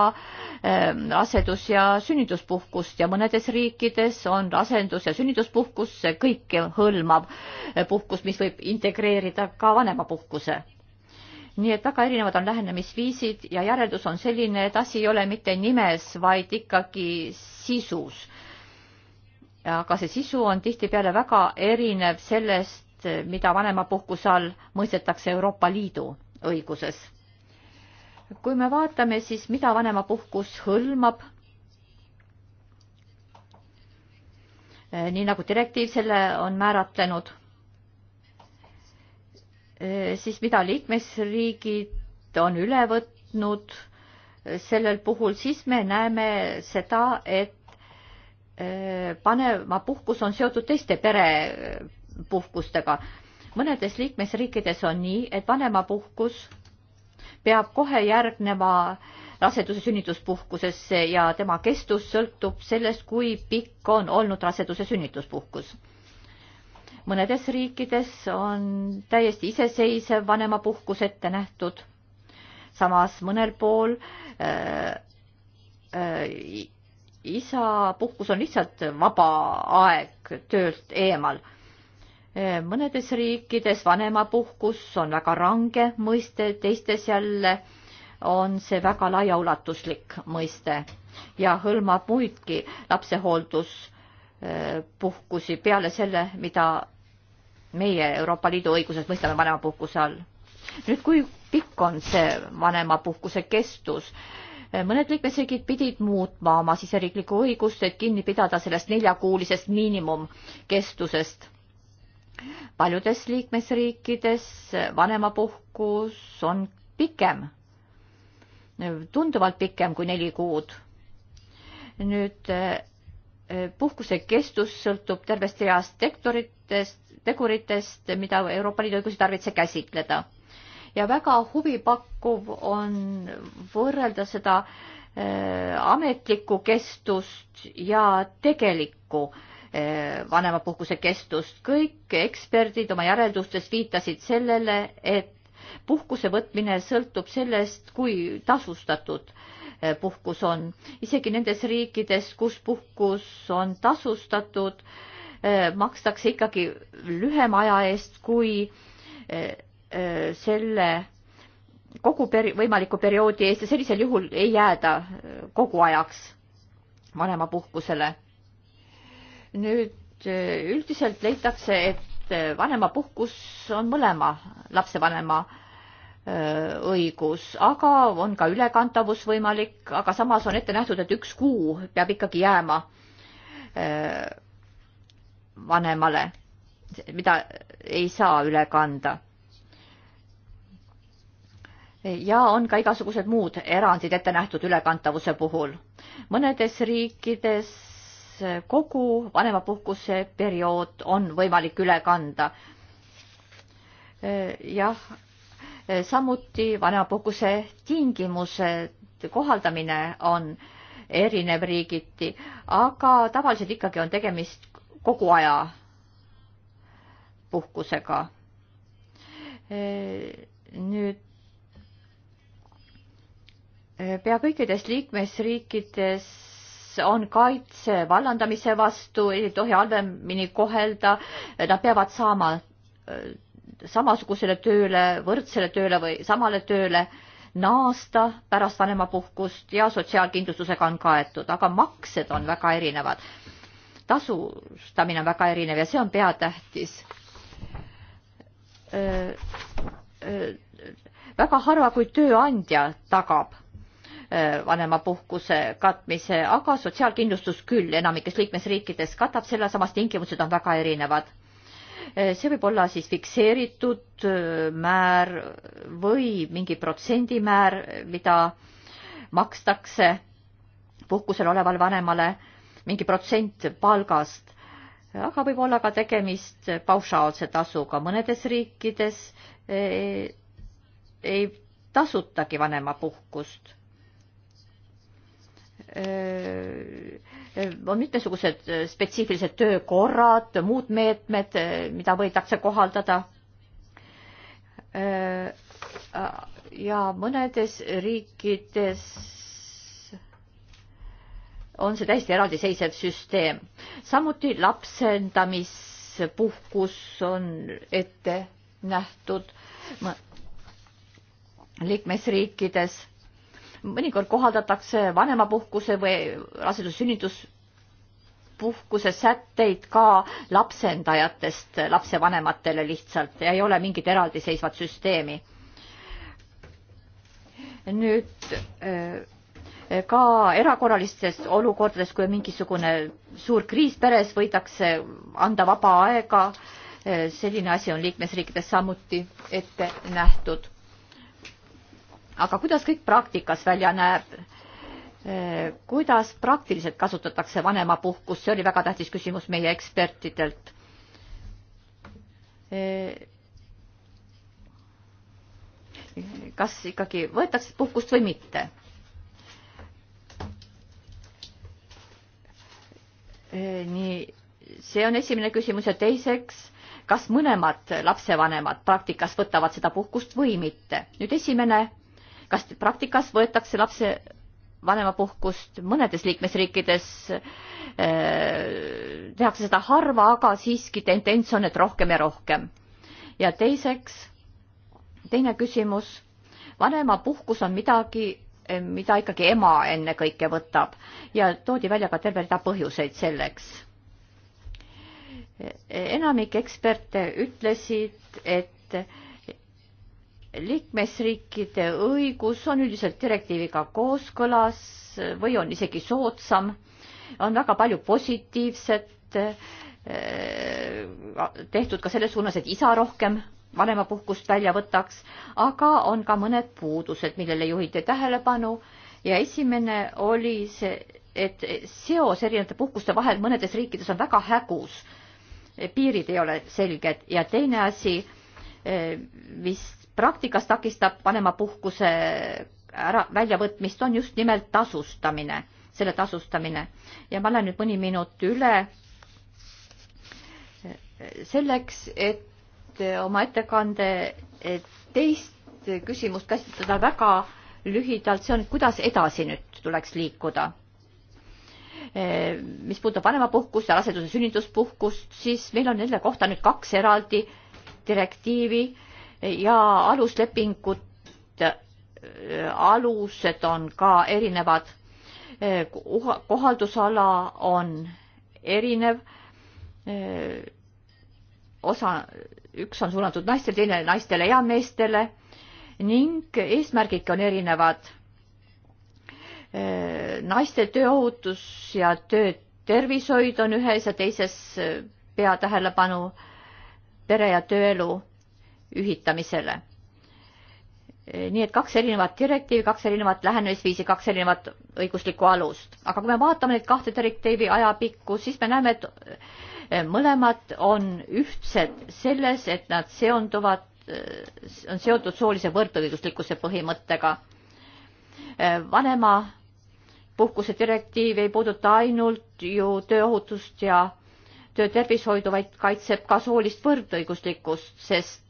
rasedus- ähm, ja sünnituspuhkust ja mõnedes riikides on rasendus- ja sünnituspuhkus kõike hõlmav äh, puhkus, mis võib integreerida ka vanemapuhkuse nii et väga erinevad on lähenemisviisid ja järeldus on selline, et asi ei ole mitte nimes, vaid ikkagi sisus aga see sisu on tihtipeale väga erinev sellest, mida vanemapuhkuse all mõistetakse Euroopa Liidu õiguses. kui me vaatame siis, mida vanemapuhkus hõlmab, nii nagu direktiiv selle on määratlenud, siis mida liikmesriigid on üle võtnud sellel puhul, siis me näeme seda, et Äh, panema puhkus on seotud teiste perepuhkustega. mõnedes liikmesriikides on nii, et vanemapuhkus peab kohe järgnema raseduse sünnituspuhkusesse ja tema kestus sõltub sellest, kui pikk on olnud raseduse sünnituspuhkus. mõnedes riikides on täiesti iseseisev vanemapuhkus ette nähtud, samas mõnel pool äh, äh, isapuhkus on lihtsalt vaba aeg töölt eemal. mõnedes riikides vanemapuhkus on väga range mõiste, teistes jälle on see väga laiaulatuslik mõiste ja hõlmab muidki lapsehoolduspuhkusi peale selle, mida meie Euroopa Liidu õiguses mõistame vanemapuhkuse all. nüüd, kui pikk on see vanemapuhkuse kestus? mõned liikmesriigid pidid muutma oma siseriiklikku õigust, et kinni pidada sellest neljakuulisest miinimumkestusest. paljudes liikmesriikides vanemapuhkus on pikem, tunduvalt pikem kui neli kuud. nüüd eh, puhkuse kestus sõltub tervest reast tektoritest, teguritest, mida Euroopa Liidu õiguse tarvitse käsitleda ja väga huvipakkuv on võrrelda seda äh, ametlikku kestust ja tegelikku äh, vanemapuhkuse kestust. kõik eksperdid oma järeldustes viitasid sellele, et puhkuse võtmine sõltub sellest, kui tasustatud äh, puhkus on. isegi nendes riikides, kus puhkus on tasustatud, makstakse ikkagi lühema aja eest kui Äh, selle kogu peri-, võimaliku perioodi eest ja sellisel juhul ei jääda äh, kogu ajaks vanemapuhkusele. nüüd äh, üldiselt leitakse, et vanemapuhkus on mõlema lapsevanema õigus, aga on ka ülekantavus võimalik, aga samas on ette nähtud, et üks kuu peab ikkagi jääma vanemale, mida ei saa üle kanda ja on ka igasugused muud erandid ette nähtud ülekantavuse puhul. mõnedes riikides kogu vanemapuhkuse periood on võimalik üle kanda. E, jah, e, samuti vanemapuhkuse tingimused, kohaldamine on erinev riigiti, aga tavaliselt ikkagi on tegemist kogu aja puhkusega. E, nüüd pea kõikides liikmesriikides on kaitse vallandamise vastu, ei tohi halvemini kohelda, nad peavad saama äh, samasugusele tööle, võrdsele tööle või samale tööle naasta pärast vanemapuhkust ja sotsiaalkindlustusega on kaetud, aga maksed on väga erinevad. tasustamine on väga erinev ja see on peatähtis äh, äh, väga harva, kui tööandja tagab Äh, vanemapuhkuse katmise, aga sotsiaalkindlustus küll enamikes liikmesriikides katab selle, samas tingimused on väga erinevad. Äh, see võib olla siis fikseeritud äh, määr või mingi protsendimäär, mida makstakse puhkusel oleval vanemale, mingi protsent palgast aga võib olla ka tegemist paušaalse tasuga. mõnedes riikides ei tasutagi vanemapuhkust. Äh, äh, on mitmesugused äh, spetsiifilised töökorrad, muud meetmed, mida võidakse kohaldada. ja mõnedes riikides on see täiesti eraldiseisev süsteem. samuti lapsendamispuhkus on ette nähtud liikmesriikides mõnikord kohaldatakse vanemapuhkuse või rasedus-sünnituspuhkuse sätteid ka lapsendajatest lapsevanematele lihtsalt ja ei ole mingit eraldiseisvat süsteemi. nüüd äh, ka erakorralistes olukordades, kui on mingisugune suur kriis peres, võidakse anda vaba aega. Äh, selline asi on liikmesriikides samuti ette nähtud aga kuidas kõik praktikas välja näeb? kuidas praktiliselt kasutatakse vanemapuhkust, see oli väga tähtis küsimus meie ekspertidelt. kas ikkagi võetakse puhkust või mitte? nii, see on esimene küsimus ja teiseks, kas mõlemad lapsevanemad praktikas võtavad seda puhkust või mitte? nüüd esimene kas praktikas võetakse lapse vanemapuhkust mõnedes liikmesriikides eh, tehakse seda harva, aga siiski tendents on, et rohkem ja rohkem. ja teiseks, teine küsimus, vanemapuhkus on midagi, eh, mida ikkagi ema ennekõike võtab ja toodi välja ka terve rida põhjuseid selleks. Eh, enamik eksperte ütlesid, et liikmesriikide õigus on üldiselt direktiiviga kooskõlas või on isegi soodsam. on väga palju positiivset eh, tehtud ka selles suunas, et isa rohkem vanemapuhkust välja võtaks, aga on ka mõned puudused, millele juhiti tähelepanu ja esimene oli see, et seos erinevate puhkuste vahel mõnedes riikides on väga hägus. piirid ei ole selged ja teine asi, mis eh, praktikas takistab vanemapuhkuse ära, väljavõtmist, on just nimelt tasustamine, selle tasustamine. ja ma lähen nüüd mõni minut üle selleks, et oma ettekande et teist küsimust käsitleda väga lühidalt, see on, kuidas edasi nüüd tuleks liikuda mis puudutab vanemapuhkust ja raseduse sünnituspuhkust, siis meil on selle kohta nüüd kaks eraldi direktiivi ja aluslepingute äh, alused on ka erinevad. Äh, kohaldusala on erinev. Äh, osa, üks on suunatud naistele, teine naistele ja meestele ning eesmärgidki on erinevad. naiste tööohutus ja töötervishoid on ühes ja teises peatähelepanu, pere ja tööelu ühitamisele. nii et kaks erinevat direktiivi, kaks erinevat lähenemisviisi, kaks erinevat õiguslikku alust. aga kui me vaatame neid kahte direktiivi ajapikku, siis me näeme, et eh, mõlemad on ühtsed selles, et nad seonduvad, eh, on seotud soolise võrdõiguslikkuse põhimõttega. Eh, vanema puhkuse direktiiv ei puuduta ainult ju tööohutust ja töötervishoidu, vaid kaitseb ka soolist võrdõiguslikkust, sest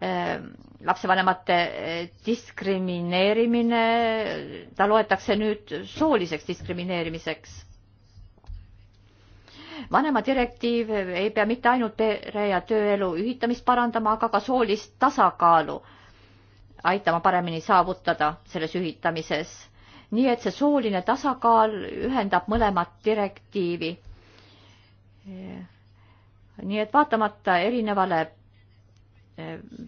Äh, lapsevanemate äh, diskrimineerimine, äh, ta loetakse nüüd sooliseks diskrimineerimiseks. vanema direktiiv ei pea mitte ainult pere ja tööelu ühitamist parandama, aga ka soolist tasakaalu aitama paremini saavutada selles ühitamises. nii et see sooline tasakaal ühendab mõlemat direktiivi. nii et vaatamata erinevale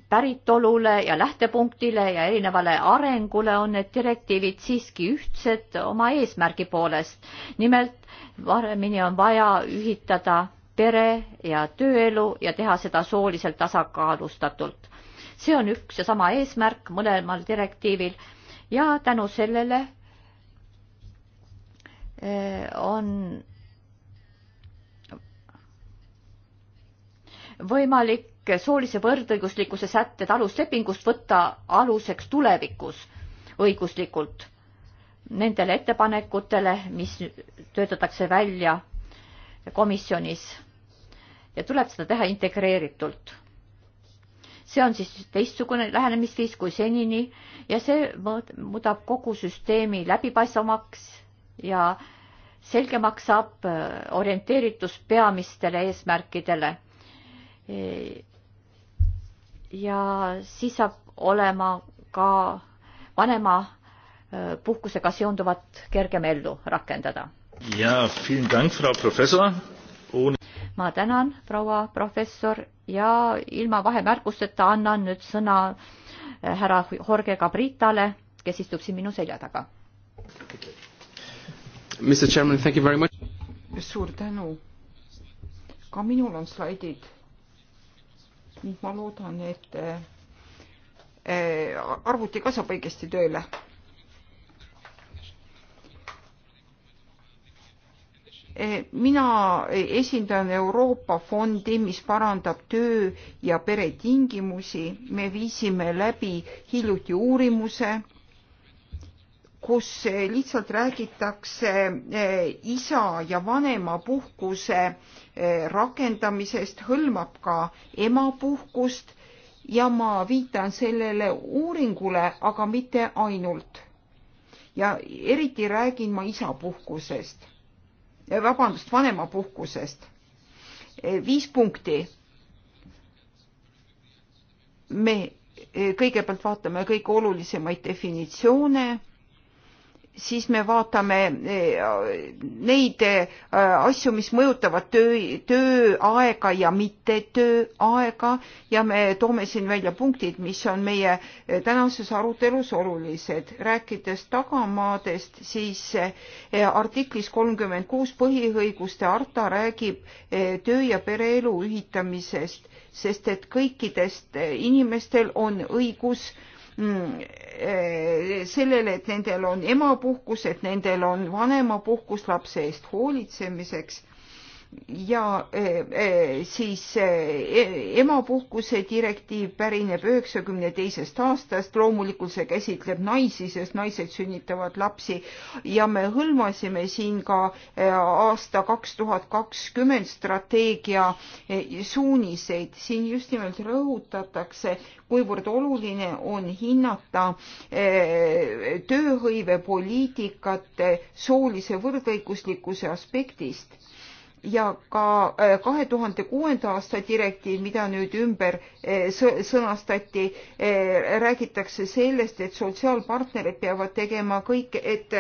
päritolule ja lähtepunktile ja erinevale arengule on need direktiivid siiski ühtsed oma eesmärgi poolest. nimelt varemini on vaja ühitada pere ja tööelu ja teha seda sooliselt tasakaalustatult. see on üks ja sama eesmärk mõlemal direktiivil ja tänu sellele eh, on võimalik soolise võrdõiguslikkuse sätted aluslepingust võtta aluseks tulevikus õiguslikult nendele ettepanekutele, mis töötatakse välja komisjonis ja tuleb seda teha integreeritult. see on siis teistsugune lähenemisviis kui senini ja see muudab kogu süsteemi läbipaistvamaks ja selgemaks saab äh, orienteeritus peamistele eesmärkidele ja siis saab olema ka vanema äh, puhkusega seonduvat kergem ellu rakendada. ja, ma tänan, proua professor ja ilma vahemärkusteta annan nüüd sõna äh, härra Jorge Cabritale, kes istub siin minu selja taga. suur tänu. ka minul on slaidid ning ma loodan, et eh, arvuti kasvab õigesti tööle. Eh, mina esindan Euroopa fondi, mis parandab töö ja peretingimusi. me viisime läbi hiljuti uurimuse kus eh, lihtsalt räägitakse eh, isa ja vanemapuhkuse eh, rakendamisest, hõlmab ka emapuhkust ja ma viitan sellele uuringule, aga mitte ainult. ja eriti räägin ma isapuhkusest, vabandust, vanemapuhkusest. viis punkti. me kõigepealt vaatame kõige olulisemaid definitsioone siis me vaatame eh, neid eh, asju, mis mõjutavad töö, tööaega ja mitte tööaega ja me toome siin välja punktid, mis on meie eh, tänases arutelus olulised. rääkides tagamaadest, siis artiklis kolmkümmend kuus põhiõiguste harta räägib töö ja pereelu ühitamisest, sest et kõikidest inimestel on õigus Mm, eh, sellele, et nendel on emapuhkus, et nendel on vanemapuhkus lapse eest hoolitsemiseks ja eh, eh, siis eh, emapuhkuse direktiiv pärineb üheksakümne teisest aastast, loomulikult see käsitleb naisi, sest naised sünnitavad lapsi ja me hõlmasime siin ka aasta kaks tuhat kakskümmend strateegia suuniseid. siin just nimelt rõhutatakse, kuivõrd oluline on hinnata tööhõivepoliitikat soolise võrdõiguslikkuse aspektist ja ka äh, kahe tuhande kuuenda aasta direktiiv, mida nüüd ümber äh, sõnastati, äh, räägitakse sellest, et sotsiaalpartnerid peavad tegema kõik, et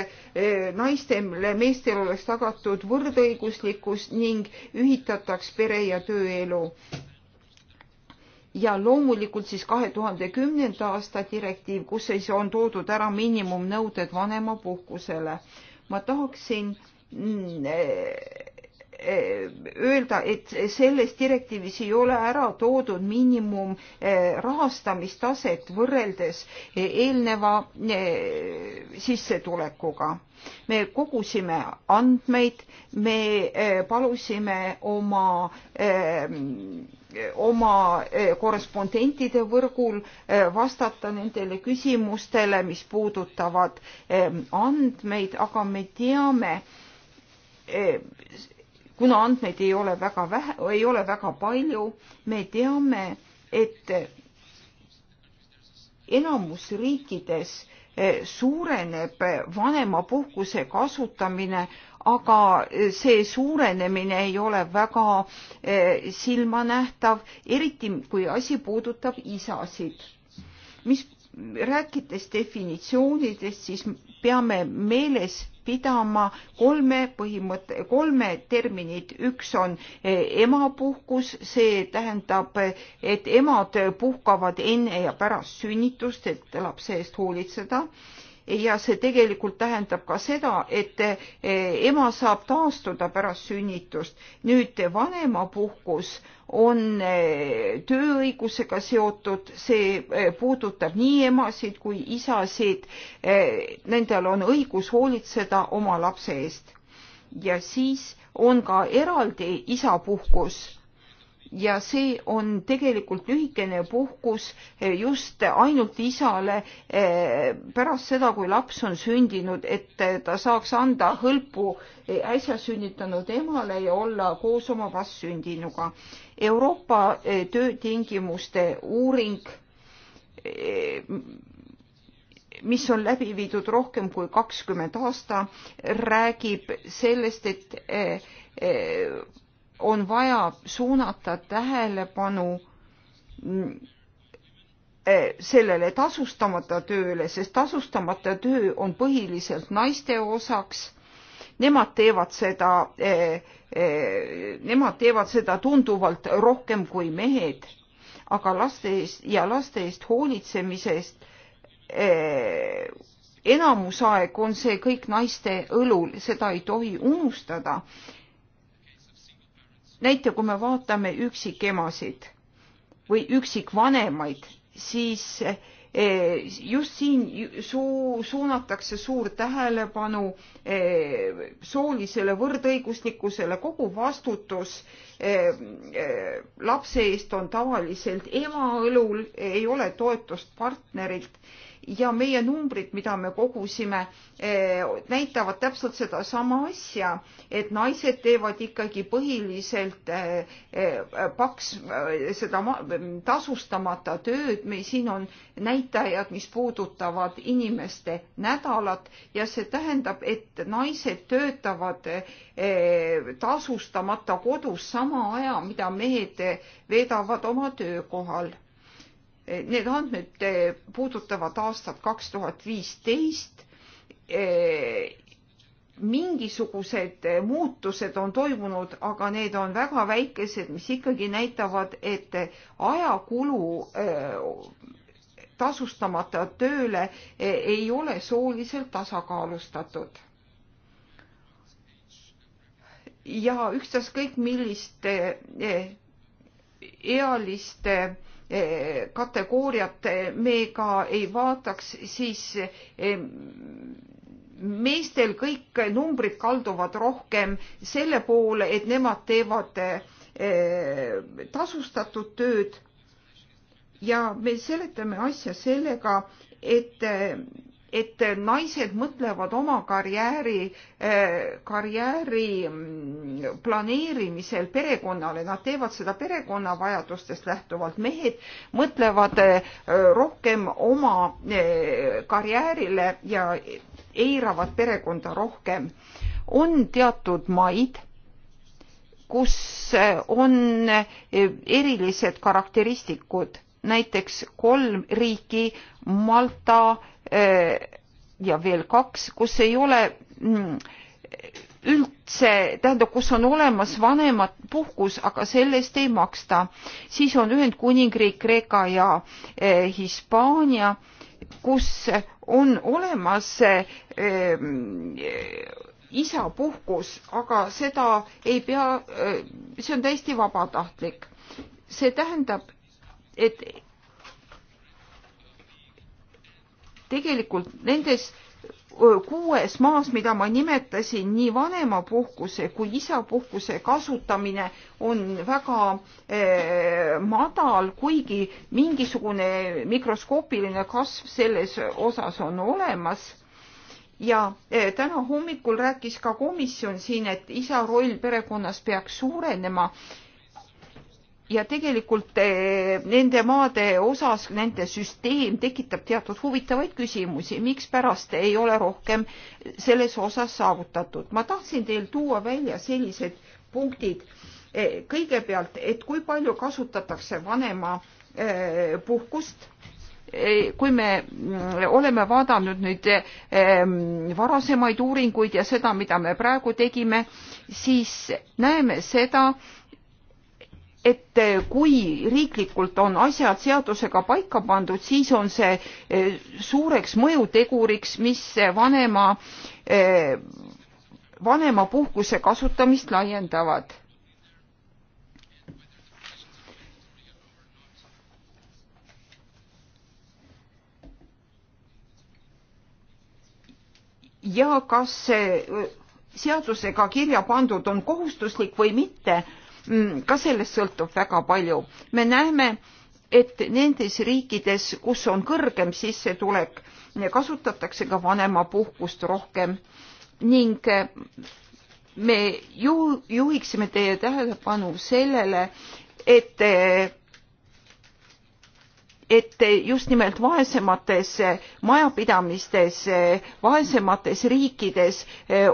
naistele, meestel oleks tagatud võrdõiguslikkus ning ühitataks pere ja tööelu ja loomulikult siis kahe tuhande kümnenda aasta direktiiv, kus siis on toodud ära miinimumnõuded vanemapuhkusele. ma tahaksin mm, öelda, et selles direktiivis ei ole ära toodud miinimum eh, rahastamistaset võrreldes eh, eelneva eh, sissetulekuga. me kogusime andmeid, me palusime oma oma korrespondentide võrgul vastata nendele küsimustele, mis puudutavad andmeid, aga me teame kuna andmeid ei ole väga vähe, ei ole väga palju, me teame, et enamus riikides eh, suureneb vanemapuhkuse kasutamine, aga see suurenemine ei ole väga eh, silmanähtav, eriti kui asi puudutab isasid. mis, rääkides definitsioonidest, siis peame meeles pidama kolme põhimõtte, kolme terminit. üks on eh, emapuhkus, see tähendab, et emad puhkavad enne ja pärast sünnitust, et lapse eest hoolitseda ja see tegelikult tähendab ka seda, et eh, ema saab taastuda pärast sünnitust. nüüd vanemapuhkus on eh, tööõigusega seotud, see eh, puudutab nii emasid kui isasid. Nendel on õigus hoolitseda oma lapse eest ja siis on ka eraldi isapuhkus ja see on tegelikult lühikene puhkus eh, just ainult isale eh, pärast seda, kui laps on sündinud, et eh, ta saaks anda hõlpu äsja sünnitanud emale ja olla koos oma vastsündinuga. Euroopa töötingimuste uuring, mis on läbi viidud rohkem kui kakskümmend aasta, räägib sellest, et on vaja suunata tähelepanu sellele tasustamata tööle, sest tasustamata töö on põhiliselt naiste osaks. Nemad teevad seda, nemad teevad seda tunduvalt rohkem kui mehed, aga laste eest ja laste eest hoolitsemisest enamus aeg on see kõik naiste õlul, seda ei tohi unustada näite, kui me vaatame üksikemasid või üksikvanemaid, siis eh, just siin suu-, suunatakse suur tähelepanu eh, soolisele võrdõiguslikkusele, kogu vastutus eh, lapse eest on tavaliselt ema õlul, ei ole toetust partnerilt ja meie numbrid, mida me kogusime, eh, näitavad täpselt sedasama asja, et naised teevad ikkagi põhiliselt eh, eh, paks, seda tasustamata tööd, me siin on näitajad, mis puudutavad inimeste nädalat ja see tähendab, et naised töötavad tasustamata kodus sama aja, mida mehed veedavad oma töökohal Need andmed eh, puudutavad aastat kaks tuhat viisteist. Eh, mingisugused eh, muutused on toimunud, aga need on väga väikesed, mis ikkagi näitavad, et ajakulu tasustamata tööle ei ole sooliselt tasakaalustatud ja ükstaskõik milliste ealiste kategooriat me ka ei vaataks, siis meestel kõik numbrid kalduvad rohkem selle poole, et nemad teevad e, tasustatud tööd. ja me seletame asja sellega, et et naised mõtlevad oma karjääri, eh, karjääri mm, planeerimisel perekonnale, nad teevad seda perekonna vajadustest lähtuvalt. mehed mõtlevad eh, rohkem oma eh, karjäärile ja eiravad perekonda rohkem. on teatud maid, kus on erilised karakteristikud näiteks kolm riiki, Malta eh, ja veel kaks, kus ei ole mm, üldse, tähendab, kus on olemas vanemad puhkus, aga selle eest ei maksta. siis on Ühendkuningriik, Kreeka ja eh, Hispaania, kus on olemas eh, isapuhkus, aga seda ei pea, see on täiesti vabatahtlik. see tähendab, et tegelikult nendes kuues maas, mida ma nimetasin, nii vanemapuhkuse kui isapuhkuse kasutamine on väga eh, madal, kuigi mingisugune mikroskoopiline kasv selles osas on olemas. ja eh, täna hommikul rääkis ka komisjon siin, et isa roll perekonnas peaks suurenema ja tegelikult eh, nende maade osas nende süsteem tekitab teatud huvitavaid küsimusi, mikspärast ei ole rohkem selles osas saavutatud. ma tahtsin teil tuua välja sellised punktid. Eh, kõigepealt, et kui palju kasutatakse vanemapuhkust eh, kui me mm, oleme vaadanud nüüd ehm, varasemaid uuringuid ja seda, mida me praegu tegime, siis näeme seda, et kui riiklikult on asjad seadusega paika pandud, siis on see eh, suureks mõjuteguriks, mis vanema, eh, vanemapuhkuse kasutamist laiendavad. ja kas eh, seadusega kirja pandud on kohustuslik või mitte Mm, ka sellest sõltub väga palju. me näeme, et nendes riikides, kus on kõrgem sissetulek, kasutatakse ka vanemapuhkust rohkem ning eh, me ju juhiksime teie tähelepanu sellele, et eh, et just nimelt vaesemates majapidamistes vaesemates riikides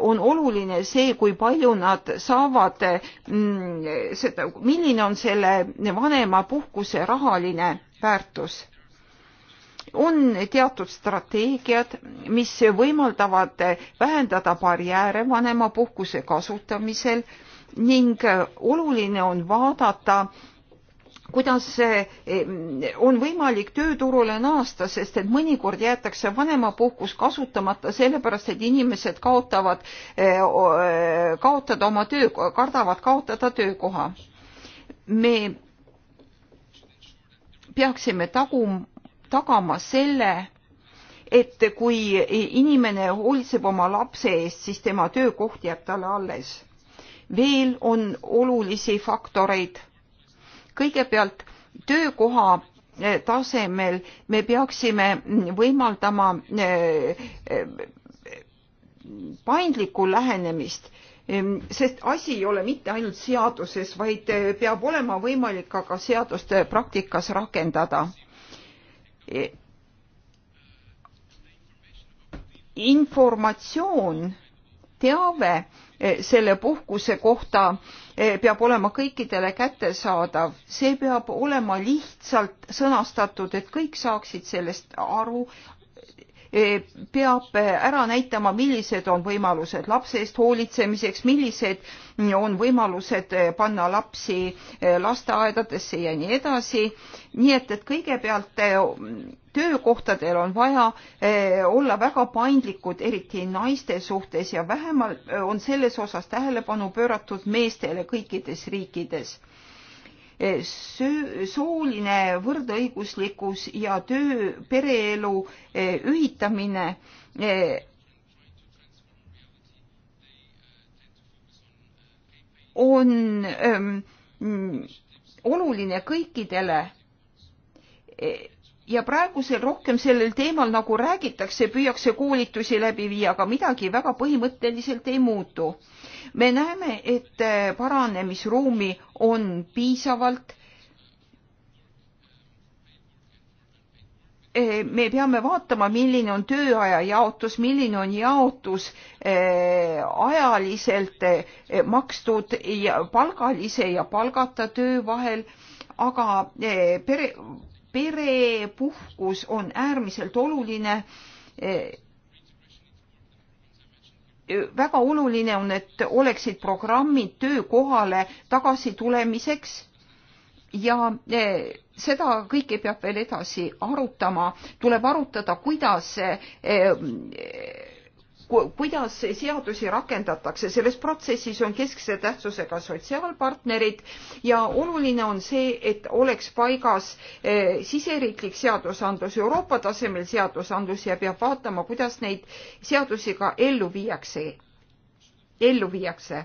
on oluline see kui palju nad saavad mm, seda milline on selle vanemapuhkuse rahaline väärtus on teatud strateegiad mis võimaldavad vähendada barjääre vanemapuhkuse kasutamisel ning oluline on vaadata kuidas eh, on võimalik tööturule naasta, sest et mõnikord jäetakse vanemapuhkus kasutamata sellepärast, et inimesed kaotavad, eh, kaotada oma töö, kardavad kaotada töökoha. me peaksime tagu-, tagama selle, et kui inimene hoolitseb oma lapse eest, siis tema töökoht jääb talle alles. veel on olulisi faktoreid kõigepealt töökoha eh, tasemel me peaksime võimaldama eh, eh, paindlikku lähenemist ehm, sest asi ei ole mitte ainult seaduses vaid peab olema võimalik ka ka seadust praktikas rakendada informatsioon teave selle puhkuse kohta eh, peab olema kõikidele kättesaadav. see peab olema lihtsalt sõnastatud, et kõik saaksid sellest aru, peab ära näitama, millised on võimalused lapse eest hoolitsemiseks, millised on võimalused panna lapsi eh, lasteaedadesse ja nii edasi. nii et, et kõigepealt eh, töökohtadel on vaja eh, olla väga paindlikud, eriti naiste suhtes ja vähemalt on selles osas tähelepanu pööratud meestele kõikides riikides sooline võrdõiguslikkus ja töö, pereelu eh, ühitamine eh, on öö, ehm, mm, oluline kõikidele eh, ja praegusel rohkem sellel teemal nagu räägitakse, püüakse koolitusi läbi viia, aga midagi väga põhimõtteliselt ei muutu. me näeme, et äh, paranemisruumi on piisavalt. Äh, me peame vaatama, milline on tööaja jaotus, milline on jaotus äh, ajaliselt makstud ja palgalise ja palgata töö vahel, aga pere perepuhkus on äärmiselt oluline väga oluline on, et oleksid programmid töökohale tagasitulemiseks ja e, seda kõike peab veel edasi arutama, tuleb arutada, kuidas e, kuidas seadusi rakendatakse. selles protsessis on keskse tähtsusega sotsiaalpartnerid ja oluline on see, et oleks paigas eh, siseriiklik seadusandlus, Euroopa tasemel seadusandlus ja peab vaatama, kuidas neid seadusi ka ellu viiakse, ellu viiakse.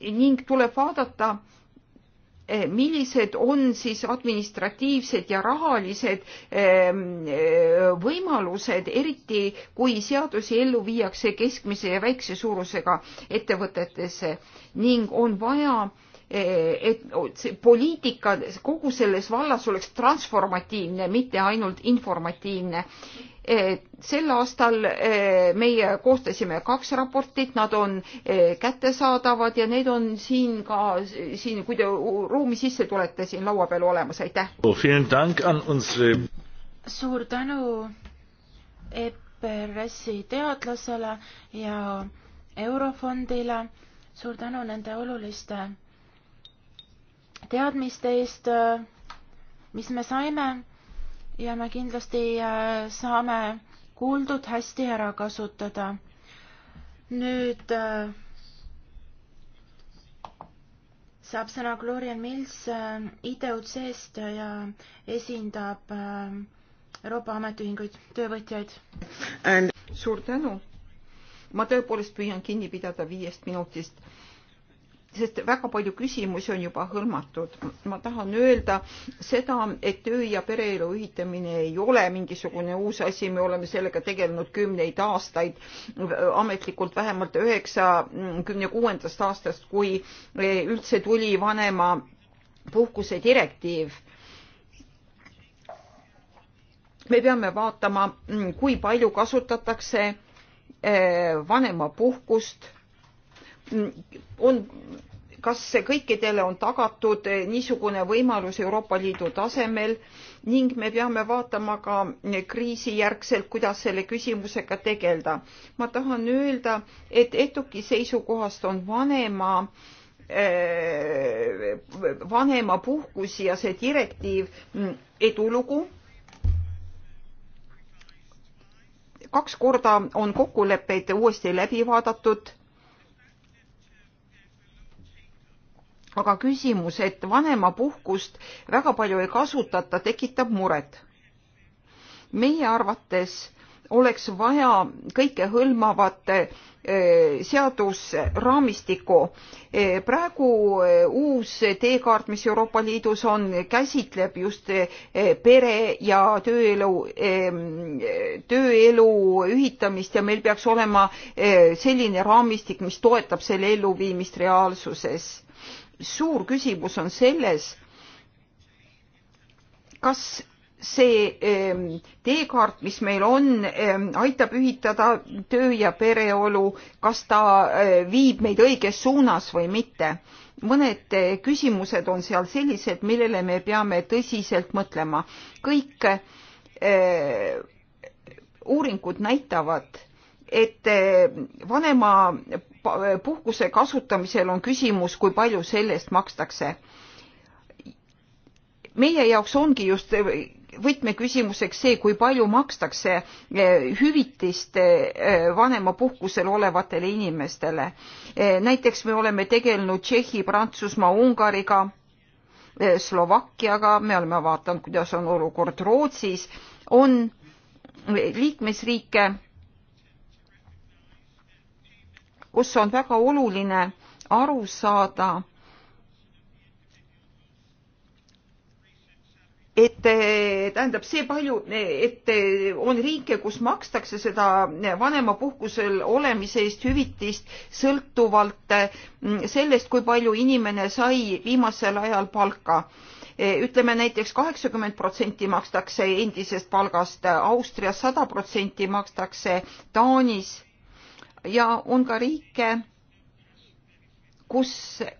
ning tuleb vaadata Eh, millised on siis administratiivsed ja rahalised ehm, eh, võimalused, eriti kui seadusi ellu viiakse keskmise ja väikse suurusega ettevõtetesse ning on vaja Eh, et see poliitika kogu selles vallas oleks transformatiivne, mitte ainult informatiivne. Eh, sel aastal eh, meie koostasime kaks raportit, nad on kättesaadavad ja need on siin ka, siin, kui te ruumi sisse tulete, siin laua peal olemas, aitäh. Oh, suur tänu EPRS-i teadlasele ja Eurofondile, suur tänu nende oluliste teadmiste eest, äh, mis me saime ja me kindlasti äh, saame kuuldud hästi ära kasutada. nüüd äh, saab sõna Gloria Mills ITUC-st ja esindab Euroopa Ametiühinguid, töövõtjaid And.... suur tänu. ma tõepoolest püüan kinni pidada viiest minutist sest väga palju küsimusi on juba hõlmatud. ma tahan öelda seda, et töö ja pereelu ühitamine ei ole mingisugune uus asi, me oleme sellega tegelenud kümneid aastaid, ametlikult vähemalt üheksakümne kuuendast aastast, kui üldse tuli vanemapuhkuse direktiiv me peame vaatama, kui palju kasutatakse eh, vanemapuhkust on, kas kõikidele on tagatud eh, niisugune võimalus Euroopa Liidu tasemel ning me peame vaatama ka eh, kriisijärgselt, kuidas selle küsimusega tegeleda. ma tahan öelda, et Etuki seisukohast on vanema eh, vanemapuhkus ja see direktiiv mm, edulugu. kaks korda on kokkuleppeid uuesti läbi vaadatud aga küsimus, et vanemapuhkust väga palju ei kasutata, tekitab muret. meie arvates oleks vaja kõikehõlmavat eh, seadusraamistikku. Eh, praegu eh, uus teekaart, mis Euroopa Liidus on, käsitleb just pere ja tööelu, ehm, tööelu ühitamist ja meil peaks olema selline raamistik, mis toetab selle elluviimist reaalsuses suur küsimus on selles, kas see ehm, teekaart, mis meil on, ehm, aitab ühitada töö ja pereolu, kas ta eh, viib meid õiges suunas või mitte. mõned eh, küsimused on seal sellised, millele me peame tõsiselt mõtlema. kõik eh, uuringud näitavad, et vanema puhkuse kasutamisel on küsimus, kui palju selle eest makstakse. meie jaoks ongi just võtmeküsimuseks see, kui palju makstakse eh, hüvitist eh, vanemapuhkusel olevatele inimestele. Eh, näiteks me oleme tegelenud Tšehhi, Prantsusmaa, Ungariga, Slovakkiaga, me oleme vaadanud, kuidas on olukord Rootsis, on liikmesriike kus on väga oluline aru saada, et eh, tähendab see palju, et eh, on riike, kus makstakse seda vanemapuhkusel olemise eest hüvitist sõltuvalt mm, sellest, kui palju inimene sai viimasel ajal palka eh, ütleme näiteks kaheksakümmend protsenti makstakse endisest palgast austrias sada protsenti makstakse taanis ja on ka riike, kus äh,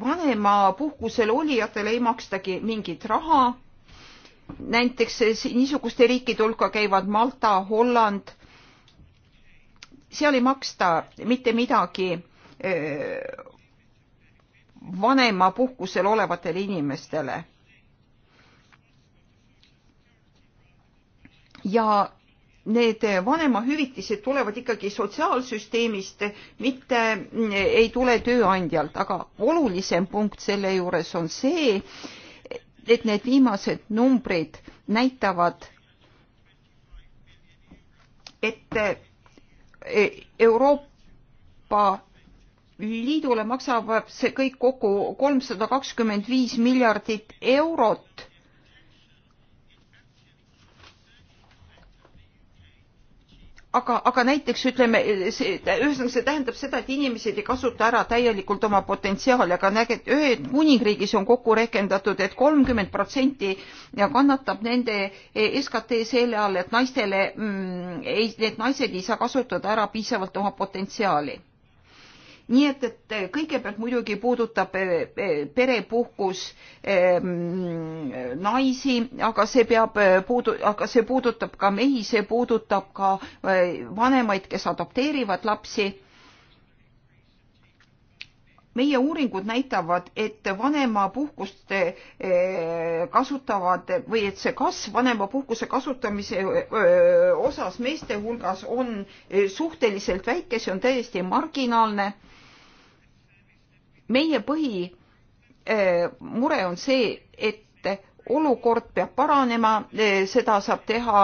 vanemapuhkusel olijatele ei makstagi mingit raha. näiteks niisuguste riikide hulka käivad Malta, Holland. seal ei maksta mitte midagi äh, vanemapuhkusel olevatele inimestele. ja need vanemahüvitised tulevad ikkagi sotsiaalsüsteemist, mitte ei tule tööandjalt, aga olulisem punkt selle juures on see, et need viimased numbrid näitavad, et Euroopa Liidule maksab see kõik kokku kolmsada kakskümmend viis miljardit eurot aga, aga näiteks ütleme, ühesõnaga see tähendab seda, et inimesed ei kasuta ära täielikult oma potentsiaali, aga näge-, Ühendkuningriigis on kokku rehkendatud et, et kolmkümmend protsenti kannatab nende SKT selle all, et naistele mm,, ei, need naised ei saa kasutada ära piisavalt oma potentsiaali nii et, et eh, kõigepealt muidugi puudutab eh, eh, perepuhkus ehm, naisi, aga see peab puudu-, aga see puudutab ka mehi, see puudutab ka vanemaid, kes adopteerivad lapsi. meie uuringud näitavad, et vanemapuhkust kasutavad või et see kasv vanemapuhkuse kasutamise osas meeste hulgas on suhteliselt väike, see on täiesti marginaalne meie põhi äh, mure on see, et olukord peab paranema, äh, seda saab teha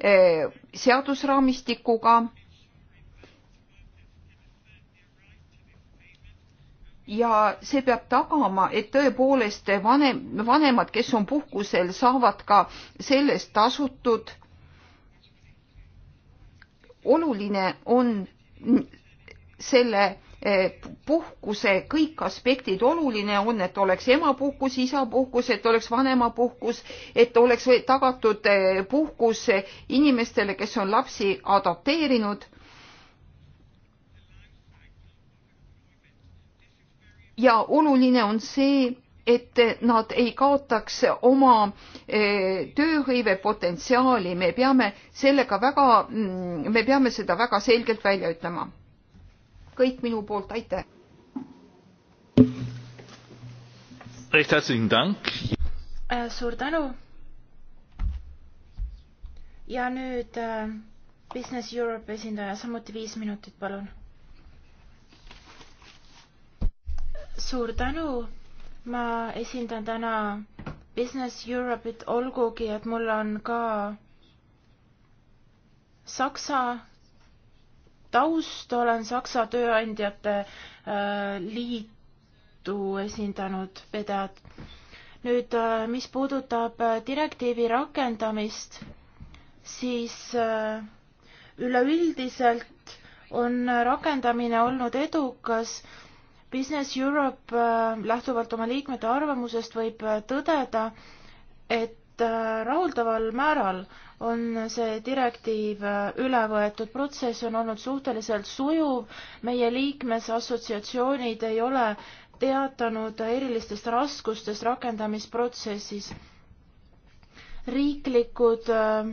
äh, seadusraamistikuga. ja see peab tagama, et tõepoolest vanem, vanemad, kes on puhkusel, saavad ka sellest tasutud. oluline on selle Eh, puhkuse kõik aspektid oluline on, et oleks emapuhkus, isapuhkus, et oleks vanemapuhkus, et oleks tagatud eh, puhkus eh, inimestele, kes on lapsi adopteerinud. ja oluline on see, et nad ei kaotaks oma tööhõive potentsiaali, me peame sellega väga, mm, me peame seda väga selgelt välja ütlema kõik minu poolt, aitäh! Äh, suur tänu! ja nüüd äh, Business Europe esindaja, samuti viis minutit, palun. suur tänu, ma esindan täna Business Europe'it, olgugi et mul on ka Saksa taust, olen Saksa Tööandjate äh, Liitu esindanud vedajat. nüüd, äh, mis puudutab äh, direktiivi rakendamist, siis üleüldiselt on rakendamine olnud edukas. Business Europe lähtuvalt oma liikmete arvamusest võib tõdeda, et Äh, rahuldaval määral on see direktiiv äh, üle võetud, protsess on olnud suhteliselt sujuv, meie liikmesassotsiatsioonid ei ole teatanud erilistest raskustest rakendamisprotsessis. riiklikud äh,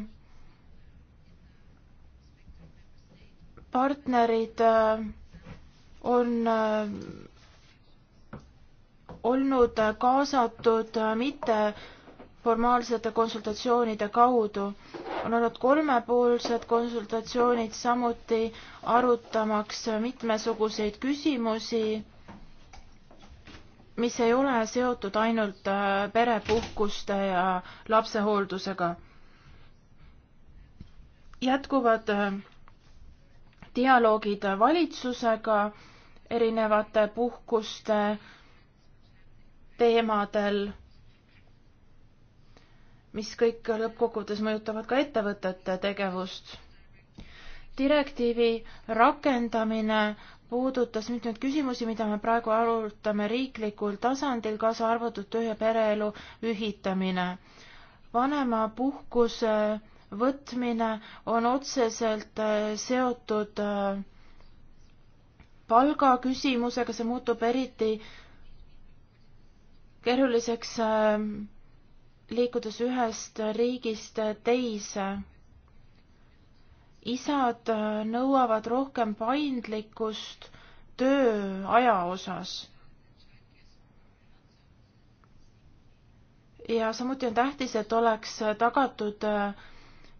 partnerid on olnud kaasatud mitte formaalsete konsultatsioonide kaudu. on olnud kolmepoolsed konsultatsioonid samuti arutamaks mitmesuguseid küsimusi, mis ei ole seotud ainult äh, perepuhkuste ja lapsehooldusega. jätkuvad äh, dialoogid valitsusega erinevate puhkuste teemadel mis kõik lõppkokkuvõttes mõjutavad ka ettevõtete tegevust. direktiivi rakendamine puudutas mitmeid küsimusi, mida me praegu arutame riiklikul tasandil, kaasa arvatud töö- ja pereelu ühitamine. vanemapuhkuse võtmine on otseselt äh, seotud äh, palgaküsimusega, see muutub eriti keeruliseks äh, liikudes ühest riigist teise. isad nõuavad rohkem paindlikkust tööaja osas. ja samuti on tähtis, et oleks tagatud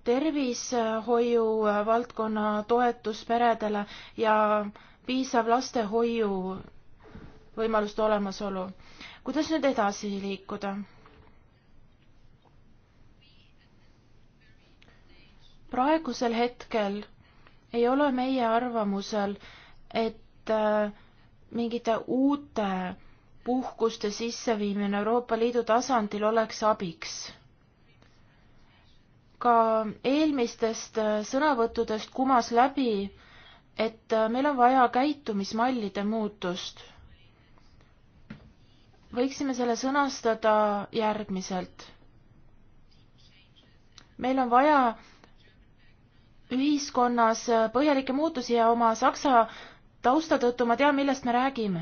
tervishoiu valdkonna toetus peredele ja piisav lastehoiu võimaluste olemasolu. kuidas nüüd edasi liikuda? praegusel hetkel ei ole meie arvamusel, et äh, mingite uute puhkuste sisseviimine Euroopa Liidu tasandil oleks abiks. ka eelmistest äh, sõnavõttudest kumas läbi, et äh, meil on vaja käitumismallide muutust. võiksime selle sõnastada järgmiselt. meil on vaja ühiskonnas põhjalikke muutusi ja oma saksa tausta tõttu ma tean, millest me räägime.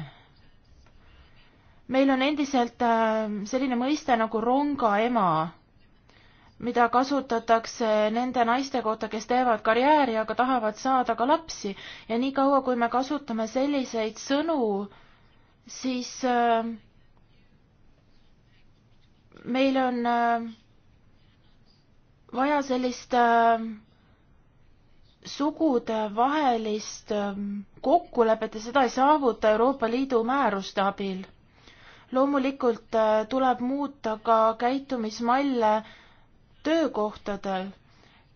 meil on endiselt äh, selline mõiste nagu rongaema, mida kasutatakse nende naiste kohta, kes teevad karjääri, aga tahavad saada ka lapsi ja niikaua, kui me kasutame selliseid sõnu, siis äh, meil on äh, vaja sellist äh, sugude vahelist ähm, kokkulepet ja seda ei saavuta Euroopa Liidu määruste abil. loomulikult äh, tuleb muuta ka käitumismalle töökohtadel,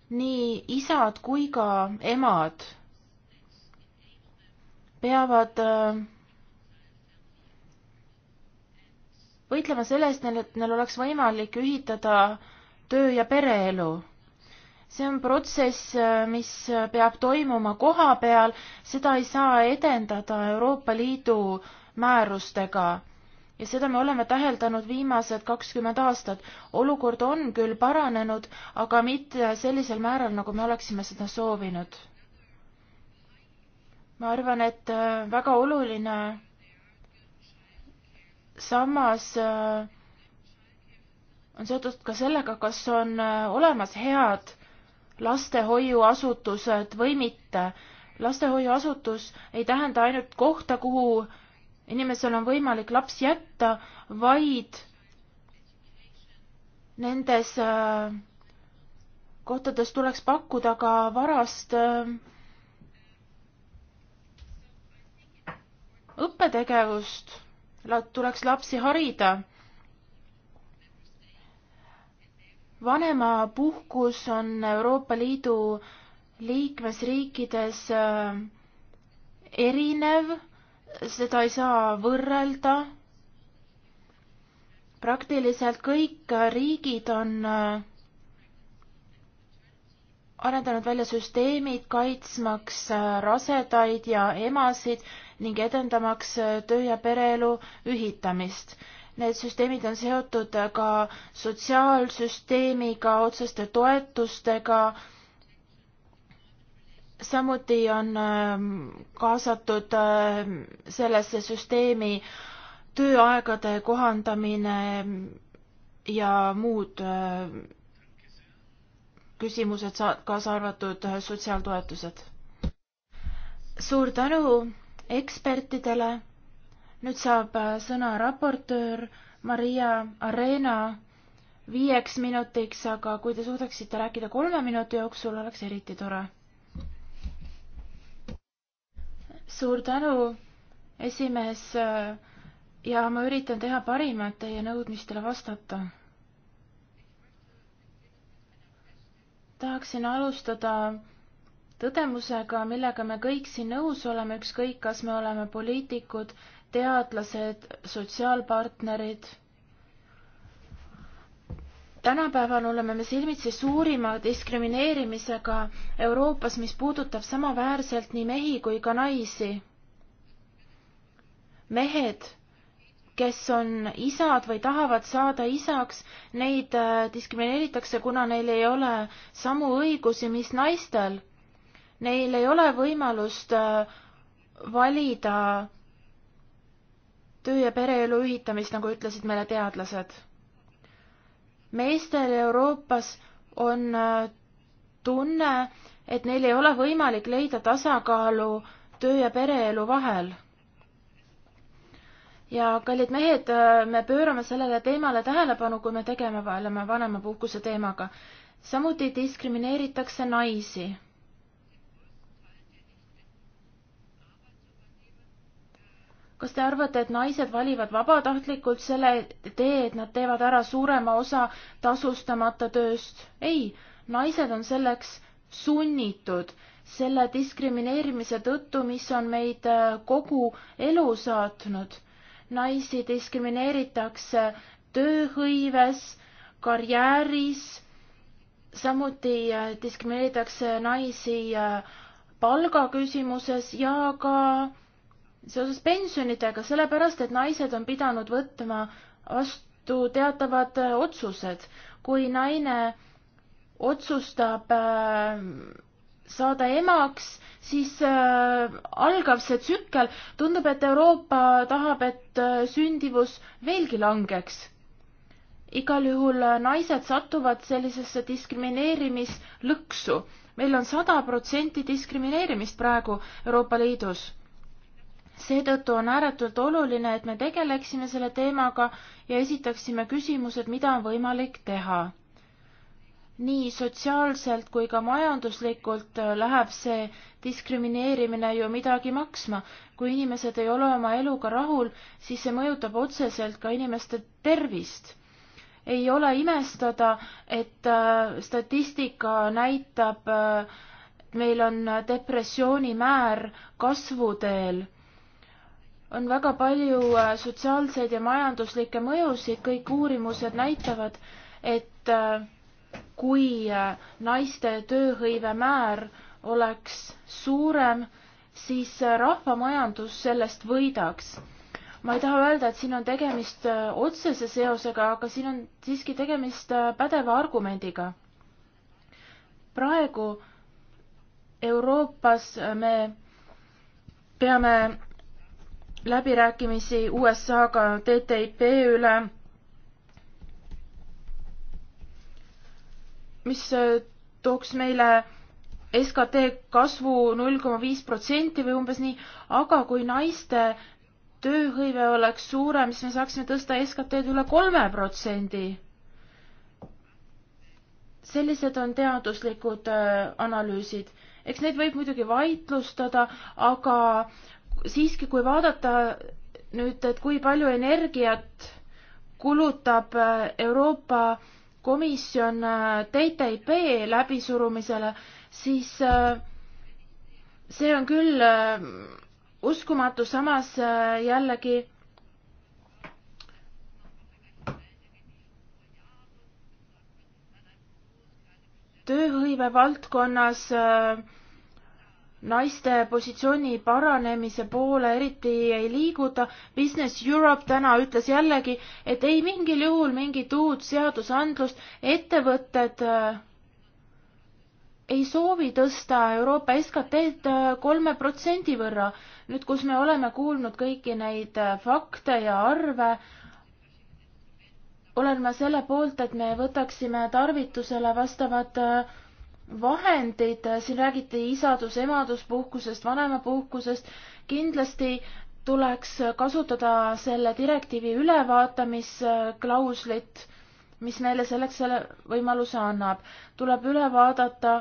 nii isad kui ka emad peavad äh, võitlema selle eest, et neil oleks võimalik ühitada töö ja pereelu see on protsess, äh, mis peab toimuma koha peal, seda ei saa edendada Euroopa Liidu määrustega ja seda me oleme täheldanud viimased kakskümmend aastat. olukord on küll paranenud, aga mitte sellisel määral, nagu me oleksime seda soovinud. ma arvan, et äh, väga oluline sammas äh, on seotud ka sellega, kas on olemas head lastehoiuasutused või mitte. lastehoiuasutus ei tähenda ainult kohta, kuhu inimesel on võimalik laps jätta, vaid nendes äh, kohtades tuleks pakkuda ka varast äh, õppetegevust, tuleks lapsi harida vanemapuhkus on Euroopa Liidu liikmesriikides äh, erinev, seda ei saa võrrelda. praktiliselt kõik riigid on äh, arendanud välja süsteemid kaitsmaks äh, rasedaid ja emasid ning edendamaks töö ja pereelu ühitamist. Need süsteemid on seotud ka sotsiaalsüsteemiga, otseste toetustega. samuti on ähm, kaasatud ähm, sellesse süsteemi tööaegade kohandamine ja muud ähm, küsimused, kaasa arvatud äh, sotsiaaltoetused. suur tänu ekspertidele nüüd saab äh, sõna raportöör Maria Arena viieks minutiks, aga kui te suudaksite rääkida kolme minuti jooksul, oleks eriti tore. suur tänu, esimees, äh, ja ma üritan teha parima, et teie nõudmistele vastata. tahaksin alustada tõdemusega, millega me kõik siin nõus oleme, ükskõik, kas me oleme poliitikud teadlased, sotsiaalpartnerid. tänapäeval oleme me silmitsi suurima diskrimineerimisega Euroopas, mis puudutab samaväärselt nii mehi kui ka naisi. mehed, kes on isad või tahavad saada isaks, neid äh, diskrimineeritakse, kuna neil ei ole samu õigusi, mis naistel. Neil ei ole võimalust äh, valida töö ja pereelu ühitamist, nagu ütlesid meile teadlased. meestel Euroopas on äh, tunne, et neil ei ole võimalik leida tasakaalu töö ja pereelu vahel. ja kallid mehed, äh, me pöörame sellele teemale tähelepanu, kui me tegeleme vanemapuhkuse teemaga. samuti diskrimineeritakse naisi kas te arvate, et naised valivad vabatahtlikult selle tee, et nad teevad ära suurema osa tasustamata tööst? ei, naised on selleks sunnitud selle diskrimineerimise tõttu, mis on meid äh, kogu elu saatnud. naisi diskrimineeritakse tööhõives, karjääris, samuti äh, diskrimineeritakse naisi äh, palgaküsimuses ja ka seoses pensionidega, sellepärast et naised on pidanud võtma vastu teatavad äh, otsused. kui naine otsustab äh, saada emaks, siis äh, algav see tsükkel, tundub, et Euroopa tahab, et sündivus veelgi langeks igal juhul naised satuvad sellisesse diskrimineerimislõksu. meil on sada protsenti diskrimineerimist praegu Euroopa Liidus seetõttu on ääretult oluline, et me tegeleksime selle teemaga ja esitaksime küsimused, mida on võimalik teha. nii sotsiaalselt kui ka majanduslikult äh, läheb see diskrimineerimine ju midagi maksma. kui inimesed ei ole oma eluga rahul, siis see mõjutab otseselt ka inimeste tervist ei ole imestada, et äh, statistika näitab, äh, meil on depressiooni määr kasvuteel on väga palju äh, sotsiaalseid ja majanduslikke mõjusid, kõik uurimused näitavad, et äh, kui äh, naiste tööhõive määr oleks suurem, siis rahvamajandus sellest võidaks. ma ei taha öelda, et siin on tegemist otsese seosega, aga siin on siiski tegemist pädeva argumendiga. praegu Euroopas me peame läbirääkimisi USA-ga TTIP üle. mis äh, tooks meile SKT kasvu null koma viis protsenti või umbes nii, aga kui naiste tööhõive oleks suurem, siis me saaksime tõsta SKT-d üle kolme protsendi. sellised on teaduslikud äh, analüüsid eks neid võib muidugi vaidlustada, aga siiski, kui vaadata nüüd, et kui palju energiat kulutab äh, Euroopa Komisjon äh, TTIP läbisurumisele, siis äh, see on küll uskumatu, samas jällegi tööhõive valdkonnas äh, naiste positsiooni paranemise poole eriti ei liiguta. Business Europe täna ütles jällegi, et ei mingil juhul mingit uut seadusandlust, ettevõtted äh, ei soovi tõsta Euroopa SKT-d äh, kolme protsendi võrra. nüüd, kus me oleme kuulnud kõiki neid äh, fakte ja arve, olen ma selle poolt, et me võtaksime tarvitusele vastavad äh, vahendid, siin räägiti isadus-emaduspuhkusest, vanemapuhkusest, kindlasti tuleks kasutada selle direktiivi ülevaatamisklauslit, mis meile selleks selle võimaluse annab. tuleb üle vaadata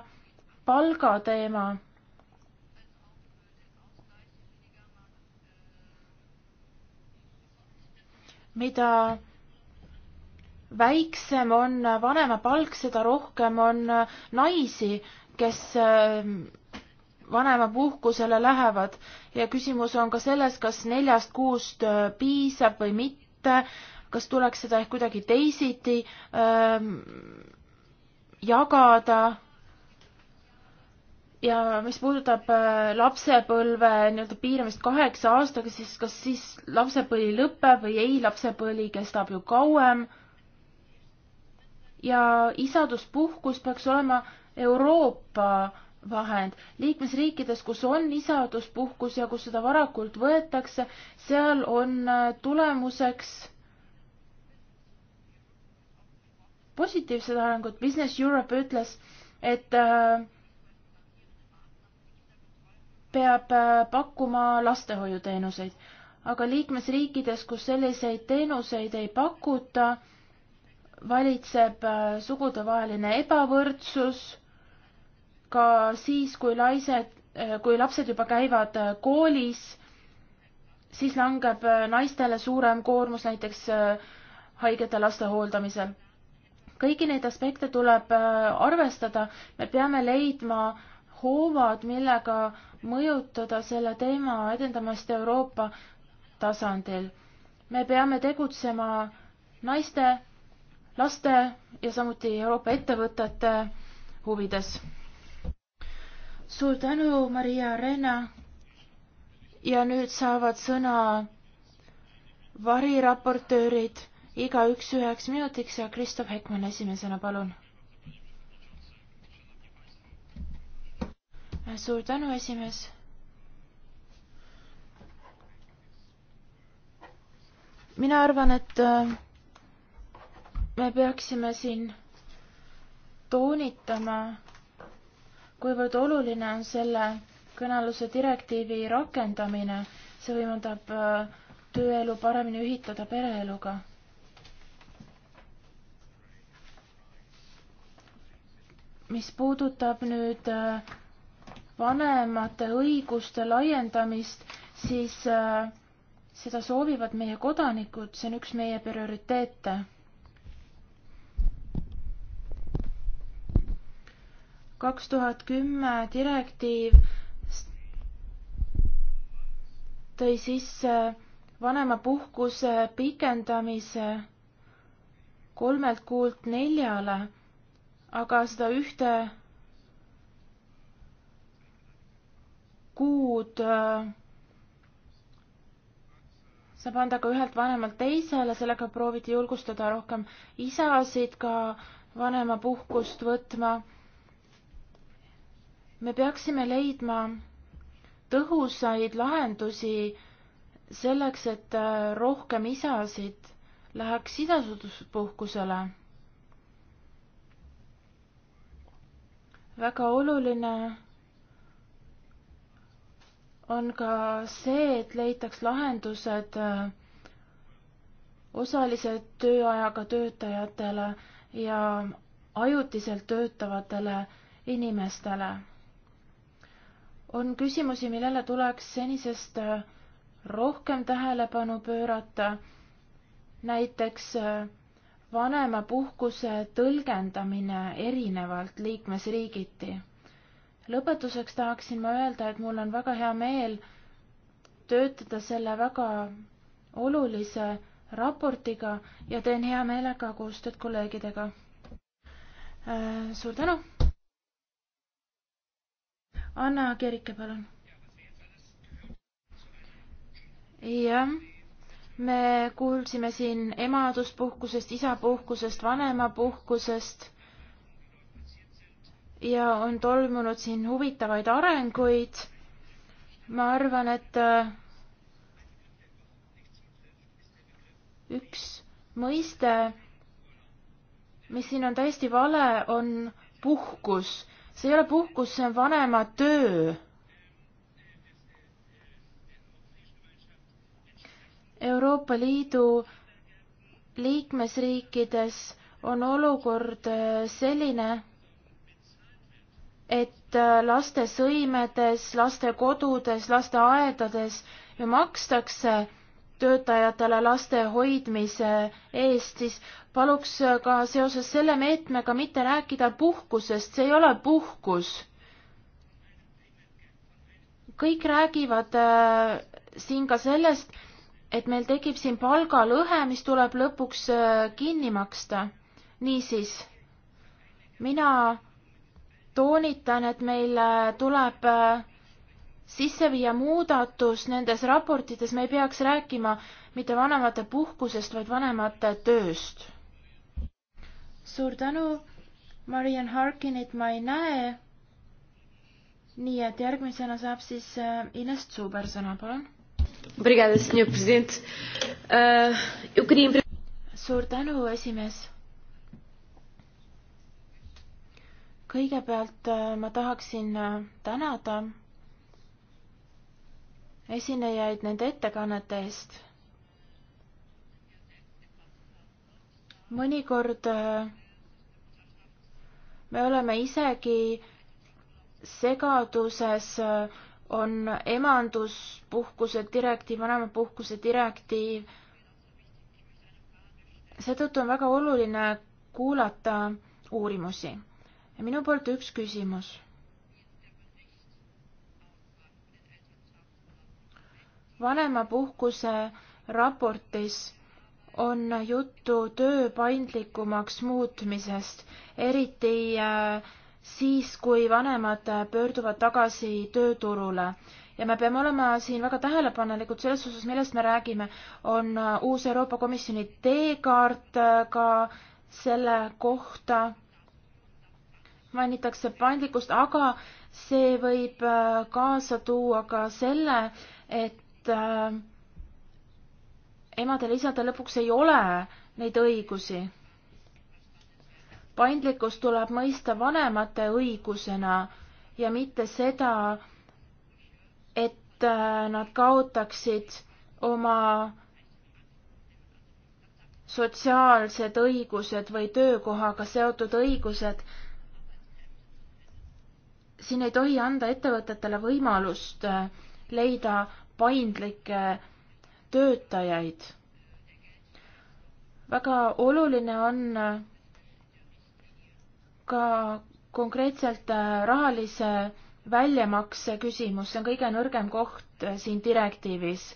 palgateema. mida väiksem on vanema palk, seda rohkem on naisi, kes ähm, vanemapuhkusele lähevad ja küsimus on ka selles, kas neljast kuust äh, piisab või mitte, kas tuleks seda ehk kuidagi teisiti öö, ähm, jagada. ja mis puudutab äh, lapsepõlve nii-öelda piiramist kaheksa aastaga, siis kas siis lapsepõli lõpeb või ei, lapsepõli kestab ju kauem ja isaduspuhkus peaks olema Euroopa vahend. liikmesriikides, kus on isaduspuhkus ja kus seda varakult võetakse, seal on äh, tulemuseks positiivsed arengud. Business Europe ütles, et äh, peab äh, pakkuma lastehoiuteenuseid, aga liikmesriikides, kus selliseid teenuseid ei pakuta, valitseb äh, sugudevaheline ebavõrdsus ka siis, kui naised, äh, kui lapsed juba käivad äh, koolis, siis langeb naistele suurem koormus näiteks haigete laste hooldamisel. kõiki neid aspekte tuleb arvestada, me peame leidma hoovad, millega mõjutada selle teema edendamist Euroopa tasandil. me peame tegutsema naiste laste ja samuti Euroopa ettevõtete huvides. suur tänu, Maria Arena. ja nüüd saavad sõna variraportöörid, igaüks üheks minutiks ja Kristof Hekman esimesena, palun. suur tänu, esimees mina arvan, et äh, me peaksime siin toonitama, kuivõrd oluline on selle kõnealuse direktiivi rakendamine, see võimaldab äh, tööelu paremini ühitada pereeluga. mis puudutab nüüd äh, vanemate õiguste laiendamist, siis äh, seda soovivad meie kodanikud, see on üks meie prioriteete kaks tuhat kümme direktiiv tõi sisse vanemapuhkuse pikendamise kolmelt kuult neljale, aga seda ühte kuud äh, saab anda ka ühelt vanemalt teisele, sellega prooviti julgustada rohkem isasid ka vanemapuhkust võtma me peaksime leidma tõhusaid lahendusi selleks, et äh, rohkem isasid läheks idasustuspuhkusele. väga oluline on ka see, et leitaks lahendused äh, osalise tööajaga töötajatele ja ajutiselt töötavatele inimestele on küsimusi, millele tuleks senisest äh, rohkem tähelepanu pöörata, näiteks äh, vanemapuhkuse tõlgendamine erinevalt liikmesriigiti. lõpetuseks tahaksin ma öelda, et mul on väga hea meel töötada selle väga olulise raportiga ja teen hea meelega koostööd kolleegidega. Äh, suur tänu! Anna Kerike, palun. jah, me kuulsime siin emaduspuhkusest, isapuhkusest, vanemapuhkusest ja on toimunud siin huvitavaid arenguid. ma arvan, et äh, üks mõiste, mis siin on täiesti vale, on puhkus see ei ole puhkus, see on vanema töö. Euroopa Liidu liikmesriikides on olukord äh, selline, et äh, laste sõimedes, lastekodudes, lasteaedades ju makstakse töötajatele laste hoidmise eest, siis paluks ka seoses selle meetmega mitte rääkida puhkusest, see ei ole puhkus. kõik räägivad äh, siin ka sellest, et meil tekib siin palgalõhe, mis tuleb lõpuks äh, kinni maksta. niisiis, mina toonitan, et meil äh, tuleb äh, sisse viia muudatus nendes raportites, me ei peaks rääkima mitte vanemate puhkusest, vaid vanemate tööst. suur tänu, Marian Harkinit ma ei näe. nii et järgmisena saab siis äh, Ines Zuber sõna, palun. Uh, suur tänu, esimees. kõigepealt äh, ma tahaksin äh, tänada esinejaid nende ettekannete eest. mõnikord äh, me oleme isegi segaduses, äh, on emanduspuhkuse direktiiv, vanemapuhkuse direktiiv. seetõttu on väga oluline kuulata uurimusi. ja minu poolt üks küsimus vanemapuhkuse raportis on juttu töö paindlikumaks muutmisest, eriti äh, siis, kui vanemad äh, pöörduvad tagasi tööturule. ja me peame olema siin väga tähelepanelikud selles osas, millest me räägime. on äh, uus Euroopa Komisjoni teekaart ka selle kohta, mainitakse paindlikkust, aga see võib kaasa tuua ka selle, et Äh, emadel-isadel lõpuks ei ole neid õigusi. paindlikkus tuleb mõista vanemate õigusena ja mitte seda, et äh, nad kaotaksid oma sotsiaalsed õigused või töökohaga seotud õigused. siin ei tohi anda ettevõtetele võimalust äh, leida paindlikke töötajaid. väga oluline on ka konkreetselt rahalise väljamakse küsimus, see on kõige nõrgem koht siin direktiivis.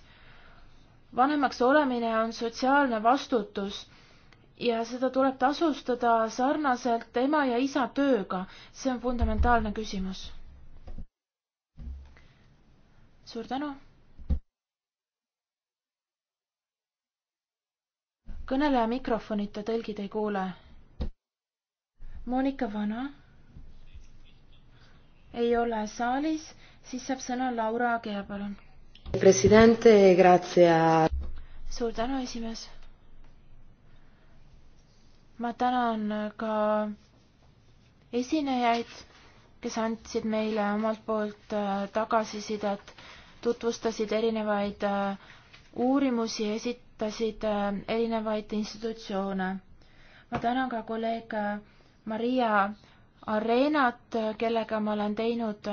vanemaks olemine on sotsiaalne vastutus ja seda tuleb tasustada sarnaselt ema ja isa tööga. see on fundamentaalne küsimus. suur tänu kõneleja mikrofonita, tõlgid ei kuule. Monika Vana ei ole saalis, siis saab sõna Laura Agea, palun. president, grazie. suur tänu, esimees. ma tänan ka esinejaid, kes andsid meile omalt poolt äh, tagasisidet, tutvustasid erinevaid äh, uurimusi, esit-, toetasid äh, erinevaid institutsioone. ma tänan ka kolleeg äh, Maria Arenat, äh, kellega ma olen teinud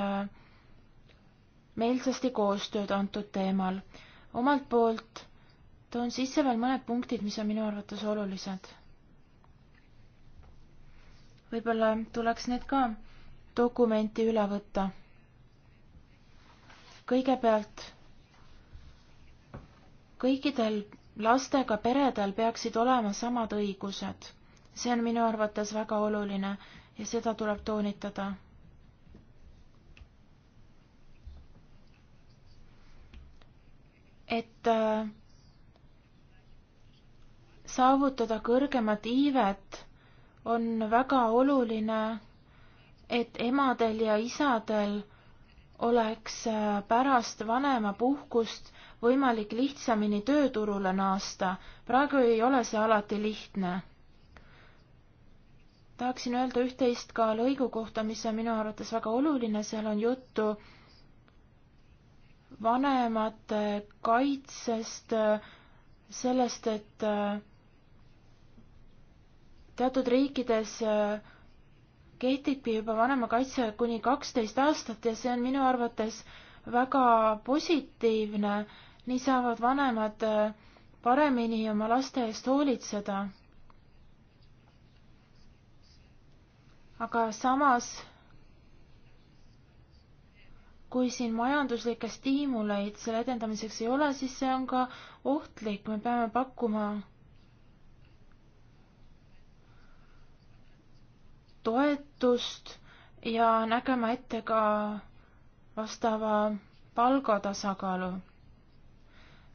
meelsasti koostööd antud teemal. omalt poolt toon sisse veel mõned punktid, mis on minu arvates olulised. võib-olla tuleks need ka dokumenti üle võtta. kõigepealt kõikidel lastega peredel peaksid olema samad õigused. see on minu arvates väga oluline ja seda tuleb toonitada. et äh, saavutada kõrgemat iivet on väga oluline, et emadel ja isadel oleks äh, pärast vanemapuhkust võimalik lihtsamini tööturule naasta. praegu ei ole see alati lihtne. tahaksin öelda üht-teist ka lõigu kohta, mis on minu arvates väga oluline, seal on juttu vanemate kaitsest, äh, sellest, et äh, teatud riikides äh, kehtibki juba vanemakaitse kuni kaksteist aastat ja see on minu arvates väga positiivne. nii saavad vanemad äh, paremini oma laste eest hoolitseda. aga samas, kui siin majanduslikke stiimuleid selle edendamiseks ei ole, siis see on ka ohtlik, me peame pakkuma toetust ja nägema ette ka vastava palgatasakaalu.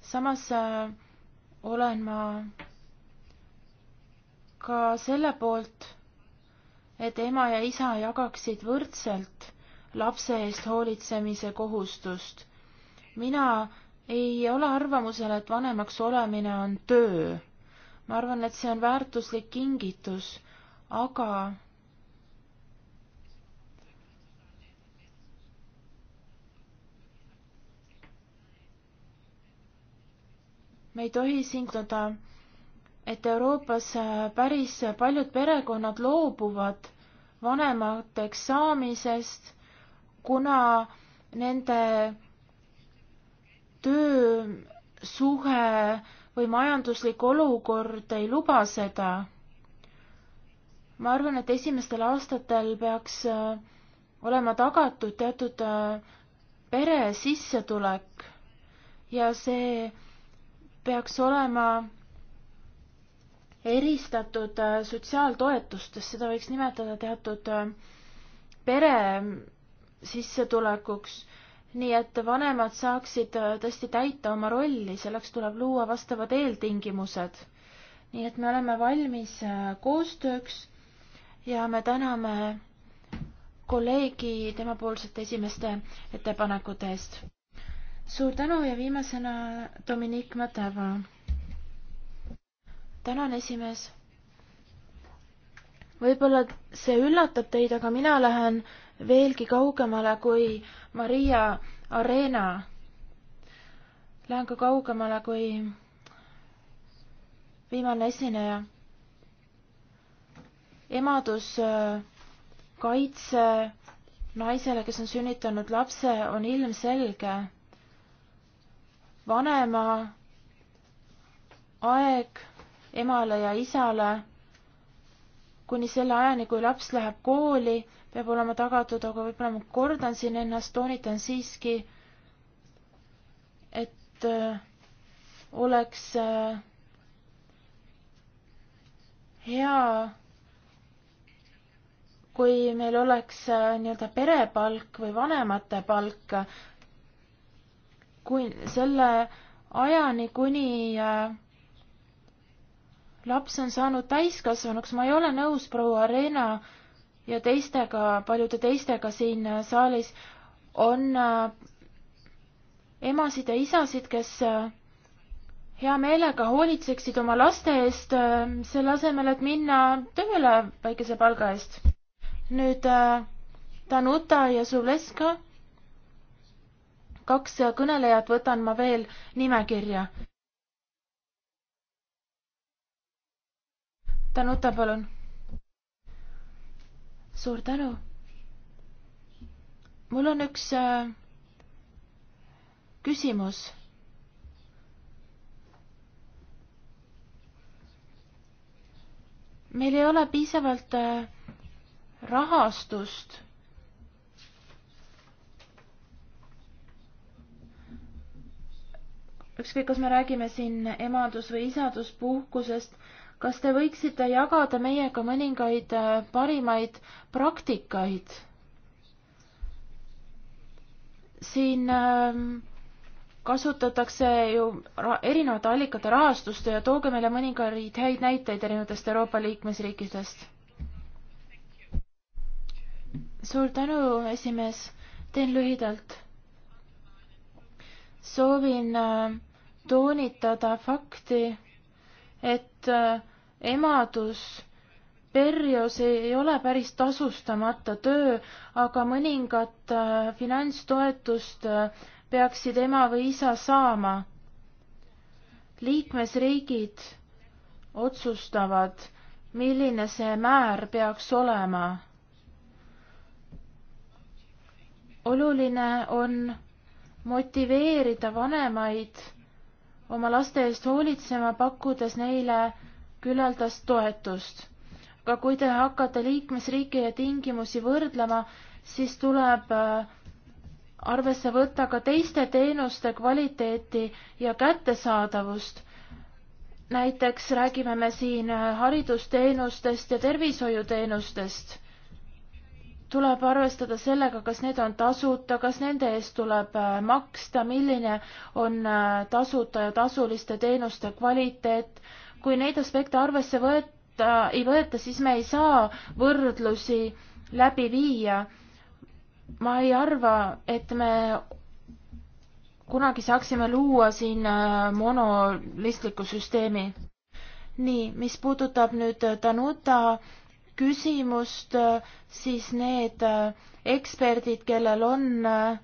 samas äh, olen ma ka selle poolt, et ema ja isa jagaksid võrdselt lapse eest hoolitsemise kohustust. mina ei ole arvamusel, et vanemaks olemine on töö. ma arvan, et see on väärtuslik kingitus, aga me ei tohi sindada, et Euroopas äh, päris paljud perekonnad loobuvad vanemateks saamisest, kuna nende töösuhe või majanduslik olukord ei luba seda. ma arvan, et esimestel aastatel peaks äh, olema tagatud teatud äh, pere sissetulek ja see peaks olema eristatud äh, sotsiaaltoetustest, seda võiks nimetada teatud äh, pere äh, sissetulekuks, nii et vanemad saaksid tõesti täita oma rolli, selleks tuleb luua vastavad eeltingimused. nii et me oleme valmis koostööks ja me täname kolleegi temapoolsete esimeste ettepanekute eest suur tänu ja viimasena Dominik Matava. tänan, esimees. võib-olla see üllatab teid, aga mina lähen veelgi kaugemale kui Maria Arena. Lähen ka kaugemale kui viimane esineja. emadus äh, kaitse naisele, kes on sünnitanud lapse, on ilmselge vanema aeg emale ja isale kuni selle ajani, kui laps läheb kooli, peab olema tagatud, aga võib-olla ma kordan siin ennast, toonitan siiski, et äh, oleks äh, hea, kui meil oleks äh, nii-öelda perepalk või vanemate palk, kui selle ajani, kuni äh, laps on saanud täiskasvanuks, ma ei ole nõus proua Reena ja teistega, paljude teistega siin äh, saalis, on äh, emasid ja isasid, kes hea meelega hoolitseksid oma laste eest, selle asemel, et minna tööle väikese palga eest. nüüd Danuta ja Zuleska kaks kõnelejat võtan ma veel nimekirja. Danuta, palun. suur tänu. mul on üks äh, küsimus. meil ei ole piisavalt äh, rahastust ükskõik, kas me räägime siin emadus- või isaduspuhkusest, kas te võiksite jagada meiega mõningaid äh, parimaid praktikaid? siin ähm, kasutatakse ju erinevate allikate rahastust ja tooge meile mõningaid häid näiteid erinevatest Euroopa liikmesriikidest. suur tänu, esimees, teen lühidalt soovin äh, toonitada fakti, et äh, emadus perioos ei ole päris tasustamata töö, aga mõningat äh, finantstoetust äh, peaksid ema või isa saama. liikmesriigid otsustavad, milline see määr peaks olema. oluline on motiveerida vanemaid oma laste eest hoolitsema, pakkudes neile küllaldast toetust. aga kui te hakkate liikmesriike ja tingimusi võrdlema, siis tuleb äh, arvesse võtta ka teiste teenuste kvaliteeti ja kättesaadavust. näiteks räägime me siin äh, haridusteenustest ja tervishoiuteenustest tuleb arvestada sellega, kas need on tasuta, kas nende eest tuleb äh, maksta, milline on äh, tasuta ja tasuliste teenuste kvaliteet. kui neid aspekte arvesse võeta, ei võeta, siis me ei saa võrdlusi läbi viia. ma ei arva, et me kunagi saaksime luua siin äh, monolistliku süsteemi. nii, mis puudutab nüüd Danuta küsimust, siis need äh, eksperdid, kellel on äh,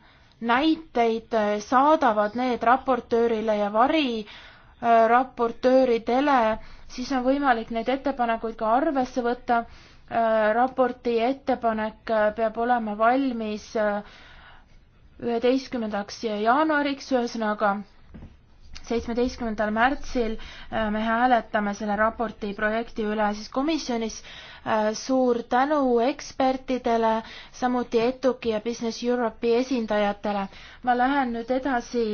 näiteid, äh, saadavad need raportöörile ja variraportööridele, siis on võimalik neid ettepanekuid ka arvesse võtta. raporti ettepanek peab olema valmis üheteistkümnendaks jaanuariks, ühesõnaga seitsmeteistkümnendal märtsil äh, me hääletame selle raporti projekti üle siis komisjonis. Äh, suur tänu ekspertidele, samuti ETUK-i ja Business Europe'i esindajatele. ma lähen nüüd edasi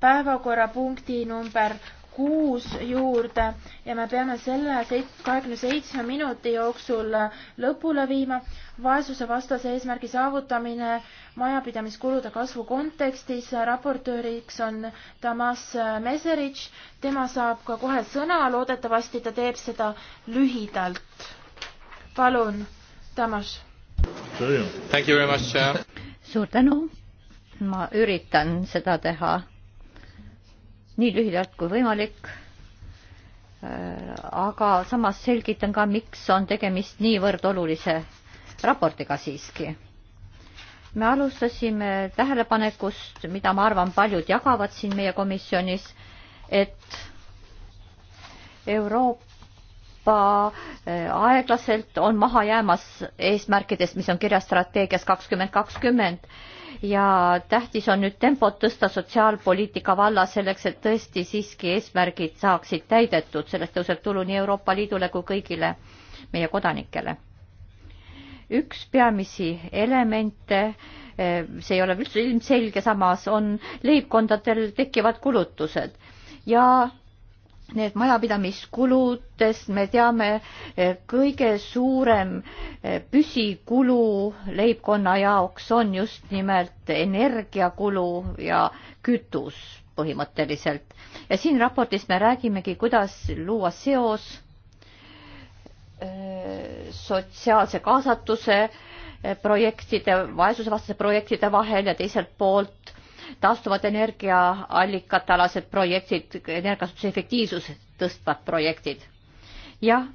päevakorrapunkti number kuus juurde ja me peame selle kahekümne seitsme minuti jooksul lõpule viima. vaesusevastase eesmärgi saavutamine majapidamiskulude kasvu kontekstis, raportööriks on Tamas Meserich, tema saab ka kohe sõna, loodetavasti ta teeb seda lühidalt. palun, Tamas. suur tänu, ma üritan seda teha nii lühidalt kui võimalik. Äh, aga samas selgitan ka, miks on tegemist niivõrd olulise raportiga siiski. me alustasime tähelepanekust, mida ma arvan, paljud jagavad siin meie komisjonis, et Euroopa äh, aeglaselt on maha jäämas eesmärkidest, mis on kirjas strateegias kakskümmend kakskümmend ja tähtis on nüüd tempot tõsta sotsiaalpoliitika vallas selleks, et tõesti siiski eesmärgid saaksid täidetud, sellest tõuseb tulu nii Euroopa Liidule kui kõigile meie kodanikele. üks peamisi elemente, eh, see ei ole üldse ilmselge samas, on leibkondadel tekkivad kulutused ja need majapidamiskuludes me teame, eh, kõige suurem eh, püsikulu leibkonna jaoks on just nimelt energiakulu ja kütus põhimõtteliselt. ja siin raportis me räägimegi, kuidas luua seos eh, sotsiaalse kaasatuse projektide, vaesusevastase projektide vahel ja teiselt poolt taastuvad energiaallikate alased projektid, energiasutuse efektiivsuse tõstvad projektid. jah,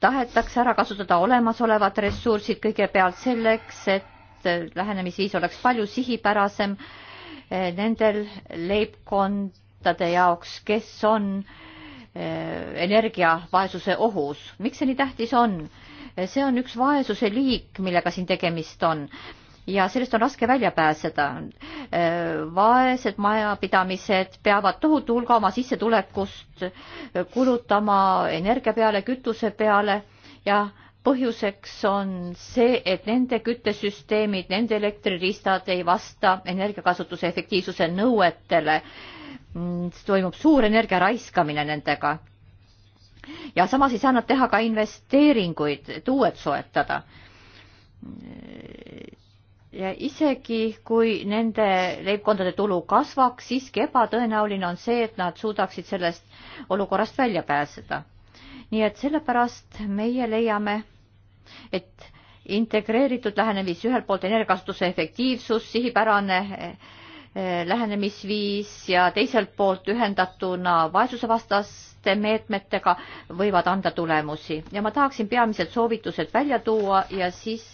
tahetakse ära kasutada olemasolevad ressursid kõigepealt selleks, et lähenemisviis oleks palju sihipärasem eh, nendel leibkondade jaoks, kes on eh, energiavaesuse ohus. miks see nii tähtis on? Eh, see on üks vaesuse liik, millega siin tegemist on ja sellest on raske välja pääseda. Äh, vaesed majapidamised peavad tohutu hulga oma sissetulekust äh, kulutama energia peale, kütuse peale ja põhjuseks on see, et nende küttesüsteemid, nende elektririistad ei vasta energiakasutuse efektiivsuse nõuetele. Mm, toimub suur energia raiskamine nendega. ja samas ei saa nad teha ka investeeringuid, et uued soetada äh, ja isegi, kui nende leibkondade tulu kasvaks, siiski ebatõenäoline on see, et nad suudaksid sellest olukorrast välja pääseda. nii et sellepärast meie leiame, et integreeritud lähenemis, ühelt poolt energiakasutuse efektiivsus, sihipärane eh, eh, lähenemisviis ja teiselt poolt ühendatuna vaesusevastaste meetmetega võivad anda tulemusi ja ma tahaksin peamised soovitused välja tuua ja siis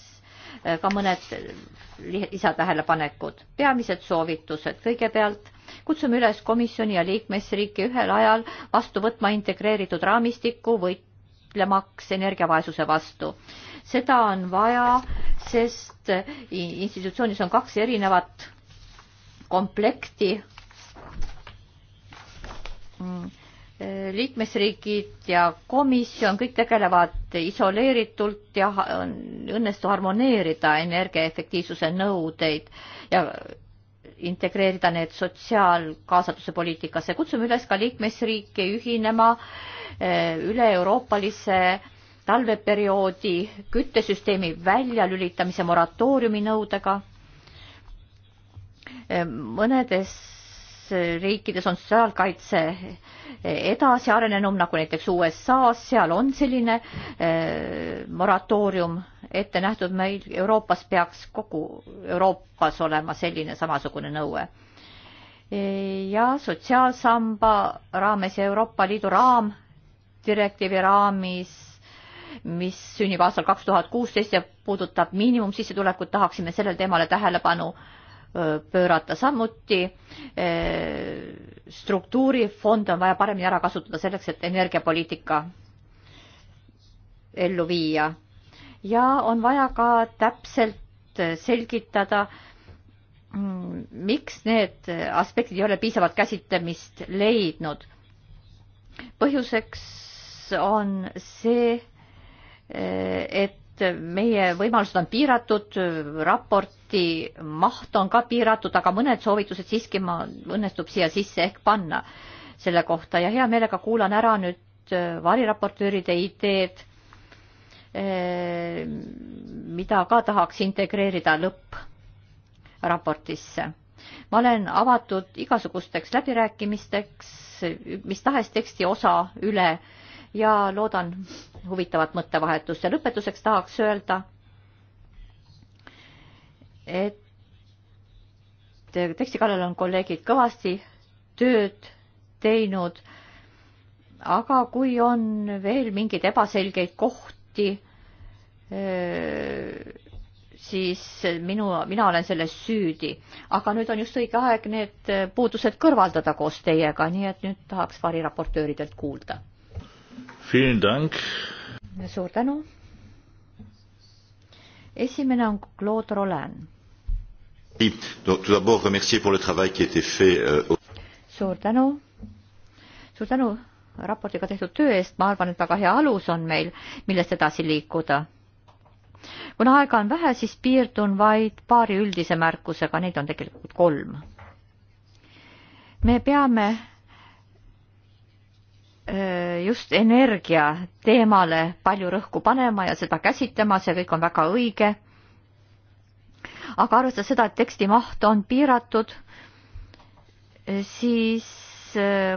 Eh, ka mõned lisatähelepanekud. peamised soovitused kõigepealt kutsume üles komisjoni ja liikmesriike ühel ajal vastu võtma integreeritud raamistiku võitlemaks energiavaesuse vastu. seda on vaja, sest institutsioonis on kaks erinevat komplekti mm Äh, liikmesriigid ja komisjon, kõik tegelevad isoleeritult ja on õnnestu harmoneerida energiaefektiivsuse nõudeid ja integreerida need sotsiaalkaasatuse poliitikasse. kutsume üles ka liikmesriike ühinema äh, üle-euroopalise talveperioodi küttesüsteemi väljalülitamise moratooriumi nõudega. Äh, mõnedes riikides on sotsiaalkaitse edasi arenenum, nagu näiteks USA-s, seal on selline eh, moratoorium ette nähtud, meil Euroopas peaks kogu Euroopas olema selline samasugune nõue. ja sotsiaalsamba raames ja Euroopa Liidu raamdirektiivi raamis mis sünnib aastal kaks tuhat kuusteist ja puudutab miinimumsissetulekut, tahaksime sellele teemale tähelepanu äh, pöörata. samuti eh, struktuurifond on vaja paremini ära kasutada selleks, et energiapoliitika ellu viia. ja on vaja ka täpselt eh, selgitada, mm, miks need aspektid ei ole piisavalt käsitlemist leidnud. põhjuseks on see, eh, et meie võimalused on piiratud, raporti maht on ka piiratud, aga mõned soovitused siiski ma õnnestub siia sisse ehk panna selle kohta ja hea meelega kuulan ära nüüd äh, variraportööride ideed, äh, mida ka tahaks integreerida lõppraportisse. ma olen avatud igasugusteks läbirääkimisteks, mis tahes teksti osa üle äh, ja loodan huvitavat mõttevahetust ja lõpetuseks tahaks öelda, et teksti kallal on kolleegid kõvasti tööd teinud, aga kui on veel mingeid ebaselgeid kohti, siis minu, mina olen selles süüdi. aga nüüd on just õige aeg need puudused kõrvaldada koos teiega, nii et nüüd tahaks variraportööridelt kuulda suur tänu. esimene on Claude Roland. Euh, suur tänu. suur tänu raportiga tehtud töö eest, ma arvan, et väga hea alus on meil, millest edasi liikuda. kuna aega on vähe, siis piirdun vaid paari üldise märkusega, neid on tegelikult kolm. me peame just energia teemale palju rõhku panema ja seda käsitlema, see kõik on väga õige. aga arvestades seda, et teksti maht on piiratud, siis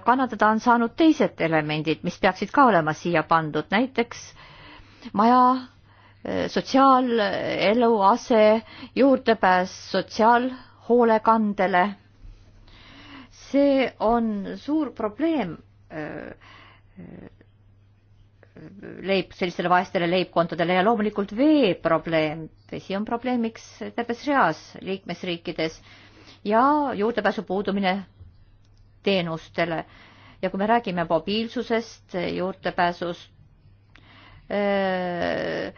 kannatada on saanud teised elemendid, mis peaksid ka olema siia pandud, näiteks maja, sotsiaaleluase, juurdepääs sotsiaalhoolekandele. see on suur probleem leib, sellistele vaestele leibkondadele ja loomulikult veeprobleem. vesi on probleemiks terves reas liikmesriikides ja juurdepääsu puudumine teenustele. ja kui me räägime mobiilsusest, juurdepääsust, äh,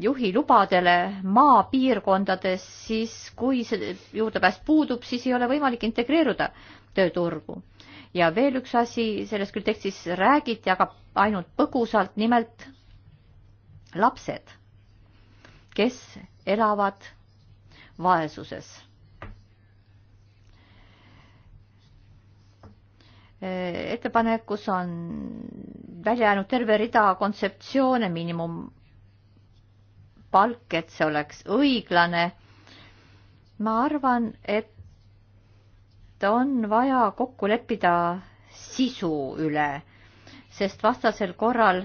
juhilubadele maapiirkondades, siis kui see juurdepääs puudub, siis ei ole võimalik integreeruda tööturgu ja veel üks asi, sellest küll tekstis räägiti, aga ainult põgusalt, nimelt lapsed, kes elavad vaesuses. ettepanekus on välja jäänud terve rida kontseptsioone, miinimumpalk, et see oleks õiglane. ma arvan, et on vaja kokku leppida sisu üle, sest vastasel korral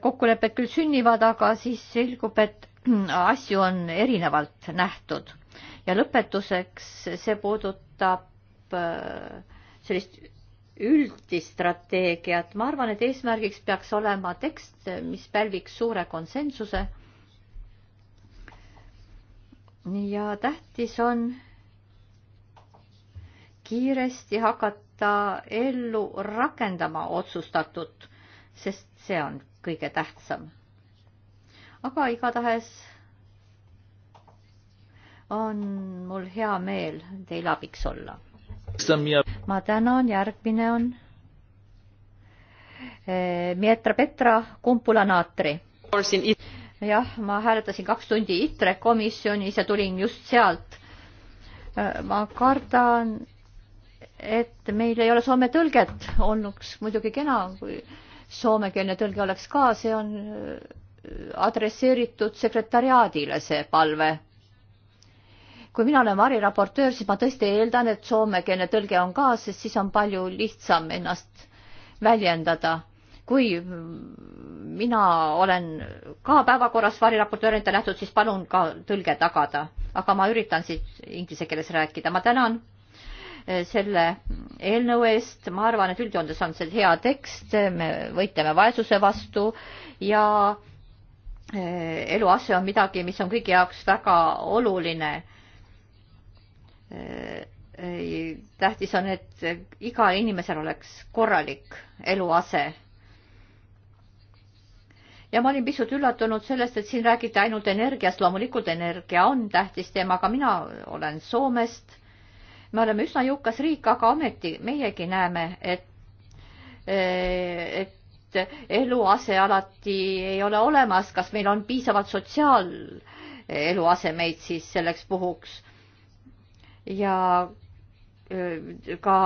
kokkulepped küll sünnivad, aga siis selgub, et *clears throat* asju on erinevalt nähtud. ja lõpetuseks see puudutab äh, sellist üldist strateegiat. ma arvan, et eesmärgiks peaks olema tekst, mis pälviks suure konsensuse ja tähtis on kiiresti hakata ellu rakendama otsustatut, sest see on kõige tähtsam. aga igatahes on mul hea meel teil abiks olla. ma tänan, järgmine on eh, Mietra Petra Kumpula-Naatri jah, ma hääletasin kaks tundi ITRE komisjonis ja tulin just sealt. Äh, ma kardan, et meil ei ole Soome tõlget, olnuks muidugi kena, kui soomekeelne tõlge oleks ka, see on äh, adresseeritud sekretariaadile, see palve. kui mina olen variraportöör, siis ma tõesti eeldan, et soomekeelne tõlge on ka, sest siis on palju lihtsam ennast väljendada kui mina olen ka päevakorras variraportööride nähtud, siis palun ka tõlge tagada, aga ma üritan siit inglise keeles rääkida. ma tänan eh, selle eelnõu eest, ma arvan, et üldjoontes on see hea tekst, me võitleme vaesuse vastu ja eh, eluase on midagi, mis on kõigi jaoks väga oluline eh, tähtis on, et igal inimesel oleks korralik eluase ja ma olin pisut üllatunud sellest, et siin räägiti ainult energiast, loomulikult energia on tähtis teema, aga mina olen Soomest. me oleme üsna jõukas riik, aga ometi meiegi näeme, et, et eluase alati ei ole olemas, kas meil on piisavalt sotsiaaleluasemeid siis selleks puhuks ja ka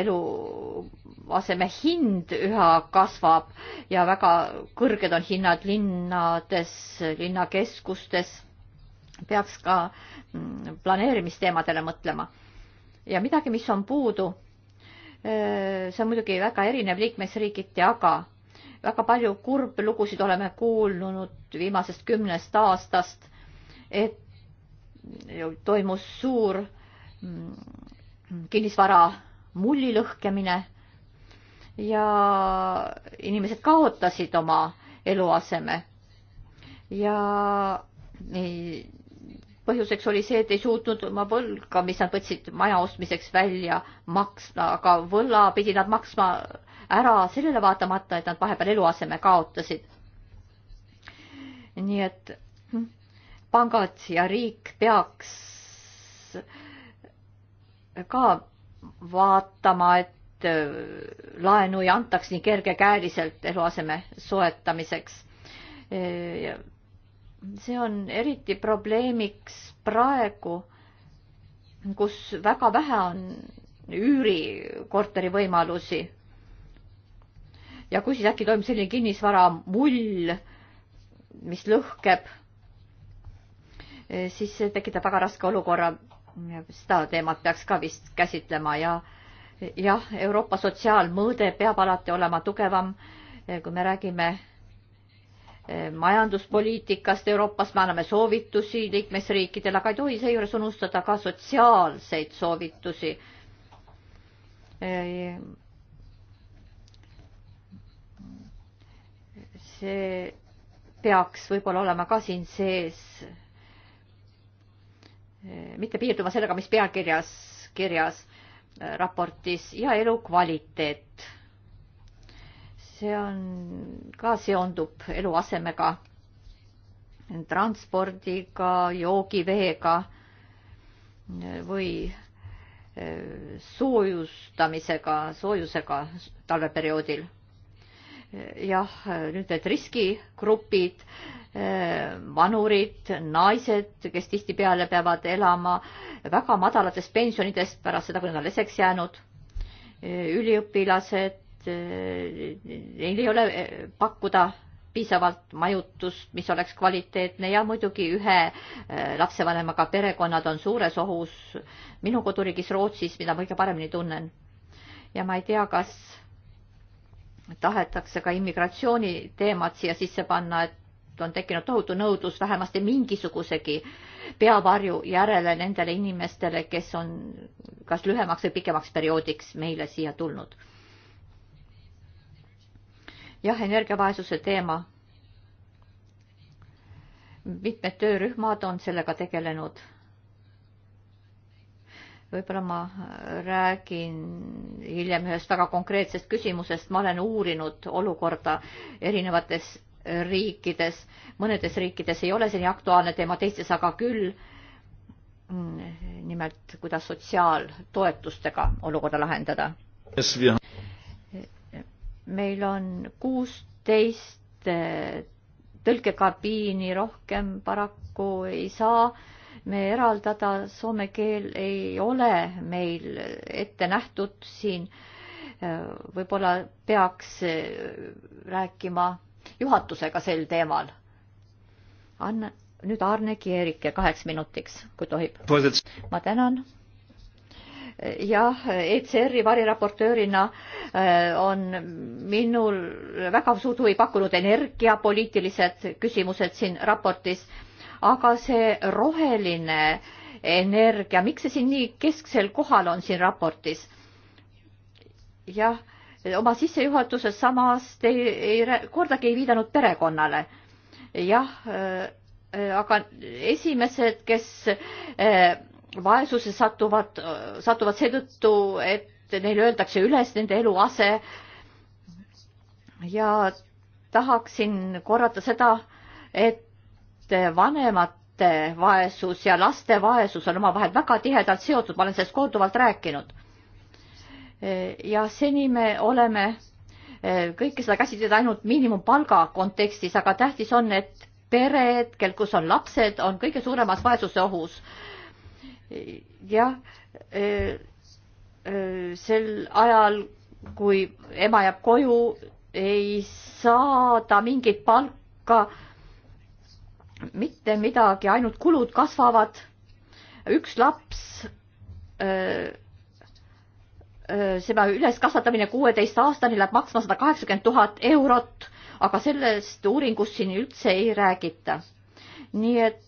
eluaseme hind üha kasvab ja väga kõrged on hinnad linnades, linnakeskustes. peaks ka mm, planeerimisteemadele mõtlema. ja midagi, mis on puudu, see on muidugi väga erinev liikmesriigiti, aga väga palju kurbe lugusid oleme kuulnud viimasest kümnest aastast, et toimus suur mm, kinnisvara mulli lõhkemine ja inimesed kaotasid oma eluaseme. ja ei, põhjuseks oli see, et ei suutnud oma võlga, mis nad võtsid maja ostmiseks välja maksma, aga võlla pidid nad maksma ära sellele vaatamata, et nad vahepeal eluaseme kaotasid. nii et pangad ja riik peaks ka vaatama, et äh, laenu ei antaks nii kergekäeliselt eluaseme soetamiseks. Äh, see on eriti probleemiks praegu, kus väga vähe on üürikorteri võimalusi. ja kui siis äkki toimub selline kinnisvara mull, mis lõhkeb, äh, siis see tekitab väga raske olukorra seda teemat peaks ka vist käsitlema ja jah, Euroopa sotsiaalmõõde peab alati olema tugevam, kui me räägime e, majanduspoliitikast Euroopas, me anname soovitusi liikmesriikidele, aga ei tohi seejuures unustada ka sotsiaalseid soovitusi. E, see peaks võib-olla olema ka siin sees Eh, mitte piirduma sellega, mis pealkirjas, kirjas eh, raportis ja elukvaliteet. see on, ka seondub eluasemega, transpordiga, joogiveega eh, või soojustamisega, soojusega talveperioodil jah, nüüd need riskigrupid, vanurid, naised, kes tihtipeale peavad elama väga madalatest pensionidest pärast seda, kui nad on leseks jäänud, üliõpilased, neil ei ole pakkuda piisavalt majutust, mis oleks kvaliteetne ja muidugi ühe eh, lapsevanemaga perekonnad on suures ohus minu koduriigis Rootsis, mida ma kõige paremini tunnen. ja ma ei tea, kas tahetakse ka immigratsiooniteemad siia sisse panna, et on tekkinud tohutu nõudlus vähemasti mingisugusegi peavarju järele nendele inimestele, kes on kas lühemaks või pikemaks perioodiks meile siia tulnud. jah, energiavaesuse teema. mitmed töörühmad on sellega tegelenud võib-olla ma räägin hiljem ühest väga konkreetsest küsimusest, ma olen uurinud olukorda erinevates riikides, mõnedes riikides ei ole see nii aktuaalne teema, teistes aga küll. nimelt, kuidas sotsiaaltoetustega olukorda lahendada. meil on kuusteist tõlkekabiini, rohkem paraku ei saa me eraldada. Soome keel ei ole meil ette nähtud siin. võib-olla peaks äh, rääkima juhatusega sel teemal. Anna nüüd Arne Kierike kaheks minutiks, kui tohib. ma tänan jah, ECR-i variraportöörina äh, on minul väga suurt huvi pakkunud energiapoliitilised küsimused siin raportis aga see roheline energia, miks see siin nii kesksel kohal on siin raportis? jah, oma sissejuhatuses samas te ei, ei, kordagi ei viidanud perekonnale. jah äh, äh,, aga esimesed, kes äh, vaesuse satuvad, satuvad seetõttu, et neile öeldakse üles nende eluase. ja tahaksin korrata seda, et vanemate vaesus ja laste vaesus on omavahel väga tihedalt seotud, ma olen sellest korduvalt rääkinud. ja seni me oleme eh, kõike seda käsitleda ainult miinimumpalga kontekstis, aga tähtis on, et pered, kel, kus on lapsed, on kõige suuremas vaesuse ohus. jah, eh, eh, sel ajal, kui ema jääb koju, ei saa ta mingit palka mitte midagi, ainult kulud kasvavad. üks laps öö, seda üleskasvatamine kuueteist aastani läheb maksma sada kaheksakümmend tuhat eurot, aga sellest uuringust siin üldse ei räägita. nii et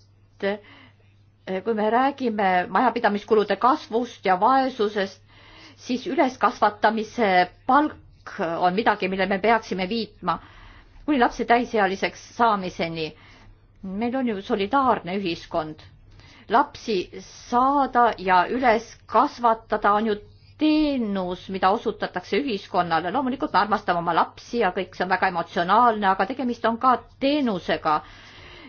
kui me räägime majapidamiskulude kasvust ja vaesusest, siis üleskasvatamise palk on midagi, mille me peaksime viitma kuni lapse täisealiseks saamiseni meil on ju solidaarne ühiskond. lapsi saada ja üles kasvatada on ju teenus, mida osutatakse ühiskonnale, loomulikult me armastame oma lapsi ja kõik see on väga emotsionaalne, aga tegemist on ka teenusega,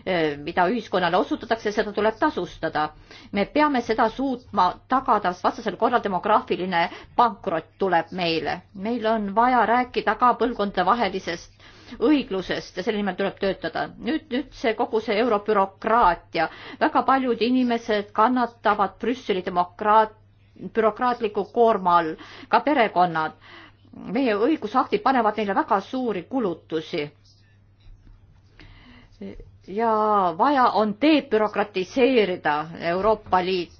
eh, mida ühiskonnale osutatakse, seda tuleb tasustada. me peame seda suutma tagada, sest vastasel korral demograafiline pankrot tuleb meile. meil on vaja rääkida ka põlvkondadevahelisest õiglusest ja selle nimel tuleb töötada. nüüd, nüüd see kogu see eurobürokraatia, väga paljud inimesed kannatavad Brüsseli demokraat, bürokraatliku koorma all, ka perekonnad. meie õigusaktid panevad neile väga suuri kulutusi. ja vaja on debürokratiseerida Euroopa Liit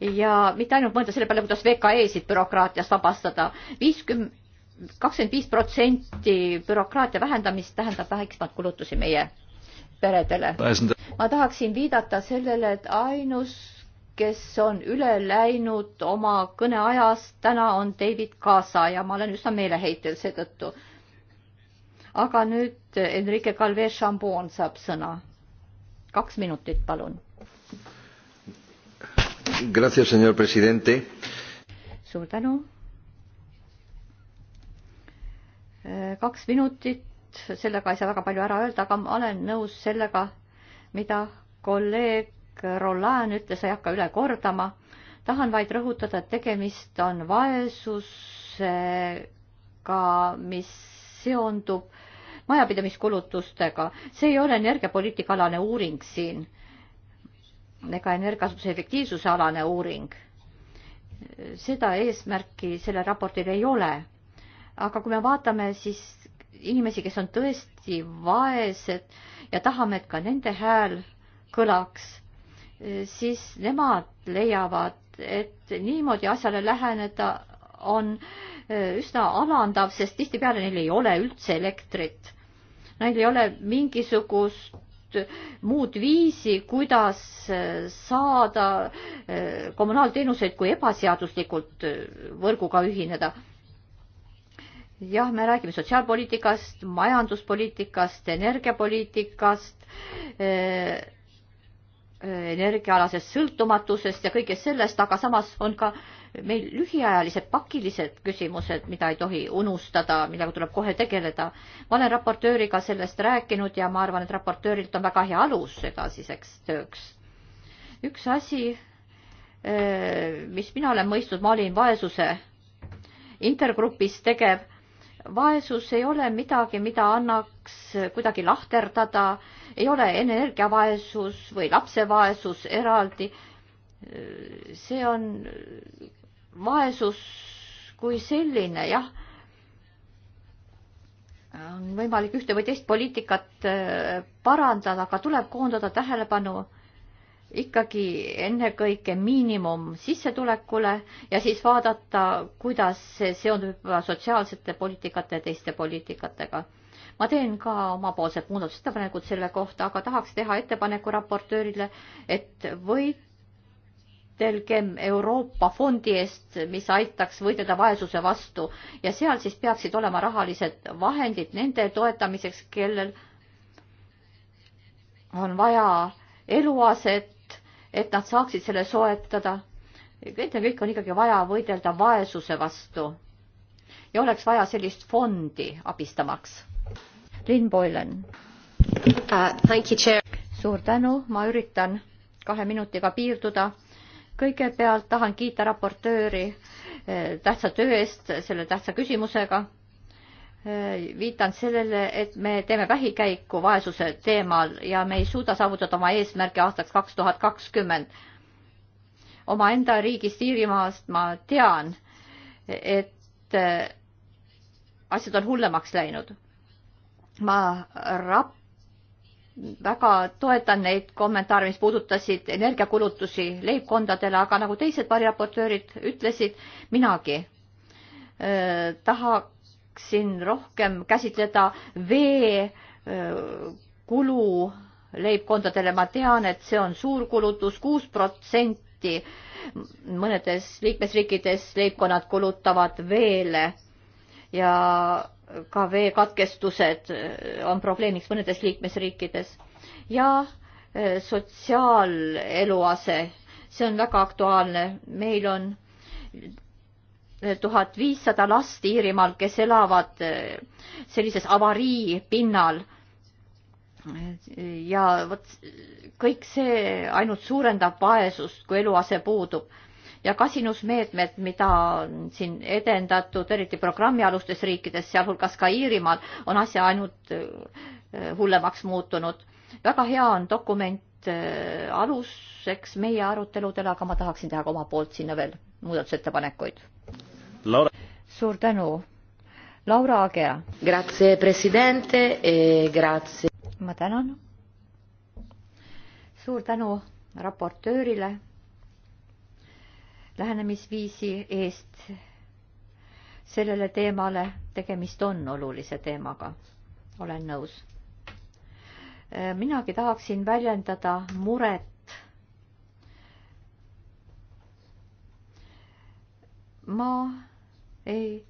ja mitte ainult mõelda selle peale, kuidas VKE-sid bürokraatiast vabastada. viiskümmend kakskümmend viis protsenti bürokraatia vähendamist tähendab väiksemaid kulutusi meie peredele. ma tahaksin viidata sellele, et ainus, kes on üle läinud oma kõneajast, täna on David Kaasa ja ma olen üsna meeleheitel seetõttu. aga nüüd Enrique Calvez Chambon saab sõna. kaks minutit, palun. suur tänu kaks minutit, sellega ei saa väga palju ära öelda, aga ma olen nõus sellega, mida kolleeg Rolan ütles, ei hakka üle kordama. tahan vaid rõhutada, et tegemist on vaesusega, mis seondub majapidamiskulutustega. see ei ole energiapoliitika alane uuring siin ega energiasutuse efektiivsuse alane uuring. seda eesmärki sellel raportil ei ole aga kui me vaatame siis inimesi, kes on tõesti vaesed ja tahame, et ka nende hääl kõlaks, siis nemad leiavad, et niimoodi asjale läheneda on e, üsna alandav, sest tihtipeale neil ei ole üldse elektrit. Neil ei ole mingisugust muud viisi, kuidas e, saada e, kommunaalteenuseid, kui ebaseaduslikult võrguga ühineda jah, me räägime sotsiaalpoliitikast, majanduspoliitikast, energiapoliitikast, eh, eh, energiaalasest sõltumatusest ja kõigest sellest, aga samas on ka meil lühiajalised pakilised küsimused, mida ei tohi unustada, millega tuleb kohe tegeleda. ma olen raportööriga sellest rääkinud ja ma arvan, et raportöörilt on väga hea alus edasiseks tööks. üks asi, eh, mis mina olen mõistnud, ma olin vaesuse intergrupis tegev vaesus ei ole midagi, mida annaks kuidagi lahterdada, ei ole energiavaesus või lapsevaesus eraldi. see on vaesus kui selline, jah. on võimalik ühte või teist poliitikat äh, parandada, aga tuleb koondada tähelepanu ikkagi ennekõike miinimumsissetulekule ja siis vaadata, kuidas see seondub sotsiaalsete poliitikate ja teiste poliitikatega. ma teen ka omapoolsed muudatusettepanekud selle kohta, aga tahaks teha ettepaneku raportöörile, et võitelgem Euroopa fondi eest, mis aitaks võidelda vaesuse vastu ja seal siis peaksid olema rahalised vahendid nende toetamiseks, kellel on vaja eluaset et nad saaksid selle soetada. ennekõike on ikkagi vaja võidelda vaesuse vastu ja oleks vaja sellist fondi abistamaks. Lynn Boylan uh,. suur tänu, ma üritan kahe minutiga piirduda. kõigepealt tahan kiita raportööri eh, tähtsa töö eest selle tähtsa küsimusega Äh, viitan sellele, et me teeme vähikäiku vaesuse teemal ja me ei suuda saavutada oma eesmärgi aastaks kaks tuhat kakskümmend. omaenda riigist Iirimaast ma tean, et äh, asjad on hullemaks läinud. ma rap-, väga toetan neid kommentaare, mis puudutasid energiakulutusi leibkondadele, aga nagu teised variraportöörid ütlesid, minagi äh, tahaks tahaksin rohkem käsitleda vee kulu leibkondadele, ma tean, et see on suur kulutus, kuus protsenti mõnedes liikmesriikides leibkonnad kulutavad veele ja ka veekatkestused on probleemiks mõnedes liikmesriikides ja sotsiaaleluase, see on väga aktuaalne, meil on tuhat viissada last Iirimaal, kes elavad eh, sellises avarii pinnal. ja vot kõik see ainult suurendab vaesust, kui eluase puudub ja kasinusmeetmed, mida on siin edendatud, eriti programmialustes riikides, sealhulgas ka Iirimaal, on asja ainult eh, hullemaks muutunud. väga hea on dokument Äh, aluseks meie aruteludele, aga ma tahaksin teha ka oma poolt sinna veel muudatusettepanekuid. suur tänu. Laura Agea. Grazie, president e, grazie. ma tänan. suur tänu raportöörile lähenemisviisi eest sellele teemale. tegemist on olulise teemaga. olen nõus Äh, minagi tahaksin väljendada muret ma ei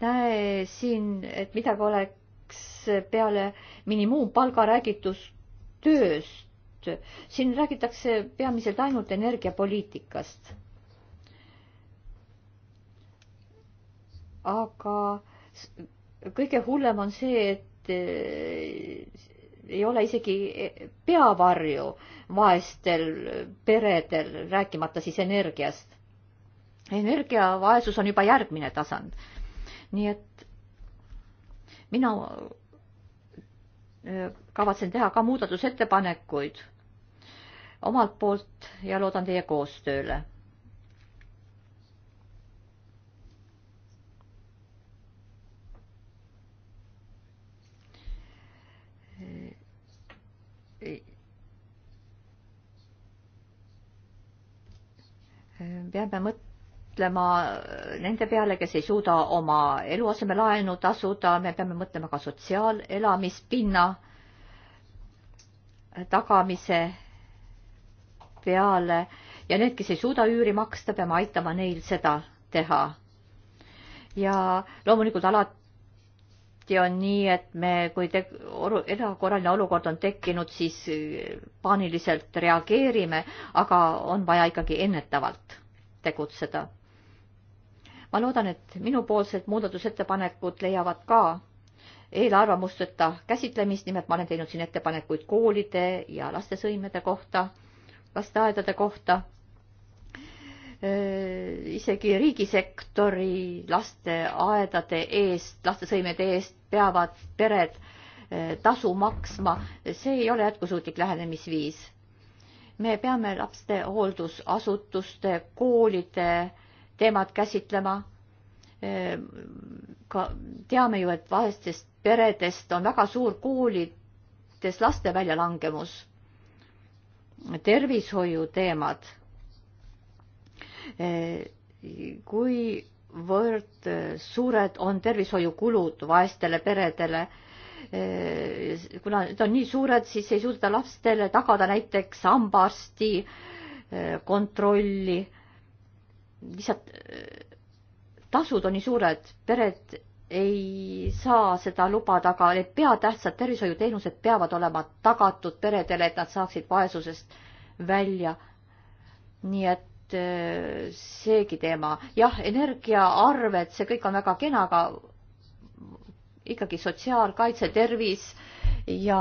näe siin, et midagi oleks peale minimumpalga räägitus tööst. siin räägitakse peamiselt ainult energiapoliitikast. aga kõige hullem on see, et Äh, ei ole isegi äh, peavarju vaestel peredel, rääkimata siis energiast. energiavaesus on juba järgmine tasand. nii et mina äh, kavatsen teha ka muudatusettepanekuid omalt poolt ja loodan teie koostööle peame mõtlema nende peale, kes ei suuda oma eluasemelaenu tasuda, me peame mõtlema ka sotsiaalelamispinna tagamise peale ja need, kes ei suuda üüri maksta, peame aitama neil seda teha. ja loomulikult alati tihti on nii, et me, kui te-, erakorraline olukord on tekkinud, siis eh, paaniliselt reageerime, aga on vaja ikkagi ennetavalt tegutseda. ma loodan, et minupoolsed muudatusettepanekud leiavad ka eelarvamusteta käsitlemist, nimelt ma olen teinud siin ettepanekuid koolide ja lastesõimede kohta, lasteaedade kohta Äh, isegi riigisektori lasteaedade eest, lastesõimede eest peavad pered äh, tasu maksma, see ei ole jätkusuutlik lähenemisviis. me peame laste hooldusasutuste, koolide teemad käsitlema. Äh, ka teame ju, et vaestest peredest on väga suur koolides laste väljalangemus. tervishoiuteemad Eh, kuivõrd eh, suured on tervishoiukulud vaestele peredele. Eh, kuna need on nii suured, siis ei suudeta lastele tagada näiteks hambaarsti kontrolli. lihtsalt tasud on nii suured, pered ei saa seda lubada, aga need peatähtsad tervishoiuteenused peavad olema tagatud peredele, et nad saaksid vaesusest välja. nii et Äh, seegi teema. jah, energiaarved, see kõik on väga kena, aga ikkagi sotsiaalkaitse, tervis ja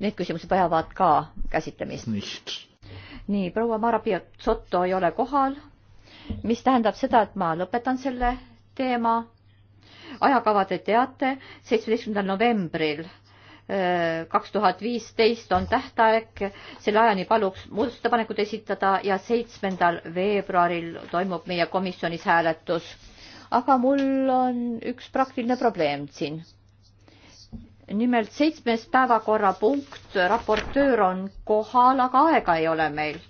need küsimused vajavad ka käsitlemist. nii, proua Mara Piazzotto ei ole kohal, mis tähendab seda, et ma lõpetan selle teema. ajakava te teate, seitsmeteistkümnendal novembril kaks tuhat viisteist on tähtaeg, selle ajani paluks muudatusettepanekud esitada ja seitsmendal veebruaril toimub meie komisjonis hääletus. aga mul on üks praktiline probleem siin. nimelt seitsmes päevakorrapunkt, raportöör on kohal, aga aega ei ole meil.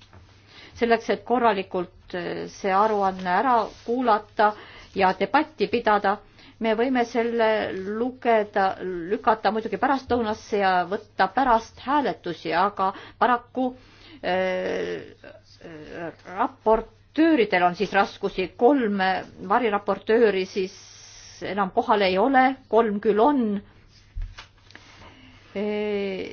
selleks, et korralikult see aruanne ära kuulata ja debatti pidada me võime selle lugeda, lükata muidugi pärastlõunasse ja võtta pärast hääletusi, aga paraku äh, äh raportööridel on siis raskusi, kolm variraportööri siis enam kohal ei ole, kolm küll on e,.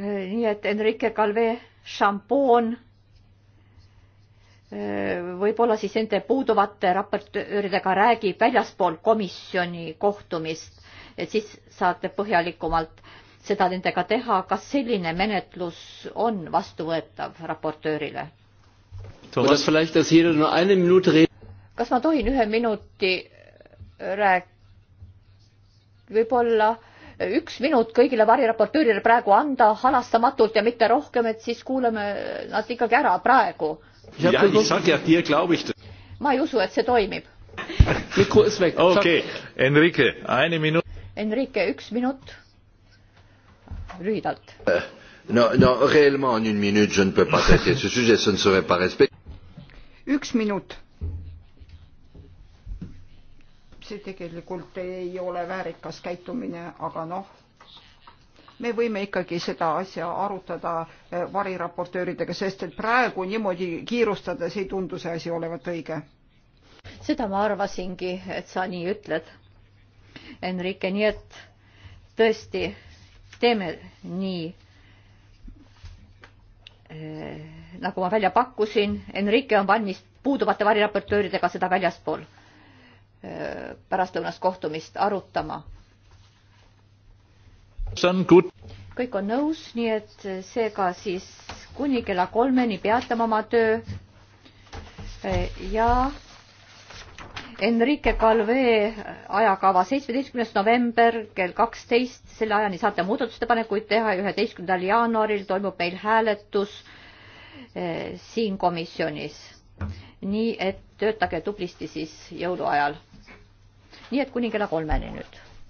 nii et Enrique Calve šampoon võib-olla siis nende puuduvate raportööridega räägib väljaspool komisjoni kohtumist, et siis saate põhjalikumalt seda nendega teha, kas selline menetlus on vastuvõetav raportöörile? kas ma tohin ühe minuti rääk-, võib-olla üks minut kõigile variraportööridele praegu anda halastamatult ja mitte rohkem, et siis kuuleme nad ikkagi ära praegu ma ei usu, et see toimib. *laughs* okei, Enrique, eine minut. Enrique, üks minut. lühidalt. Eh, no, no réellement en une minute, je ne peux pas traiter ce sujet, ce ne serait pas respect. Üks minut. See tegelikult ei ole väärikas käitumine, aga noh, me võime ikkagi seda asja arutada eh, variraportööridega, sest et praegu niimoodi kiirustades ei tundu see asi olevat õige. seda ma arvasingi, et sa nii ütled, Enrique, nii et tõesti, teeme nii eh, nagu ma välja pakkusin, Enrique on valmis puuduvate variraportööridega seda väljaspool eh, pärastlõunast kohtumist arutama kõik on nõus, nii et seega siis kuni kella kolmeni peatame oma töö. ja Enrique Calve ajakava seitsmeteistkümnes november kell kaksteist, selle ajani saate muudatusettepanekuid teha ja üheteistkümnendal jaanuaril toimub meil hääletus eh, siin komisjonis. nii et töötage tublisti siis jõuluajal. nii et kuni kella kolmeni nüüd